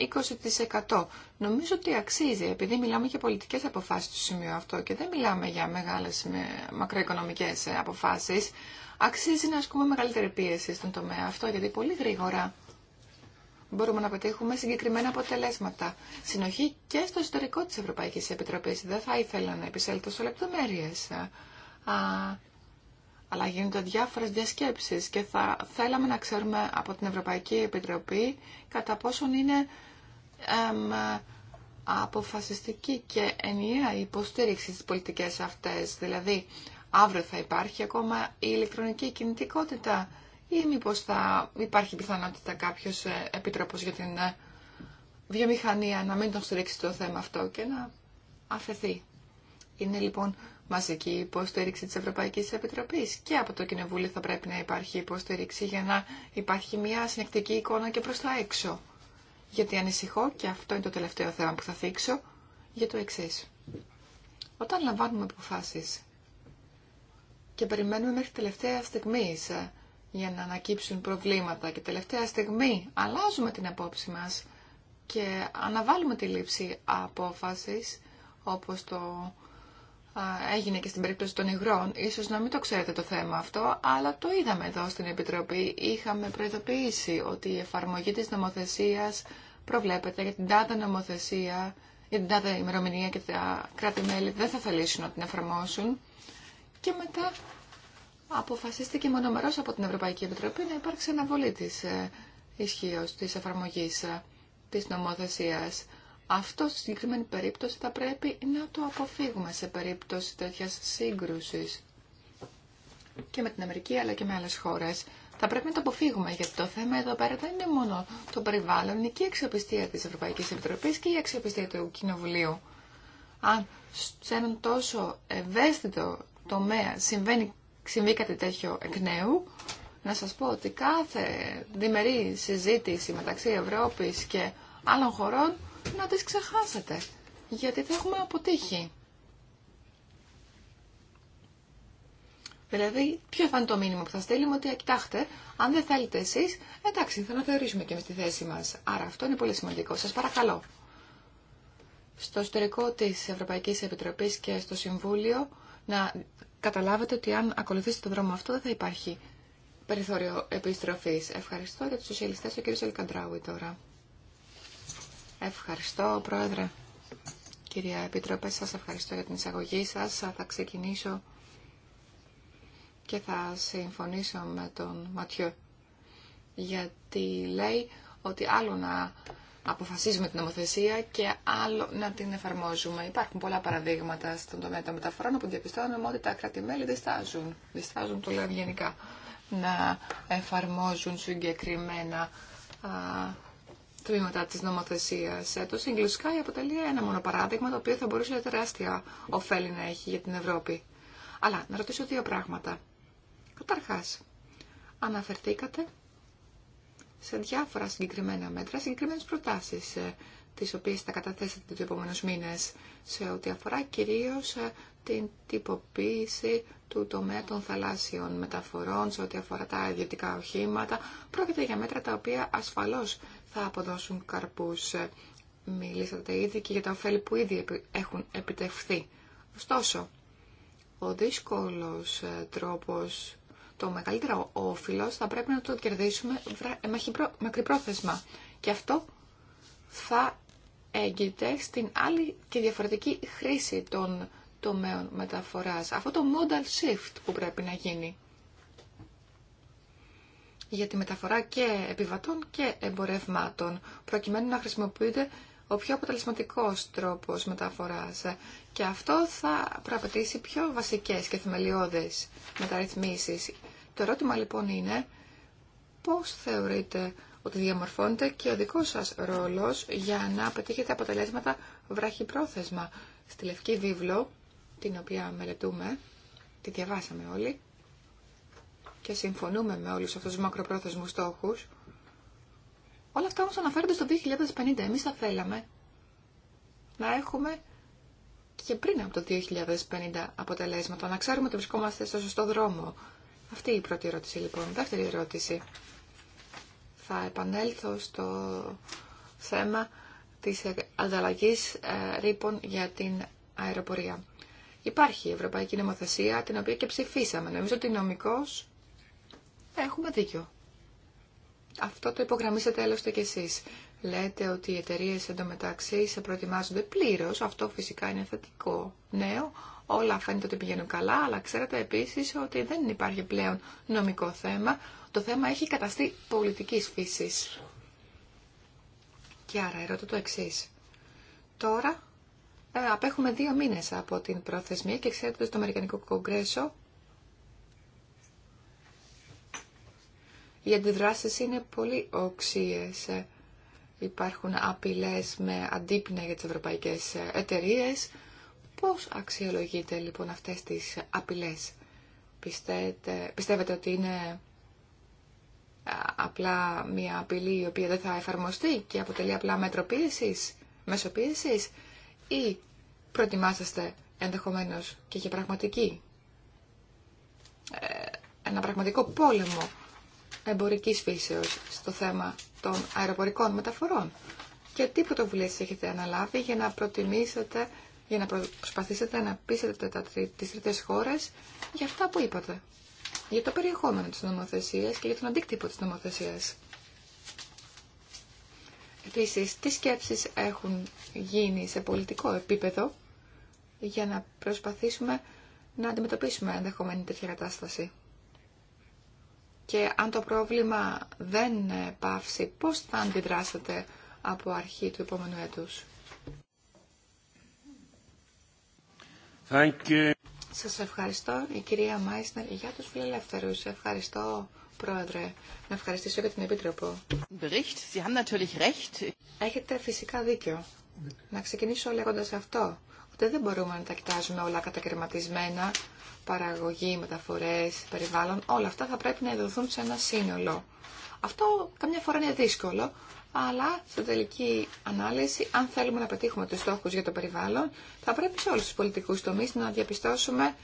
20%. Νομίζω ότι αξίζει, επειδή μιλάμε για πολιτικές αποφάσεις στο σημείο αυτό και δεν μιλάμε για μεγάλες μακροοικονομικές ε, αποφάσεις, αξίζει να ασκούμε μεγαλύτερη πίεση στον τομέα αυτό, γιατί πολύ γρήγορα μπορούμε να πετύχουμε συγκεκριμένα αποτελέσματα. Συνοχή και στο ιστορικό της Ευρωπαϊκής Επιτροπής. Δεν θα ήθελα να επισέλθω σε λεπτομέρειες. αλλά γίνονται διάφορες διασκέψεις και θα θέλαμε να ξέρουμε από την Ευρωπαϊκή Επιτροπή κατά πόσον είναι εμ, αποφασιστική και ενιαία υποστήριξη στις πολιτικές αυτές. Δηλαδή, Αύριο θα υπάρχει ακόμα η ηλεκτρονική κινητικότητα ή μήπως θα υπάρχει πιθανότητα κάποιος ε, επιτρόπος για την ε, βιομηχανία να μην τον στηρίξει το θέμα αυτό και να αφαιθεί. Είναι λοιπόν μαζική υποστήριξη της Ευρωπαϊκής Επιτροπής και από το Κοινοβούλιο θα πρέπει να υπάρχει υποστήριξη για να υπάρχει μια συνεκτική εικόνα και προς τα έξω. Γιατί ανησυχώ, και αυτό είναι το τελευταίο θέμα που θα θίξω, για το εξή. Όταν λαμβάνουμε αποφάσεις και περιμένουμε μέχρι τελευταία στιγμή ε, για να ανακύψουν προβλήματα και τελευταία στιγμή αλλάζουμε την απόψη μας και αναβάλουμε τη λήψη απόφασης όπως το ε, έγινε και στην περίπτωση των υγρών. Ίσως να μην το ξέρετε το θέμα αυτό, αλλά το είδαμε εδώ στην Επιτροπή. Είχαμε προειδοποιήσει ότι η εφαρμογή της νομοθεσίας προβλέπεται για την τάδα νομοθεσία, για την τάδε ημερομηνία και τα κράτη-μέλη δεν θα θελήσουν να την εφαρμόσουν και μετά αποφασίστηκε μονομερός από την Ευρωπαϊκή Επιτροπή να υπάρξει αναβολή της ε, ισχύω της εφαρμογής ε, της νομοθεσίας. Αυτό στη συγκεκριμένη περίπτωση θα πρέπει να το αποφύγουμε σε περίπτωση τέτοια σύγκρουση. και με την Αμερική αλλά και με άλλες χώρες. Θα πρέπει να το αποφύγουμε γιατί το θέμα εδώ πέρα δεν είναι μόνο το περιβάλλον, είναι και η αξιοπιστία της Ευρωπαϊκής Επιτροπής και η αξιοπιστία του Κοινοβουλίου. Αν σε έναν τόσο ευαίσθητο τομέα συμβαίνει, συμβεί κάτι τέτοιο εκ νέου, να σας πω ότι κάθε διμερή συζήτηση μεταξύ Ευρώπης και άλλων χωρών να τις ξεχάσετε, γιατί θα έχουμε αποτύχει. Δηλαδή, ποιο θα είναι το μήνυμα που θα στείλουμε, ότι κοιτάξτε, αν δεν θέλετε εσεί, εντάξει, θα αναθεωρήσουμε και εμεί τη θέση μα. Άρα αυτό είναι πολύ σημαντικό. Σα παρακαλώ. Στο εσωτερικό τη Ευρωπαϊκή Επιτροπή και στο Συμβούλιο να καταλάβετε ότι αν ακολουθήσετε τον δρόμο αυτό δεν θα υπάρχει περιθώριο επιστροφής. Ευχαριστώ για του σοσιαλιστέ ο κ. Ελκαντράουι τώρα. Ευχαριστώ, Πρόεδρε. Κυρία Επίτροπε, σας ευχαριστώ για την εισαγωγή σας. Θα ξεκινήσω και θα συμφωνήσω με τον Ματιό. Γιατί λέει ότι άλλο να αποφασίζουμε την νομοθεσία και άλλο να την εφαρμόζουμε. Υπάρχουν πολλά παραδείγματα στον τομέα των μεταφορών που διαπιστώνουμε ότι τα κράτη-μέλη διστάζουν, διστάζουν το λέω γενικά, να εφαρμόζουν συγκεκριμένα α, τμήματα της νομοθεσίας. Ε, το Single Sky αποτελεί ένα μόνο παράδειγμα το οποίο θα μπορούσε τεράστια ωφέλη να έχει για την Ευρώπη. Αλλά να ρωτήσω δύο πράγματα. Καταρχάς, αναφερθήκατε σε διάφορα συγκεκριμένα μέτρα, συγκεκριμένες προτάσεις ε, τις οποίες θα καταθέσετε του επόμενου μήνες σε ό,τι αφορά κυρίως ε, την τυποποίηση του τομέα των θαλάσσιων μεταφορών, σε ό,τι αφορά τα ιδιωτικά οχήματα. Πρόκειται για μέτρα τα οποία ασφαλώς θα αποδώσουν καρπούς. Ε, μιλήσατε ήδη και για τα ωφέλη που ήδη έχουν επιτευχθεί. Ωστόσο, ο δύσκολος τρόπος το μεγαλύτερο όφυλος θα πρέπει να το κερδίσουμε μακρυπρόθεσμα. Και αυτό θα έγκυται στην άλλη και διαφορετική χρήση των τομέων μεταφοράς. Αυτό το modal shift που πρέπει να γίνει για τη μεταφορά και επιβατών και εμπορευμάτων, προκειμένου να χρησιμοποιείται ο πιο αποτελεσματικός τρόπος μεταφοράς. Και αυτό θα προαπαιτήσει πιο βασικές και θεμελιώδες μεταρρυθμίσεις. Το ερώτημα λοιπόν είναι πώς θεωρείτε ότι διαμορφώνεται και ο δικός σας ρόλος για να πετύχετε αποτελέσματα βραχυπρόθεσμα. Στη Λευκή Βίβλο, την οποία μελετούμε, τη διαβάσαμε όλοι και συμφωνούμε με όλους αυτούς τους μακροπρόθεσμους στόχους, όλα αυτά όμως αναφέρονται στο 2050. Εμείς θα θέλαμε να έχουμε και πριν από το 2050 αποτελέσματα, να ξέρουμε ότι βρισκόμαστε στο σωστό δρόμο, αυτή η πρώτη ερώτηση λοιπόν. Δεύτερη ερώτηση. Θα επανέλθω στο θέμα της ανταλλαγή ε, ρήπων για την αεροπορία. Υπάρχει η Ευρωπαϊκή Νομοθεσία, την οποία και ψηφίσαμε. Νομίζω ότι νομικώς έχουμε δίκιο. Αυτό το υπογραμμίσατε άλλωστε κι εσείς λέτε ότι οι εταιρείε εντωμεταξύ σε προετοιμάζονται πλήρω. Αυτό φυσικά είναι θετικό νέο. Όλα φαίνεται ότι πηγαίνουν καλά, αλλά ξέρετε επίση ότι δεν υπάρχει πλέον νομικό θέμα. Το θέμα έχει καταστεί πολιτική φύση. Και άρα ερωτώ το εξή. Τώρα ε, απέχουμε δύο μήνε από την προθεσμία και ξέρετε ότι στο Αμερικανικό Κογκρέσο οι αντιδράσει είναι πολύ οξύε υπάρχουν απειλές με αντίπεινα για τις ευρωπαϊκές εταιρείες. Πώς αξιολογείτε λοιπόν αυτές τις απειλές. Πιστεύετε, ότι είναι απλά μια απειλή η οποία δεν θα εφαρμοστεί και αποτελεί απλά μέτρο πίεσης, μέσο ή προετοιμάσαστε ενδεχομένως και για πραγματική, ε, ένα πραγματικό πόλεμο εμπορικής φύσεως στο θέμα των αεροπορικών μεταφορών. Και τι πρωτοβουλίες έχετε αναλάβει για να προτιμήσετε, για να προσπαθήσετε να πείσετε τα, τις τρίτες χώρες για αυτά που είπατε. Για το περιεχόμενο της νομοθεσίας και για τον αντίκτυπο της νομοθεσίας. Επίση, τι σκέψεις έχουν γίνει σε πολιτικό επίπεδο για να προσπαθήσουμε να αντιμετωπίσουμε ενδεχομένη τέτοια κατάσταση. Και αν το πρόβλημα δεν πάυσει, πώς θα αντιδράσετε από αρχή του επόμενου έτους. Thank Σας ευχαριστώ, η κυρία Μάισνερ, για τους φιλελεύθερους. Ευχαριστώ, Πρόεδρε. Να ευχαριστήσω για την Επίτροπο. Έχετε φυσικά δίκιο. Να ξεκινήσω λέγοντας αυτό δεν μπορούμε να τα κοιτάζουμε όλα κατακαιρματισμένα, παραγωγή, μεταφορές, περιβάλλον, όλα αυτά θα πρέπει να ειδωθούν σε ένα σύνολο. Αυτό καμιά φορά είναι δύσκολο, αλλά στην τελική ανάλυση, αν θέλουμε να πετύχουμε τους στόχους για το περιβάλλον, θα πρέπει σε όλους τους πολιτικούς τομείς να διαπιστώσουμε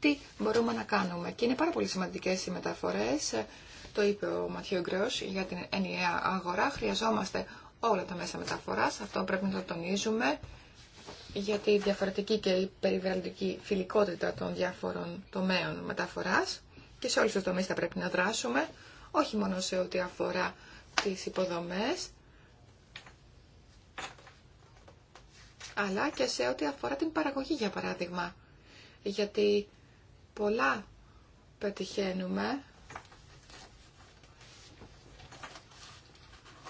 τι μπορούμε να κάνουμε. Και είναι πάρα πολύ σημαντικές οι μεταφορές, το είπε ο Ματιό Γκρός, για την ενιαία αγορά. Χρειαζόμαστε όλα τα μέσα μεταφοράς, αυτό πρέπει να το τονίζουμε για τη διαφορετική και η περιβαλλοντική φιλικότητα των διάφορων τομέων μεταφοράς και σε όλους τους τομείς θα πρέπει να δράσουμε, όχι μόνο σε ό,τι αφορά τις υποδομές, αλλά και σε ό,τι αφορά την παραγωγή, για παράδειγμα. Γιατί πολλά πετυχαίνουμε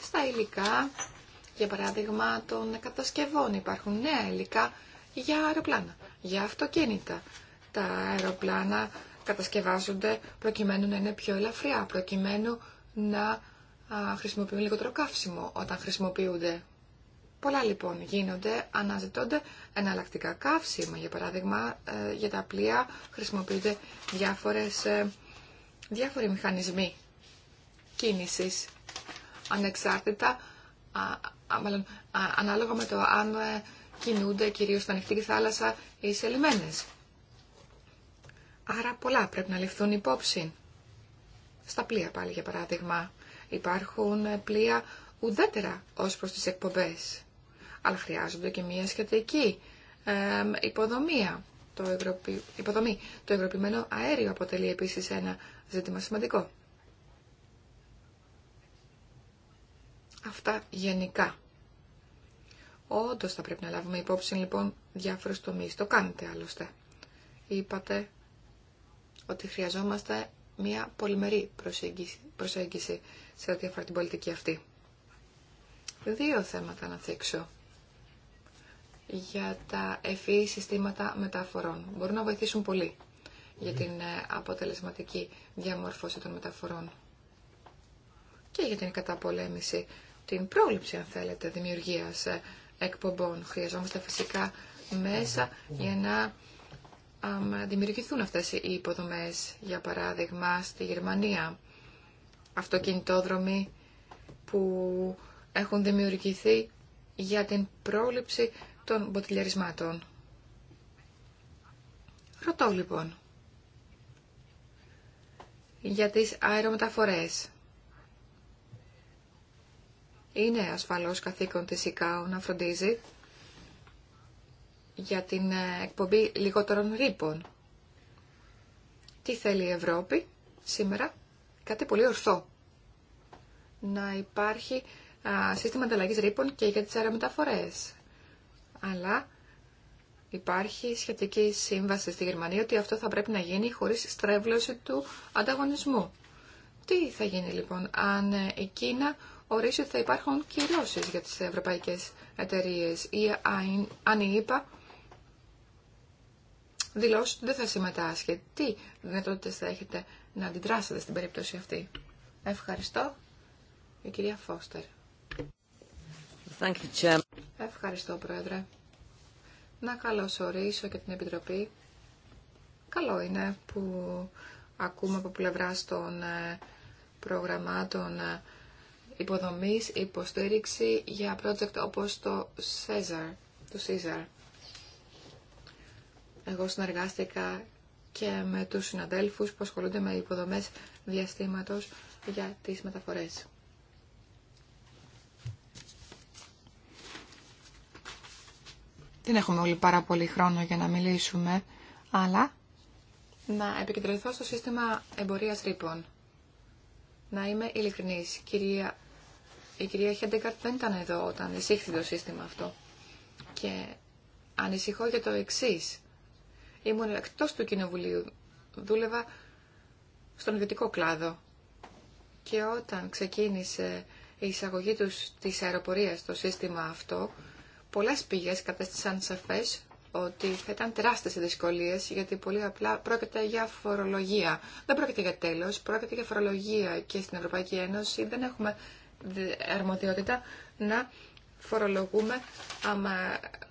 στα υλικά, για παράδειγμα των κατασκευών. Υπάρχουν νέα υλικά για αεροπλάνα, για αυτοκίνητα. Τα αεροπλάνα κατασκευάζονται προκειμένου να είναι πιο ελαφριά, προκειμένου να χρησιμοποιούν λιγότερο καύσιμο όταν χρησιμοποιούνται. Πολλά λοιπόν γίνονται, αναζητώνται εναλλακτικά καύσιμα. Για παράδειγμα, ε, για τα πλοία χρησιμοποιούνται διάφορες, ε, διάφοροι μηχανισμοί κίνησης, ανεξάρτητα μάλλον, ανάλογα με το αν ε, κινούνται κυρίως στην ανοιχτή θάλασσα ή σε Άρα πολλά πρέπει να ληφθούν υπόψη. Στα πλοία πάλι για παράδειγμα. Υπάρχουν ε, πλοία ουδέτερα ως προς τις εκπομπές. Αλλά χρειάζονται και μια σχετική υποδομία. Το υποδομή. Το υγροποιημένο αέριο αποτελεί επίσης ένα ζήτημα σημαντικό. αυτά γενικά. Όντω θα πρέπει να λάβουμε υπόψη λοιπόν διάφορους τομείς. Το κάνετε άλλωστε. Είπατε ότι χρειαζόμαστε μια πολυμερή προσέγγιση, προσέγγιση σε ό,τι αφορά την πολιτική αυτή. Δύο θέματα να θίξω για τα ευφυή e συστήματα μεταφορών. Μπορούν να βοηθήσουν πολύ για την ε, αποτελεσματική διαμόρφωση των μεταφορών και για την καταπολέμηση την πρόληψη, αν θέλετε, δημιουργίας ε, εκπομπών. Χρειαζόμαστε φυσικά μέσα για να δημιουργηθούν αυτές οι υποδομές. Για παράδειγμα, στη Γερμανία, αυτοκινητόδρομοι που έχουν δημιουργηθεί για την πρόληψη των μποτιλιαρισμάτων. Ρωτώ λοιπόν για τις αερομεταφορές. Είναι ασφαλώς καθήκον της ΙΚΑΟ να φροντίζει για την ε, εκπομπή λιγότερων ρήπων. Τι θέλει η Ευρώπη σήμερα, κάτι πολύ ορθό. Να υπάρχει α, σύστημα ανταλλαγή ρήπων και για τις αερομεταφορές. Αλλά υπάρχει σχετική σύμβαση στη Γερμανία ότι αυτό θα πρέπει να γίνει χωρίς στρέβλωση του ανταγωνισμού. Τι θα γίνει λοιπόν αν ε, η Κίνα ορίσει ότι θα υπάρχουν κυρώσει για τις ευρωπαϊκές εταιρείε ή αν η ΕΠΑ δηλώσει ότι δεν θα συμμετάσχει. Τι δυνατότητε θα έχετε να αντιδράσετε στην περίπτωση αυτή. Ευχαριστώ. Η κυρία Φώστερ. Thank you, Ευχαριστώ, Πρόεδρε. Να καλωσορίσω και την Επιτροπή. Καλό είναι που ακούμε από πλευρά των ε, προγραμμάτων ε, υποδομής υποστήριξη για project όπως το Caesar, το Caesar. Εγώ συνεργάστηκα και με τους συναδέλφους που ασχολούνται με υποδομές διαστήματος για τις μεταφορές. Δεν έχουμε όλοι πάρα πολύ χρόνο για να μιλήσουμε, αλλά να επικεντρωθώ στο σύστημα εμπορίας ρήπων. Να είμαι ειλικρινής, κυρία η κυρία Χέντεγκαρτ δεν ήταν εδώ όταν εισήχθη το σύστημα αυτό. Και ανησυχώ για το εξή. Ήμουν εκτός του κοινοβουλίου. Δούλευα στον ιδιωτικό κλάδο. Και όταν ξεκίνησε η εισαγωγή του της αεροπορίας στο σύστημα αυτό, πολλέ πηγές κατέστησαν σαφέ ότι θα ήταν τεράστιε οι δυσκολίες, γιατί πολύ απλά πρόκειται για φορολογία. Δεν πρόκειται για τέλο, πρόκειται για φορολογία και στην Ευρωπαϊκή Ένωση δεν έχουμε αρμοδιότητα να φορολογούμε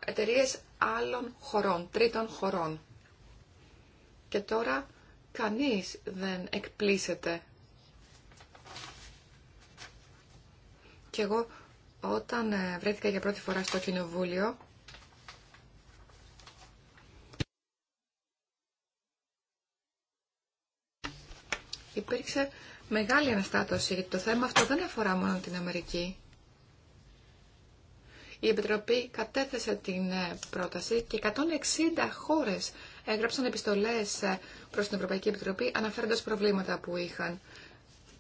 εταιρείε άλλων χωρών, τρίτων χωρών. Και τώρα κανείς δεν εκπλήσεται. Και εγώ όταν ε, βρέθηκα για πρώτη φορά στο κοινοβούλιο, υπήρξε μεγάλη αναστάτωση, γιατί το θέμα αυτό δεν αφορά μόνο την Αμερική. Η Επιτροπή κατέθεσε την ε, πρόταση και 160 χώρες έγραψαν επιστολές ε, προς την Ευρωπαϊκή Επιτροπή αναφέροντας προβλήματα που είχαν.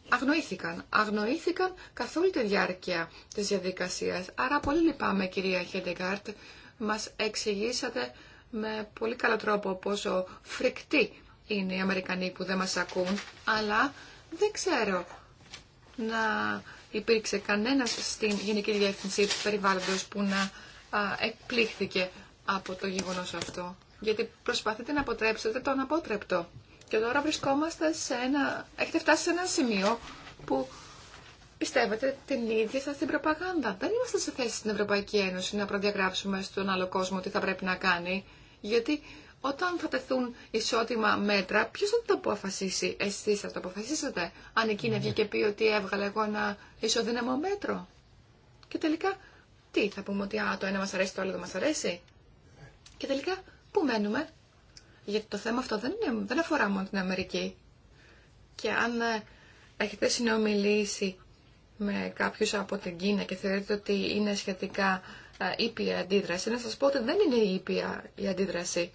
Αγνοήθηκαν. Αγνοήθηκαν καθ' όλη τη διάρκεια της διαδικασίας. Άρα πολύ λυπάμαι κυρία Χέντεγκάρτ. Μας εξηγήσατε με πολύ καλό τρόπο πόσο φρικτή είναι οι Αμερικανοί που δεν μας ακούν, αλλά δεν ξέρω να υπήρξε κανένας στην Γενική Διεύθυνση Περιβάλλοντος που να εκπλήχθηκε από το γεγονός αυτό. Γιατί προσπαθείτε να αποτρέψετε τον απότρεπτο. Και τώρα βρισκόμαστε σε ένα... Έχετε φτάσει σε ένα σημείο που πιστεύετε την ίδια σας την προπαγάνδα. Δεν είμαστε σε θέση στην Ευρωπαϊκή Ένωση να προδιαγράψουμε στον άλλο κόσμο τι θα πρέπει να κάνει. Γιατί όταν θα τεθούν ισότιμα μέτρα, ποιο θα το αποφασίσει, εσεί θα το αποφασίσετε, αν εκείνη ναι. βγήκε και πει ότι έβγαλε εγώ ένα ισοδύναμο μέτρο. Και τελικά, τι θα πούμε ότι α, το ένα μα αρέσει, το άλλο δεν μα αρέσει. Και τελικά, πού μένουμε. Γιατί το θέμα αυτό δεν, είναι, δεν αφορά μόνο την Αμερική. Και αν ε, έχετε συνομιλήσει με κάποιους από την Κίνα και θεωρείτε ότι είναι σχετικά ε, ήπια αντίδραση, να σας πω ότι δεν είναι ήπια η αντίδραση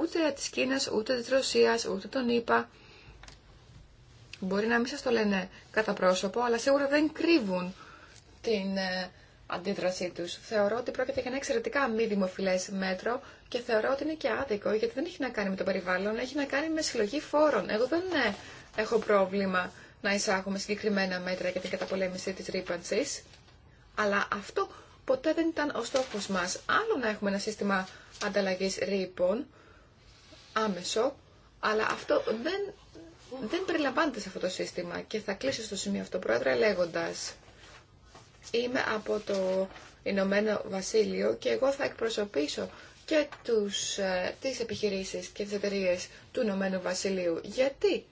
ούτε της Κίνας, ούτε της Ρωσίας, ούτε τον ΗΠΑ. Μπορεί να μην σας το λένε κατά πρόσωπο, αλλά σίγουρα δεν κρύβουν την ε, αντίδρασή τους. Θεωρώ ότι πρόκειται για ένα εξαιρετικά μη δημοφιλές μέτρο και θεωρώ ότι είναι και άδικο, γιατί δεν έχει να κάνει με το περιβάλλον, έχει να κάνει με συλλογή φόρων. Εγώ δεν ε, έχω πρόβλημα να εισάγουμε συγκεκριμένα μέτρα για την καταπολέμηση της ρήπανση. Αλλά αυτό ποτέ δεν ήταν ο στόχος μας. Άλλο να έχουμε ένα σύστημα ανταλλαγής ρήπων, άμεσο, αλλά αυτό δεν, δεν περιλαμβάνεται σε αυτό το σύστημα. Και θα κλείσω στο σημείο αυτό, Πρόεδρε, λέγοντας είμαι από το Ηνωμένο Βασίλειο και εγώ θα εκπροσωπήσω και τους, ε, τις επιχειρήσεις και τις εταιρείε του Ηνωμένου Βασιλείου. Γιατί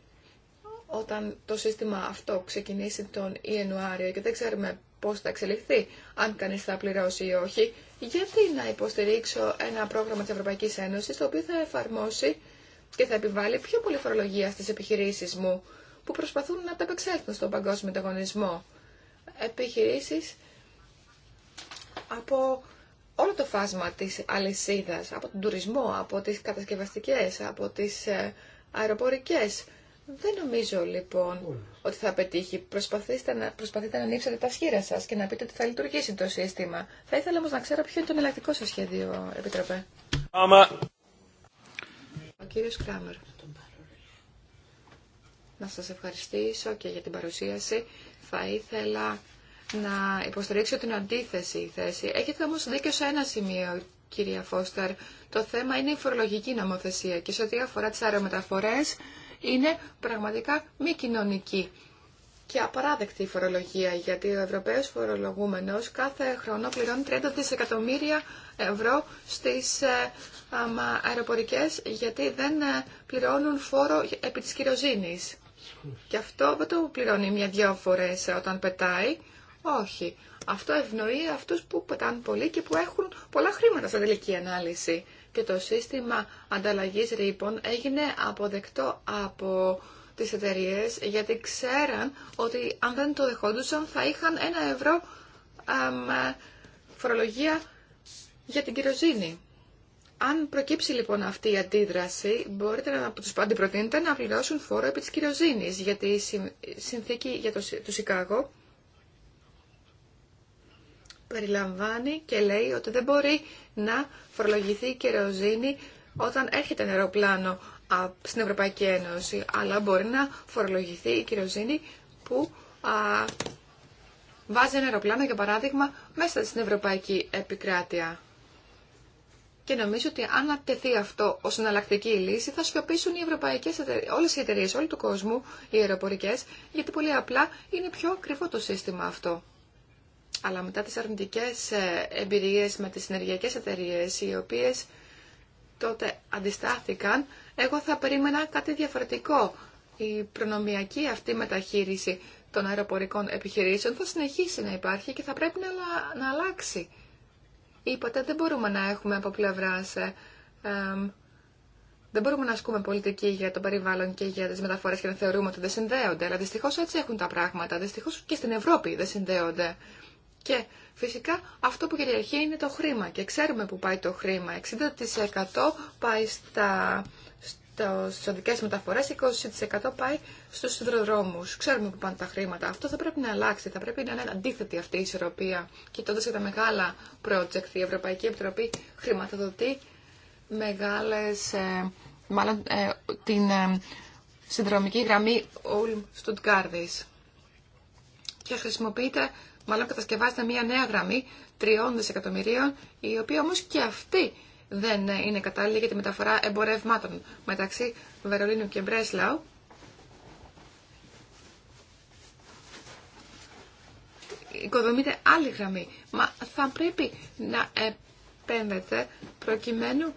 όταν το σύστημα αυτό ξεκινήσει τον Ιανουάριο και δεν ξέρουμε πώς θα εξελιχθεί, αν κανείς θα πληρώσει ή όχι, γιατί να υποστηρίξω ένα πρόγραμμα της Ευρωπαϊκής Ένωσης το οποίο θα εφαρμόσει και θα επιβάλλει πιο πολλή φορολογία στις επιχειρήσεις μου που προσπαθούν να τα επεξέλθουν στον παγκόσμιο ανταγωνισμό. Επιχειρήσεις από όλο το φάσμα της αλυσίδας, από τον τουρισμό, από τις κατασκευαστικές, από τις ε, αεροπορικές δεν νομίζω λοιπόν ότι θα πετύχει. Προσπαθήστε να, προσπαθείτε να ανοίξετε τα σχήρα σα και να πείτε ότι θα λειτουργήσει το σύστημα. Θα ήθελα όμω να ξέρω ποιο είναι το εναλλακτικό σα σχέδιο, Επιτροπέ. Άμα. Ο κύριο Κράμερ. Να σα ευχαριστήσω και για την παρουσίαση. Θα ήθελα να υποστηρίξω την αντίθεση θέση. Έχετε όμω δίκιο σε ένα σημείο, κυρία Φώσταρ. Το θέμα είναι η φορολογική νομοθεσία και σε ό,τι αφορά τι αερομεταφορέ είναι πραγματικά μη κοινωνική και απαράδεκτη η φορολογία, γιατί ο Ευρωπαίος φορολογούμενος κάθε χρόνο πληρώνει 30 δισεκατομμύρια ευρώ στις ε, αεροπορικές, γιατί δεν ε, πληρώνουν φόρο επί της κυροζήνης. Και αυτό δεν το πληρώνει μια-δυο φορές όταν πετάει. Όχι. Αυτό ευνοεί αυτούς που πετάνε πολύ και που έχουν πολλά χρήματα στα τελική ανάλυση και το σύστημα ανταλλαγής ρήπων έγινε αποδεκτό από τις εταιρείε γιατί ξέραν ότι αν δεν το δεχόντουσαν θα είχαν ένα ευρώ φορολογία για την κυροζήνη. Αν προκύψει λοιπόν αυτή η αντίδραση, μπορείτε να τους αντιπροτείνετε να πληρώσουν φόρο επί της κυροζήνης, γιατί η συνθήκη για το, του Σικάγο περιλαμβάνει και λέει ότι δεν μπορεί να φορολογηθεί η κεροζίνη όταν έρχεται ένα στην Ευρωπαϊκή Ένωση, αλλά μπορεί να φορολογηθεί η κυριοζήνη που α, βάζει ένα αεροπλάνο, για παράδειγμα, μέσα στην Ευρωπαϊκή Επικράτεια. Και νομίζω ότι αν ατεθεί αυτό ω εναλλακτική λύση, θα σιωπήσουν οι ευρωπαϊκέ όλε οι εταιρείε όλου του κόσμου, οι αεροπορικέ, γιατί πολύ απλά είναι πιο ακριβό το σύστημα αυτό αλλά μετά τις αρνητικές ε, εμπειρίες με τις ενεργειακές εταιρείες, οι οποίες τότε αντιστάθηκαν, εγώ θα περίμενα κάτι διαφορετικό. Η προνομιακή αυτή μεταχείριση των αεροπορικών επιχειρήσεων θα συνεχίσει να υπάρχει και θα πρέπει να, να αλλάξει. Είπατε, δεν μπορούμε να έχουμε από πλευρά. Ε, δεν μπορούμε να ασκούμε πολιτική για το περιβάλλον και για τι μεταφορέ και να θεωρούμε ότι δεν συνδέονται. Αλλά δυστυχώ έτσι έχουν τα πράγματα. Δυστυχώ και στην Ευρώπη δεν συνδέονται. Και φυσικά αυτό που κυριαρχεί είναι το χρήμα και ξέρουμε που πάει το χρήμα. 60% πάει στα, στο, στις οδικές μεταφορές, 20% πάει στους σιδηροδρόμους. Ξέρουμε που πάνε τα χρήματα. Αυτό θα πρέπει να αλλάξει, θα πρέπει να είναι αντίθετη αυτή η ισορροπία. Κοιτώντα για τα μεγάλα project, η Ευρωπαϊκή Επιτροπή χρηματοδοτεί μεγάλες, ε, μάλλον ε, την ε, συνδρομική γραμμή Ulm Ulm-Stuttgart και χρησιμοποιείται μάλλον κατασκευάζεται μια νέα γραμμή τριών δισεκατομμυρίων, η οποία όμως και αυτή δεν είναι κατάλληλη για τη μεταφορά εμπορευμάτων μεταξύ Βερολίνου και Μπρέσλαου. Οικοδομείται άλλη γραμμή. Μα θα πρέπει να επένδεται προκειμένου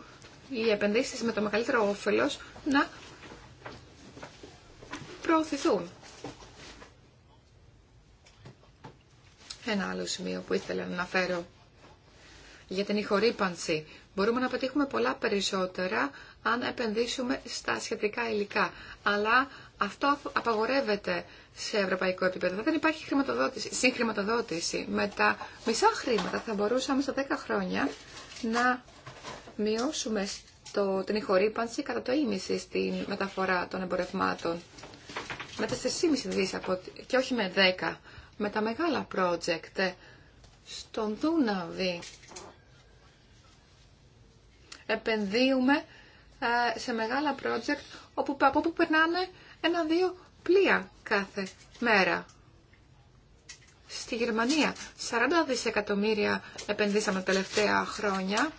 οι επενδύσεις με το μεγαλύτερο όφελος να προωθηθούν. Ένα άλλο σημείο που ήθελα να αναφέρω για την ηχορύπανση. Μπορούμε να πετύχουμε πολλά περισσότερα αν επενδύσουμε στα σχετικά υλικά. Αλλά αυτό απαγορεύεται σε ευρωπαϊκό επίπεδο. Δεν υπάρχει χρηματοδότηση, συγχρηματοδότηση. Με τα μισά χρήματα θα μπορούσαμε στα 10 χρόνια να μειώσουμε το, την ηχορύπανση κατά το ίμιση στη μεταφορά των εμπορευμάτων. Με 4,5 δις από, και όχι με 10 με τα μεγάλα project στον Δούναβη. Επενδύουμε ε, σε μεγάλα project όπου, από όπου περνάνε ένα-δύο πλοία κάθε μέρα. Στη Γερμανία 40 δισεκατομμύρια επενδύσαμε τα τελευταία χρόνια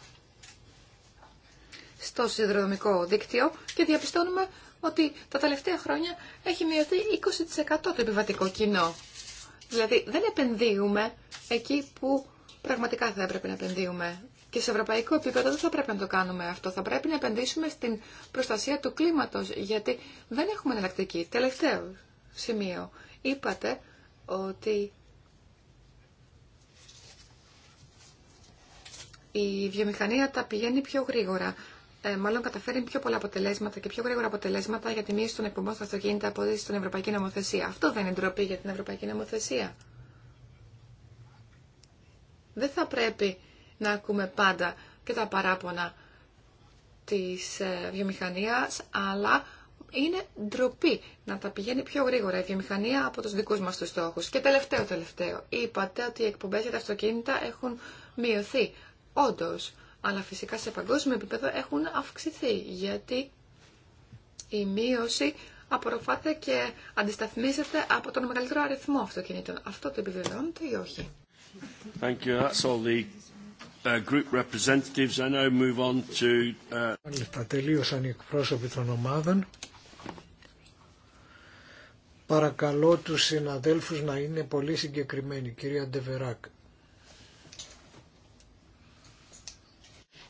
στο συνδρομικό δίκτυο και διαπιστώνουμε ότι τα τελευταία χρόνια έχει μειωθεί 20% το επιβατικό κοινό. Δηλαδή δεν επενδύουμε εκεί που πραγματικά θα έπρεπε να επενδύουμε. Και σε ευρωπαϊκό επίπεδο δεν θα πρέπει να το κάνουμε αυτό. Θα πρέπει να επενδύσουμε στην προστασία του κλίματος, γιατί δεν έχουμε εναλλακτική. Τελευταίο σημείο. Είπατε ότι η βιομηχανία τα πηγαίνει πιο γρήγορα ε, μάλλον καταφέρει πιο πολλά αποτελέσματα και πιο γρήγορα αποτελέσματα για τη μείωση των εκπομπών στα αυτοκίνητα από ό,τι στην Ευρωπαϊκή Νομοθεσία. Αυτό δεν είναι ντροπή για την Ευρωπαϊκή Νομοθεσία. Δεν θα πρέπει να ακούμε πάντα και τα παράπονα της ε, βιομηχανίας, αλλά είναι ντροπή να τα πηγαίνει πιο γρήγορα η βιομηχανία από τους δικούς μας τους στόχους. Και τελευταίο τελευταίο, είπατε ότι οι εκπομπές για τα αυτοκίνητα έχουν μειωθεί. όντω αλλά φυσικά σε παγκόσμιο επίπεδο έχουν αυξηθεί, γιατί η μείωση απορροφάται και αντισταθμίζεται από τον μεγαλύτερο αριθμό αυτοκινήτων. Αυτό το επιβεβαιώνεται ή όχι. Thank τελείωσαν οι εκπρόσωποι των ομάδων. Παρακαλώ τους συναδέλφους να είναι πολύ συγκεκριμένοι. Κυρία Ντεβεράκ.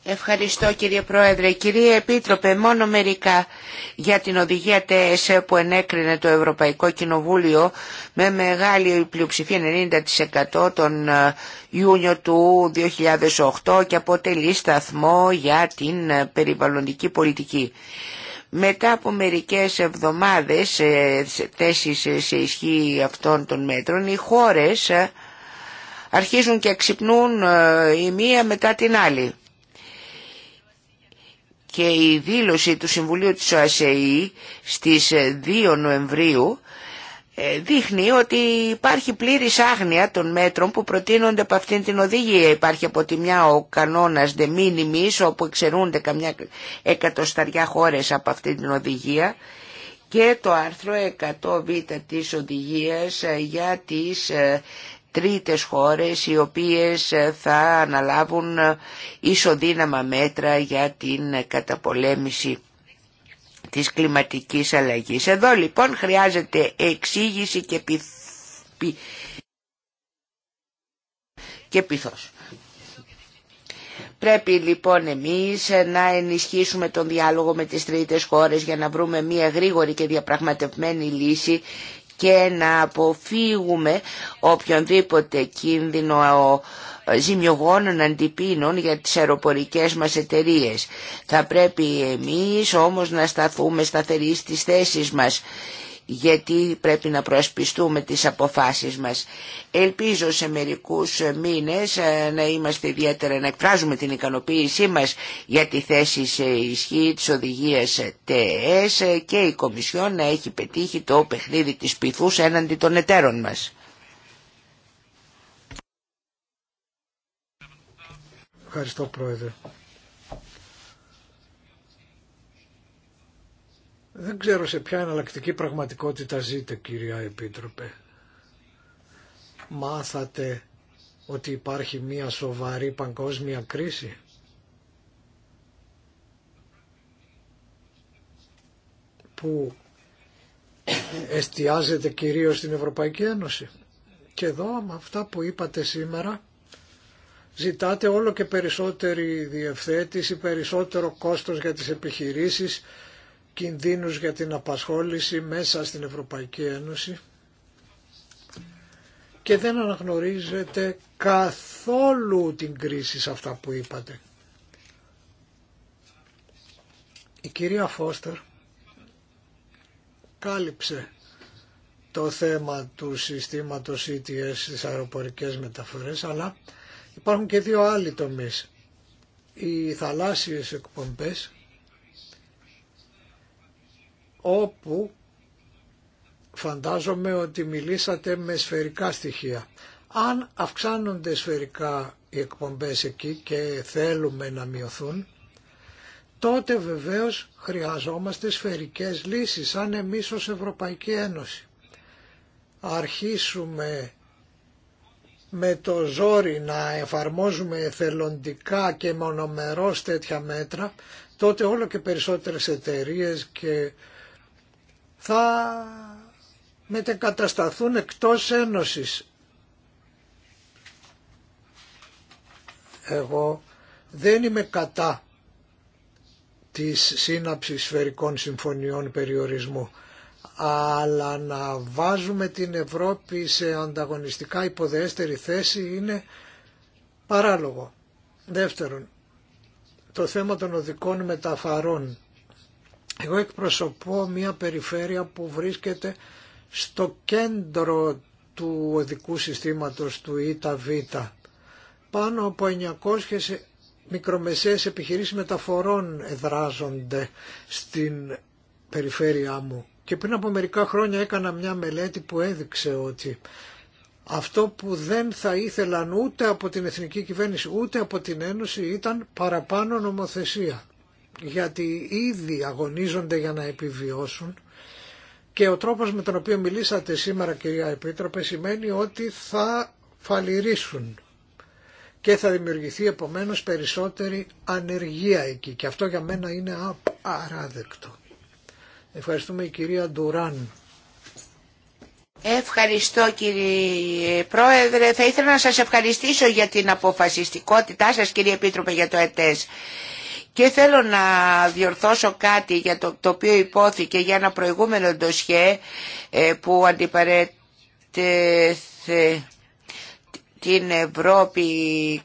Ευχαριστώ κύριε Πρόεδρε. Κύριε Επίτροπε, μόνο μερικά για την οδηγία ΤΕΣΕ που ενέκρινε το Ευρωπαϊκό Κοινοβούλιο με μεγάλη πλειοψηφία 90% τον ε, Ιούνιο του 2008 και αποτελεί σταθμό για την ε, περιβαλλοντική πολιτική. Μετά από μερικές εβδομάδες ε, θέσεις σε ισχύ αυτών των μέτρων, οι χώρες αρχίζουν και ξυπνούν η μία μετά την άλλη και η δήλωση του Συμβουλίου της ΟΑΣΕΗ στις 2 ε, Νοεμβρίου ε, δείχνει ότι υπάρχει πλήρης άγνοια των μέτρων που προτείνονται από αυτήν την οδηγία. Υπάρχει από τη μια ο κανόνας de minimis όπου εξαιρούνται καμιά εκατοσταριά χώρες από αυτήν την οδηγία και το άρθρο 100β της οδηγίας ε, για τις τρίτες χώρες οι οποίες ε, θα αναλάβουν ε, ισοδύναμα μέτρα για την καταπολέμηση της κλιματικής αλλαγής. Εδώ λοιπόν χρειάζεται εξήγηση και, πυθ... και πυθός. Πρέπει λοιπόν εμείς ε, να ενισχύσουμε τον διάλογο με τις τρίτες χώρες για να βρούμε μια γρήγορη και διαπραγματευμένη λύση και να αποφύγουμε οποιονδήποτε κίνδυνο ε, ζημιογόνων αντιπίνων για τις αεροπορικές μας εταιρείες. Θα πρέπει εμείς όμως να σταθούμε σταθεροί στις θέσεις μας γιατί πρέπει να προασπιστούμε τις αποφάσεις μας. Ελπίζω σε μερικούς μήνες ε, να είμαστε ιδιαίτερα, να εκφράζουμε την ικανοποίησή μας για τη θέση σε ισχύ της οδηγίας ΤΕΕΣ και η Κομισιόν να έχει πετύχει το παιχνίδι της πυθούς έναντι των εταίρων μας. Ευχαριστώ Πρόεδρε. Δεν ξέρω σε ποια εναλλακτική πραγματικότητα ζείτε κυρία Επίτροπε. Μάθατε ότι υπάρχει μια σοβαρή παγκόσμια κρίση. που εστιάζεται κυρίως στην Ευρωπαϊκή Ένωση. Και εδώ με αυτά που είπατε σήμερα ζητάτε όλο και περισσότερη διευθέτηση, περισσότερο κόστος για τις επιχειρήσεις, κινδύνους για την απασχόληση μέσα στην Ευρωπαϊκή Ένωση και δεν αναγνωρίζετε καθόλου την κρίση σε αυτά που είπατε. Η κυρία Φώστερ κάλυψε το θέμα του συστήματος ETS στις αεροπορικές μεταφορές, αλλά υπάρχουν και δύο άλλοι τομείς. Οι θαλάσσιες εκπομπές όπου φαντάζομαι ότι μιλήσατε με σφαιρικά στοιχεία. Αν αυξάνονται σφαιρικά οι εκπομπές εκεί και θέλουμε να μειωθούν, τότε βεβαίως χρειαζόμαστε σφαιρικές λύσεις, σαν εμείς ως Ευρωπαϊκή Ένωση. Αρχίσουμε με το ζόρι να εφαρμόζουμε εθελοντικά και μονομερός τέτοια μέτρα, τότε όλο και περισσότερες εταιρείες και θα μετεκατασταθούν εκτός Ένωσης. Εγώ δεν είμαι κατά της σύναψης σφαιρικών συμφωνιών περιορισμού αλλά να βάζουμε την Ευρώπη σε ανταγωνιστικά υποδεέστερη θέση είναι παράλογο. Δεύτερον, το θέμα των οδικών μεταφαρών. Εγώ εκπροσωπώ μια περιφέρεια που βρίσκεται στο κέντρο του οδικού συστήματος του ΙΤΑΒ. Πάνω από 900 μικρομεσαίες επιχειρήσεις μεταφορών εδράζονται στην περιφέρειά μου. Και πριν από μερικά χρόνια έκανα μια μελέτη που έδειξε ότι αυτό που δεν θα ήθελαν ούτε από την Εθνική Κυβέρνηση ούτε από την Ένωση ήταν παραπάνω νομοθεσία γιατί ήδη αγωνίζονται για να επιβιώσουν και ο τρόπος με τον οποίο μιλήσατε σήμερα κυρία Επίτροπε σημαίνει ότι θα φαλιρίσουν και θα δημιουργηθεί επομένως περισσότερη ανεργία εκεί και αυτό για μένα είναι απαράδεκτο. Ευχαριστούμε η κυρία Ντουράν. Ευχαριστώ κύριε Πρόεδρε. Θα ήθελα να σας ευχαριστήσω για την αποφασιστικότητά σας κύριε Επίτροπε για το ΕΤΕΣ. Και θέλω να διορθώσω κάτι για το, το οποίο υπόθηκε για ένα προηγούμενο ντοσιέ ε, που αντιπαρέτεθε την Ευρώπη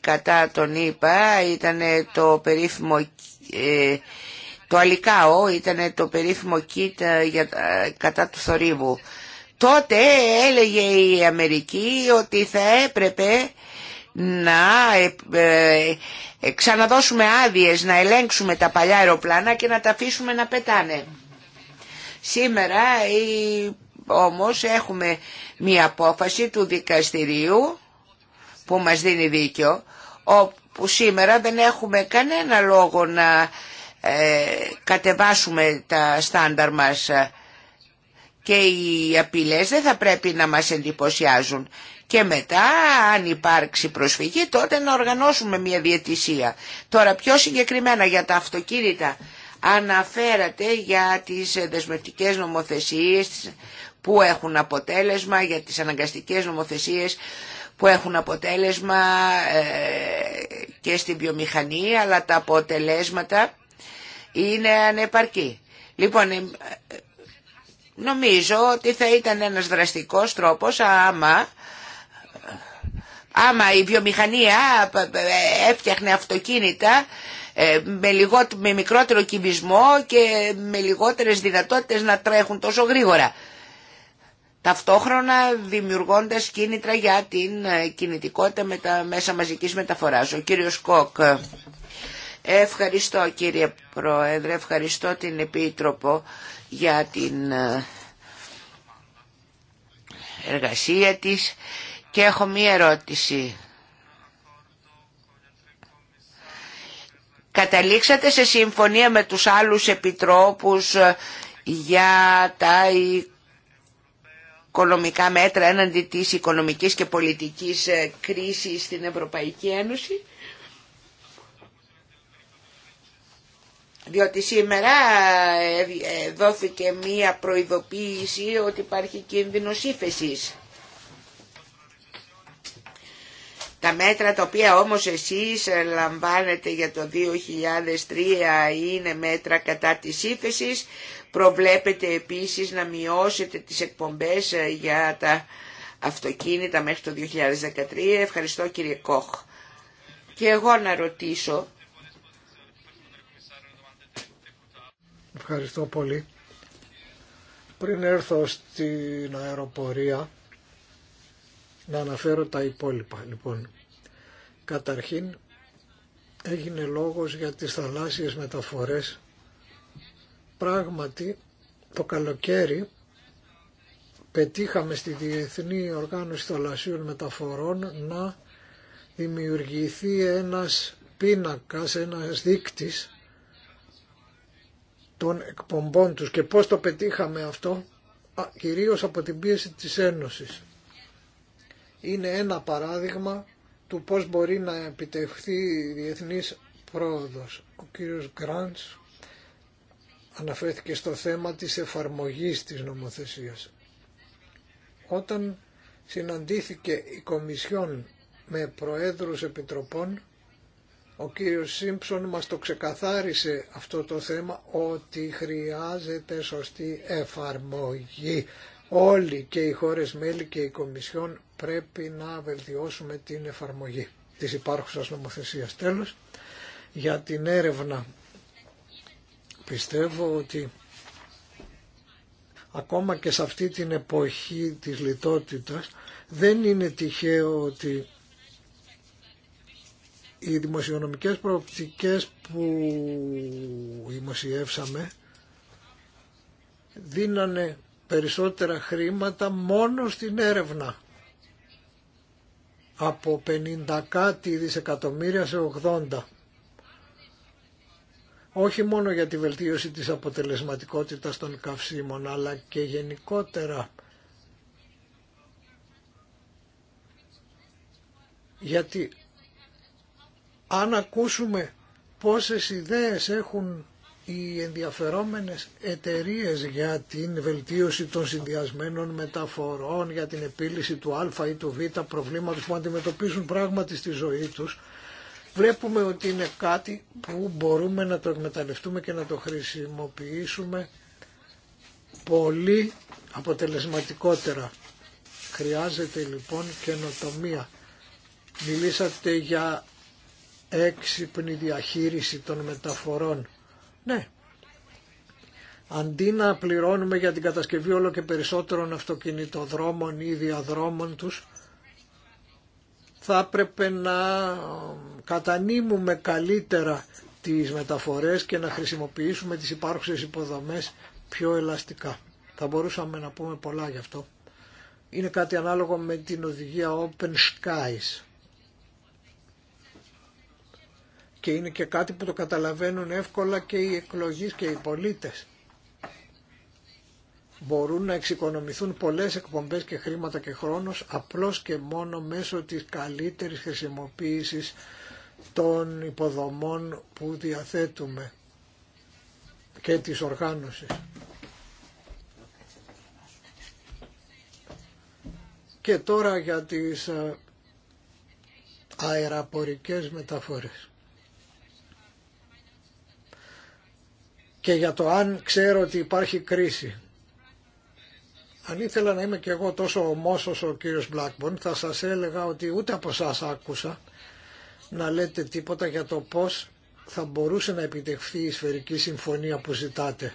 κατά τον ΙΠΑ ήταν το περίφημο ε, το Αλικάο ήταν το περίφημο κίτ ε, κατά του θορύβου τότε έλεγε η Αμερική ότι θα έπρεπε να ε, ε, ξαναδώσουμε άδειες, να ελέγξουμε τα παλιά αεροπλάνα και να τα αφήσουμε να πετάνε. Σήμερα όμως έχουμε μία απόφαση του δικαστηρίου που μας δίνει δίκιο, όπου σήμερα δεν έχουμε κανένα λόγο να ε, κατεβάσουμε τα στάνταρ μας και οι απειλές δεν θα πρέπει να μας εντυπωσιάζουν και μετά αν υπάρξει προσφυγή τότε να οργανώσουμε μια διαιτησία. Τώρα πιο συγκεκριμένα για τα αυτοκίνητα αναφέρατε για τις δεσμευτικές νομοθεσίες που έχουν αποτέλεσμα, για τις αναγκαστικές νομοθεσίες που έχουν αποτέλεσμα ε, και στην βιομηχανία, αλλά τα αποτελέσματα είναι ανεπαρκή. Λοιπόν, ε, νομίζω ότι θα ήταν ένας δραστικός τρόπος άμα Άμα η βιομηχανία έφτιαχνε αυτοκίνητα ε, με, λιγότερο, με μικρότερο κυβισμό και με λιγότερες δυνατότητες να τρέχουν τόσο γρήγορα. Ταυτόχρονα δημιουργώντας κίνητρα για την ε, κινητικότητα με τα μέσα μαζικής μεταφοράς. Ο κύριος Κόκ. Ευχαριστώ κύριε Πρόεδρε, ευχαριστώ την Επίτροπο για την ε, εργασία της και έχω μία ερώτηση. Καταλήξατε σε συμφωνία με τους άλλους επιτρόπους ε, για τα οικονομικά μέτρα έναντι της οικονομικής και πολιτικής ε, κρίσης στην Ευρωπαϊκή Ένωση. Διότι σήμερα ε, δόθηκε μία προειδοποίηση ότι υπάρχει κίνδυνος ύφεσης. Τα μέτρα τα οποία όμως εσείς ε, λαμβάνετε για το 2003 είναι μέτρα κατά της ύφεσης. Προβλέπετε επίσης να μειώσετε τις εκπομπές ε, για τα αυτοκίνητα μέχρι το 2013. Ευχαριστώ κύριε Κόχ. Και εγώ να ρωτήσω. Ευχαριστώ πολύ. Πριν έρθω στην αεροπορία να αναφέρω τα υπόλοιπα. Λοιπόν, καταρχήν έγινε λόγος για τις θαλάσσιες μεταφορές. Πράγματι, το καλοκαίρι πετύχαμε στη Διεθνή Οργάνωση Θαλασσίων Μεταφορών να δημιουργηθεί ένας πίνακας, ένας δείκτης των εκπομπών τους. Και πώς το πετύχαμε αυτό, Α, κυρίως από την πίεση της Ένωσης είναι ένα παράδειγμα του πώς μπορεί να επιτευχθεί η διεθνής πρόοδος. Ο κύριος Γκραντς αναφέρθηκε στο θέμα της εφαρμογής της νομοθεσίας. Όταν συναντήθηκε η Κομισιόν με προέδρους επιτροπών, ο κύριος Σίμψον μας το ξεκαθάρισε αυτό το θέμα ότι χρειάζεται σωστή εφαρμογή Όλοι και οι χώρες μέλη και οι Κομισιόν πρέπει να βελτιώσουμε την εφαρμογή της υπάρχουσας νομοθεσίας. Τέλος, για την έρευνα πιστεύω ότι ακόμα και σε αυτή την εποχή της λιτότητας δεν είναι τυχαίο ότι οι δημοσιονομικές προοπτικές που δημοσιεύσαμε δίνανε περισσότερα χρήματα μόνο στην έρευνα. Από 50 κάτι δισεκατομμύρια σε 80. Όχι μόνο για τη βελτίωση της αποτελεσματικότητας των καυσίμων, αλλά και γενικότερα γιατί αν ακούσουμε πόσες ιδέες έχουν οι ενδιαφερόμενες εταιρείες για την βελτίωση των συνδυασμένων μεταφορών, για την επίλυση του α ή του β προβλήματος που αντιμετωπίζουν πράγματι στη ζωή τους, βλέπουμε ότι είναι κάτι που μπορούμε να το εκμεταλλευτούμε και να το χρησιμοποιήσουμε πολύ αποτελεσματικότερα. Χρειάζεται λοιπόν καινοτομία. Μιλήσατε για έξυπνη διαχείριση των μεταφορών ναι. Αντί να πληρώνουμε για την κατασκευή όλο και περισσότερων αυτοκινητοδρόμων ή διαδρόμων τους, θα έπρεπε να κατανείμουμε καλύτερα τις μεταφορές και να χρησιμοποιήσουμε τις υπάρχουσες υποδομές πιο ελαστικά. Θα μπορούσαμε να πούμε πολλά γι' αυτό. Είναι κάτι ανάλογο με την οδηγία Open Skies. και είναι και κάτι που το καταλαβαίνουν εύκολα και οι εκλογείς και οι πολίτες. Μπορούν να εξοικονομηθούν πολλές εκπομπές και χρήματα και χρόνος απλώς και μόνο μέσω της καλύτερης χρησιμοποίησης των υποδομών που διαθέτουμε και της οργάνωσης. Και τώρα για τις ε, αεραπορικές μεταφορές. και για το αν ξέρω ότι υπάρχει κρίση. Αν ήθελα να είμαι και εγώ τόσο ομός όσο ο κύριος Μπλακμπον θα σας έλεγα ότι ούτε από εσά άκουσα να λέτε τίποτα για το πώς θα μπορούσε να επιτευχθεί η σφαιρική συμφωνία που ζητάτε.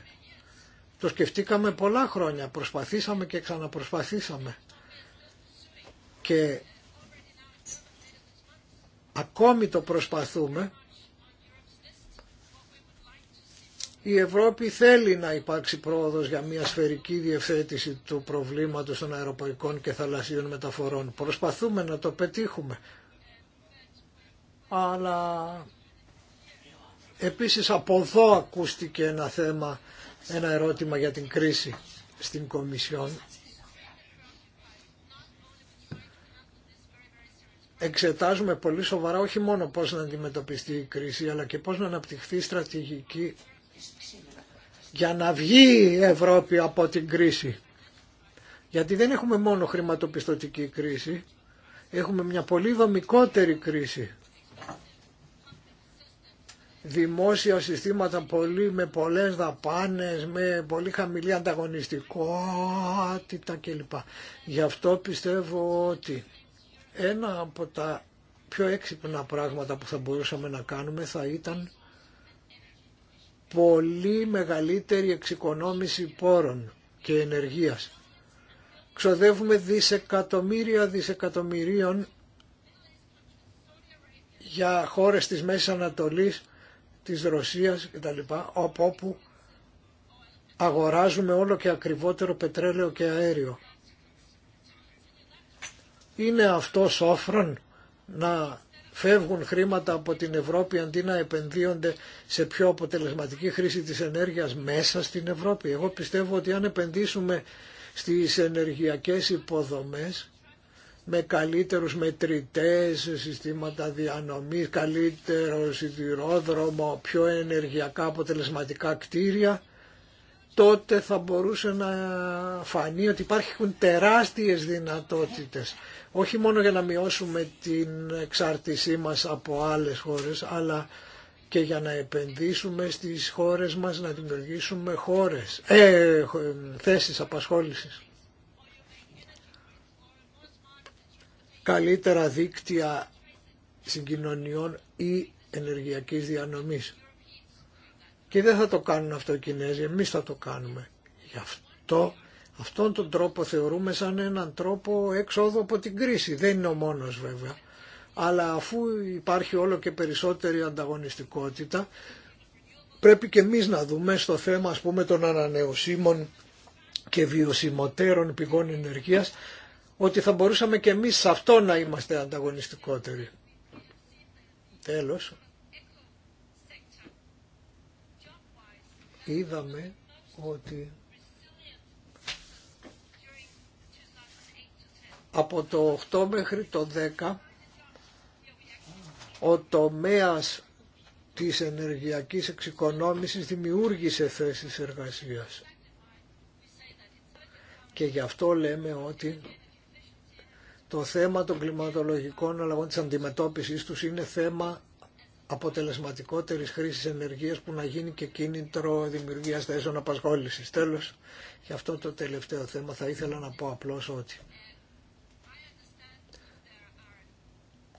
Το σκεφτήκαμε πολλά χρόνια, προσπαθήσαμε και ξαναπροσπαθήσαμε. Και ακόμη το προσπαθούμε Η Ευρώπη θέλει να υπάρξει πρόοδος για μια σφαιρική διευθέτηση του προβλήματος των αεροπορικών και θαλασσίων μεταφορών. Προσπαθούμε να το πετύχουμε. Αλλά επίσης από εδώ ακούστηκε ένα θέμα, ένα ερώτημα για την κρίση στην Κομισιόν. εξετάζουμε πολύ σοβαρά όχι μόνο πώς να αντιμετωπιστεί η κρίση αλλά και πώς να αναπτυχθεί στρατηγική για να βγει η Ευρώπη από την κρίση. Γιατί δεν έχουμε μόνο χρηματοπιστωτική κρίση, έχουμε μια πολύ δομικότερη κρίση. Δημόσια συστήματα πολύ, με πολλές δαπάνες, με πολύ χαμηλή ανταγωνιστικότητα κλπ. Γι' αυτό πιστεύω ότι ένα από τα πιο έξυπνα πράγματα που θα μπορούσαμε να κάνουμε θα ήταν πολύ μεγαλύτερη εξοικονόμηση πόρων και ενεργείας. Ξοδεύουμε δισεκατομμύρια δισεκατομμυρίων για χώρες της Μέσης Ανατολής, της Ρωσίας κτλ. από όπου αγοράζουμε όλο και ακριβότερο πετρέλαιο και αέριο. Είναι αυτό όφρον να φεύγουν χρήματα από την Ευρώπη αντί να επενδύονται σε πιο αποτελεσματική χρήση της ενέργειας μέσα στην Ευρώπη. Εγώ πιστεύω ότι αν επενδύσουμε στις ενεργειακές υποδομές με καλύτερους μετρητές, συστήματα διανομής, καλύτερο σιδηρόδρομο, πιο ενεργειακά αποτελεσματικά κτίρια, τότε θα μπορούσε να φανεί ότι υπάρχουν τεράστιες δυνατότητες όχι μόνο για να μειώσουμε την εξάρτησή μας από άλλες χώρες αλλά και για να επενδύσουμε στις χώρες μας να δημιουργήσουμε χώρες, ε, θέσεις απασχόλησης. Καλύτερα δίκτυα συγκοινωνιών ή ενεργειακής διανομής. Και δεν θα το κάνουν αυτό οι Κινέζοι, εμείς θα το κάνουμε. Γι' αυτό αυτόν τον τρόπο θεωρούμε σαν έναν τρόπο έξοδο από την κρίση. Δεν είναι ο μόνος βέβαια. Αλλά αφού υπάρχει όλο και περισσότερη ανταγωνιστικότητα, πρέπει και εμείς να δούμε στο θέμα ας πούμε των ανανεωσίμων και βιωσιμότερων πηγών ενεργείας, ότι θα μπορούσαμε και εμείς σε αυτό να είμαστε ανταγωνιστικότεροι. Τέλος, είδαμε ότι από το 8 μέχρι το 10 ο τομέας της ενεργειακής εξοικονόμησης δημιούργησε θέσεις εργασίας. Και γι' αυτό λέμε ότι το θέμα των κλιματολογικών αλλαγών της αντιμετώπισης τους είναι θέμα αποτελεσματικότερη χρήση ενεργείας που να γίνει και κίνητρο δημιουργία θέσεων Απασχόληση. Τέλος, για αυτό το τελευταίο θέμα θα ήθελα να πω απλώς ότι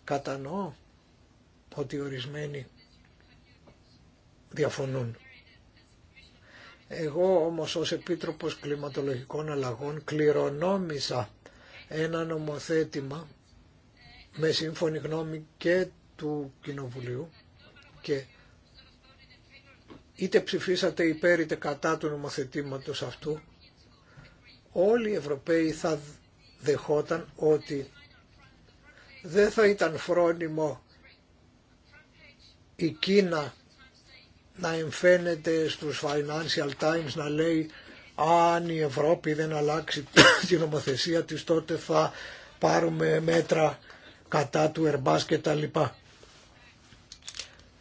κατανοώ ότι ορισμένοι διαφωνούν. Εγώ όμως ως Επίτροπος Κλιματολογικών Αλλαγών κληρονόμησα ένα νομοθέτημα με σύμφωνη γνώμη και του Κοινοβουλίου και είτε ψηφίσατε υπέρ είτε κατά του νομοθετήματος αυτού, όλοι οι Ευρωπαίοι θα δεχόταν ότι δεν θα ήταν φρόνιμο η Κίνα να εμφαίνεται στους Financial Times να λέει αν η Ευρώπη δεν αλλάξει την νομοθεσία της τότε θα πάρουμε μέτρα κατά του Ερμπάς και τα λοιπά.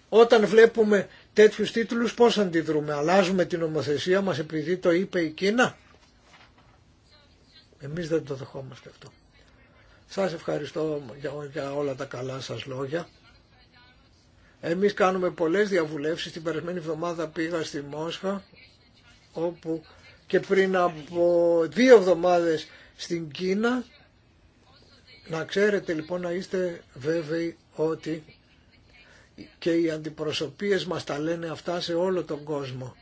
Όταν βλέπουμε τέτοιους τίτλους πώς αντιδρούμε, αλλάζουμε την νομοθεσία μας επειδή το είπε η Κίνα. Εμείς δεν το δεχόμαστε αυτό. Σας ευχαριστώ για, όλα τα καλά σας λόγια. Εμείς κάνουμε πολλές διαβουλεύσεις. Την περασμένη εβδομάδα πήγα στη Μόσχα όπου και πριν από δύο εβδομάδες στην Κίνα. Να ξέρετε λοιπόν να είστε βέβαιοι ότι και οι αντιπροσωπείες μας τα λένε αυτά σε όλο τον κόσμο.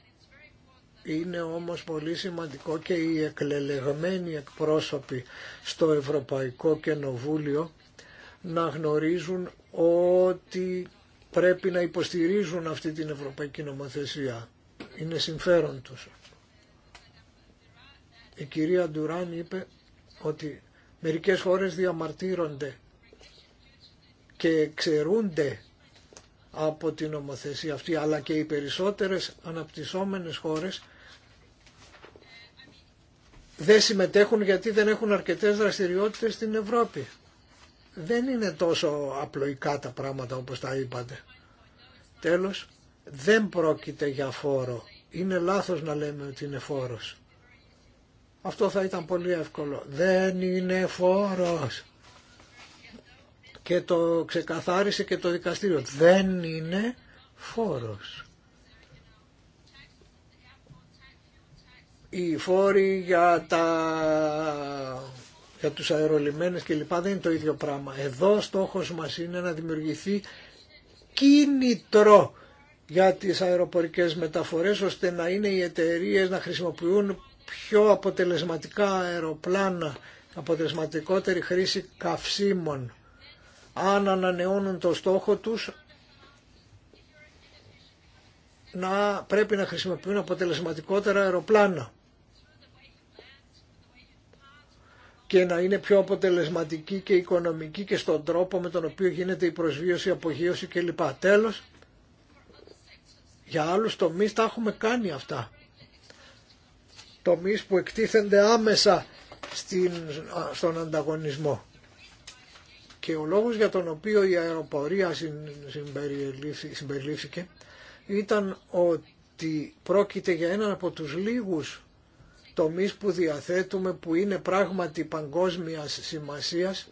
Είναι όμως πολύ σημαντικό και οι εκλελεγμένοι εκπρόσωποι στο Ευρωπαϊκό Κοινοβούλιο να γνωρίζουν ότι πρέπει να υποστηρίζουν αυτή την Ευρωπαϊκή Νομοθεσία. Είναι συμφέρον τους. Η κυρία Ντουράν είπε ότι μερικές χώρες διαμαρτύρονται και ξερούνται από την νομοθεσία αυτή, αλλά και οι περισσότερες αναπτυσσόμενες χώρες δεν συμμετέχουν γιατί δεν έχουν αρκετές δραστηριότητες στην Ευρώπη. Δεν είναι τόσο απλοϊκά τα πράγματα όπως τα είπατε. Τέλος, δεν πρόκειται για φόρο. Είναι λάθος να λέμε ότι είναι φόρος. Αυτό θα ήταν πολύ εύκολο. Δεν είναι φόρος και το ξεκαθάρισε και το δικαστήριο. Δεν είναι φόρος. Οι φόροι για, τα... για τους αερολιμένες και λοιπά δεν είναι το ίδιο πράγμα. Εδώ στόχος μας είναι να δημιουργηθεί κίνητρο για τις αεροπορικές μεταφορές ώστε να είναι οι εταιρείε να χρησιμοποιούν πιο αποτελεσματικά αεροπλάνα, αποτελεσματικότερη χρήση καυσίμων αν ανανεώνουν το στόχο τους να πρέπει να χρησιμοποιούν αποτελεσματικότερα αεροπλάνα και να είναι πιο αποτελεσματική και οικονομική και στον τρόπο με τον οποίο γίνεται η προσβίωση, η απογείωση κλπ. Τέλος, για άλλους τομείς τα έχουμε κάνει αυτά. Τομείς που εκτίθενται άμεσα στην, στον ανταγωνισμό. Και ο λόγος για τον οποίο η αεροπορία συμπεριλήφθηκε ήταν ότι πρόκειται για έναν από τους λίγους τομείς που διαθέτουμε που είναι πράγματι παγκόσμιας σημασίας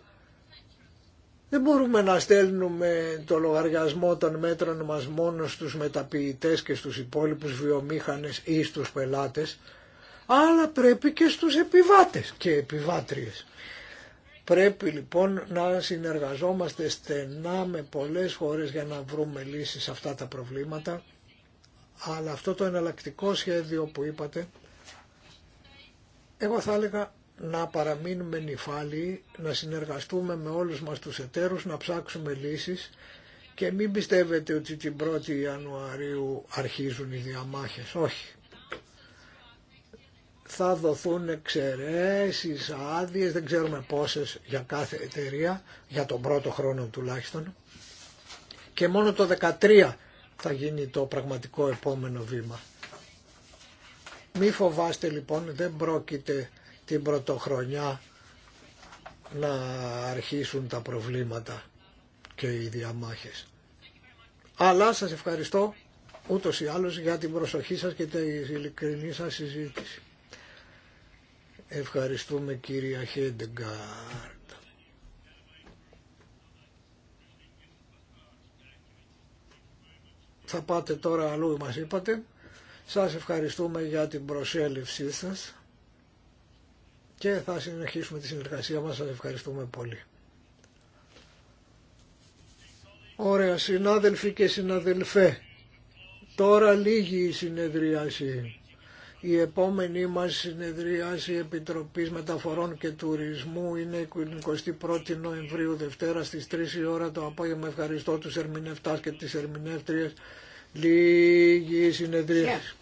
δεν μπορούμε να στέλνουμε το λογαριασμό των μέτρων μας μόνο στους μεταποιητές και στους υπόλοιπους βιομήχανες ή στους πελάτες, αλλά πρέπει και στους επιβάτες και επιβάτριες. Πρέπει λοιπόν να συνεργαζόμαστε στενά με πολλές χώρες για να βρούμε λύσεις σε αυτά τα προβλήματα, αλλά αυτό το εναλλακτικό σχέδιο που είπατε, εγώ θα έλεγα να παραμείνουμε νυφάλιοι, να συνεργαστούμε με όλους μας τους εταίρους, να ψάξουμε λύσεις και μην πιστεύετε ότι την 1η Ιανουαρίου αρχίζουν οι διαμάχες. Όχι θα δοθούν εξαιρέσει, άδειε, δεν ξέρουμε πόσες για κάθε εταιρεία, για τον πρώτο χρόνο τουλάχιστον. Και μόνο το 13 θα γίνει το πραγματικό επόμενο βήμα. Μη φοβάστε λοιπόν, δεν πρόκειται την πρωτοχρονιά να αρχίσουν τα προβλήματα και οι διαμάχες. Αλλά σας ευχαριστώ ούτως ή άλλως για την προσοχή σας και την ειλικρινή σας συζήτηση. Ευχαριστούμε κυρία Χέντεγκάρτ. θα πάτε τώρα αλλού μας είπατε. Σας ευχαριστούμε για την προσέλευσή σας και θα συνεχίσουμε τη συνεργασία μας. Σας ευχαριστούμε πολύ. Ωραία συνάδελφοι και συναδελφέ. Τώρα λίγη η συνεδρίαση. Η επόμενη μας συνεδρίαση Επιτροπής Μεταφορών και Τουρισμού είναι 21η Νοεμβρίου Δευτέρα στις 3 η ώρα το απόγευμα. Ευχαριστώ τους ερμηνευτάς και τις ερμηνεύτριες. Λίγη συνεδρίαση.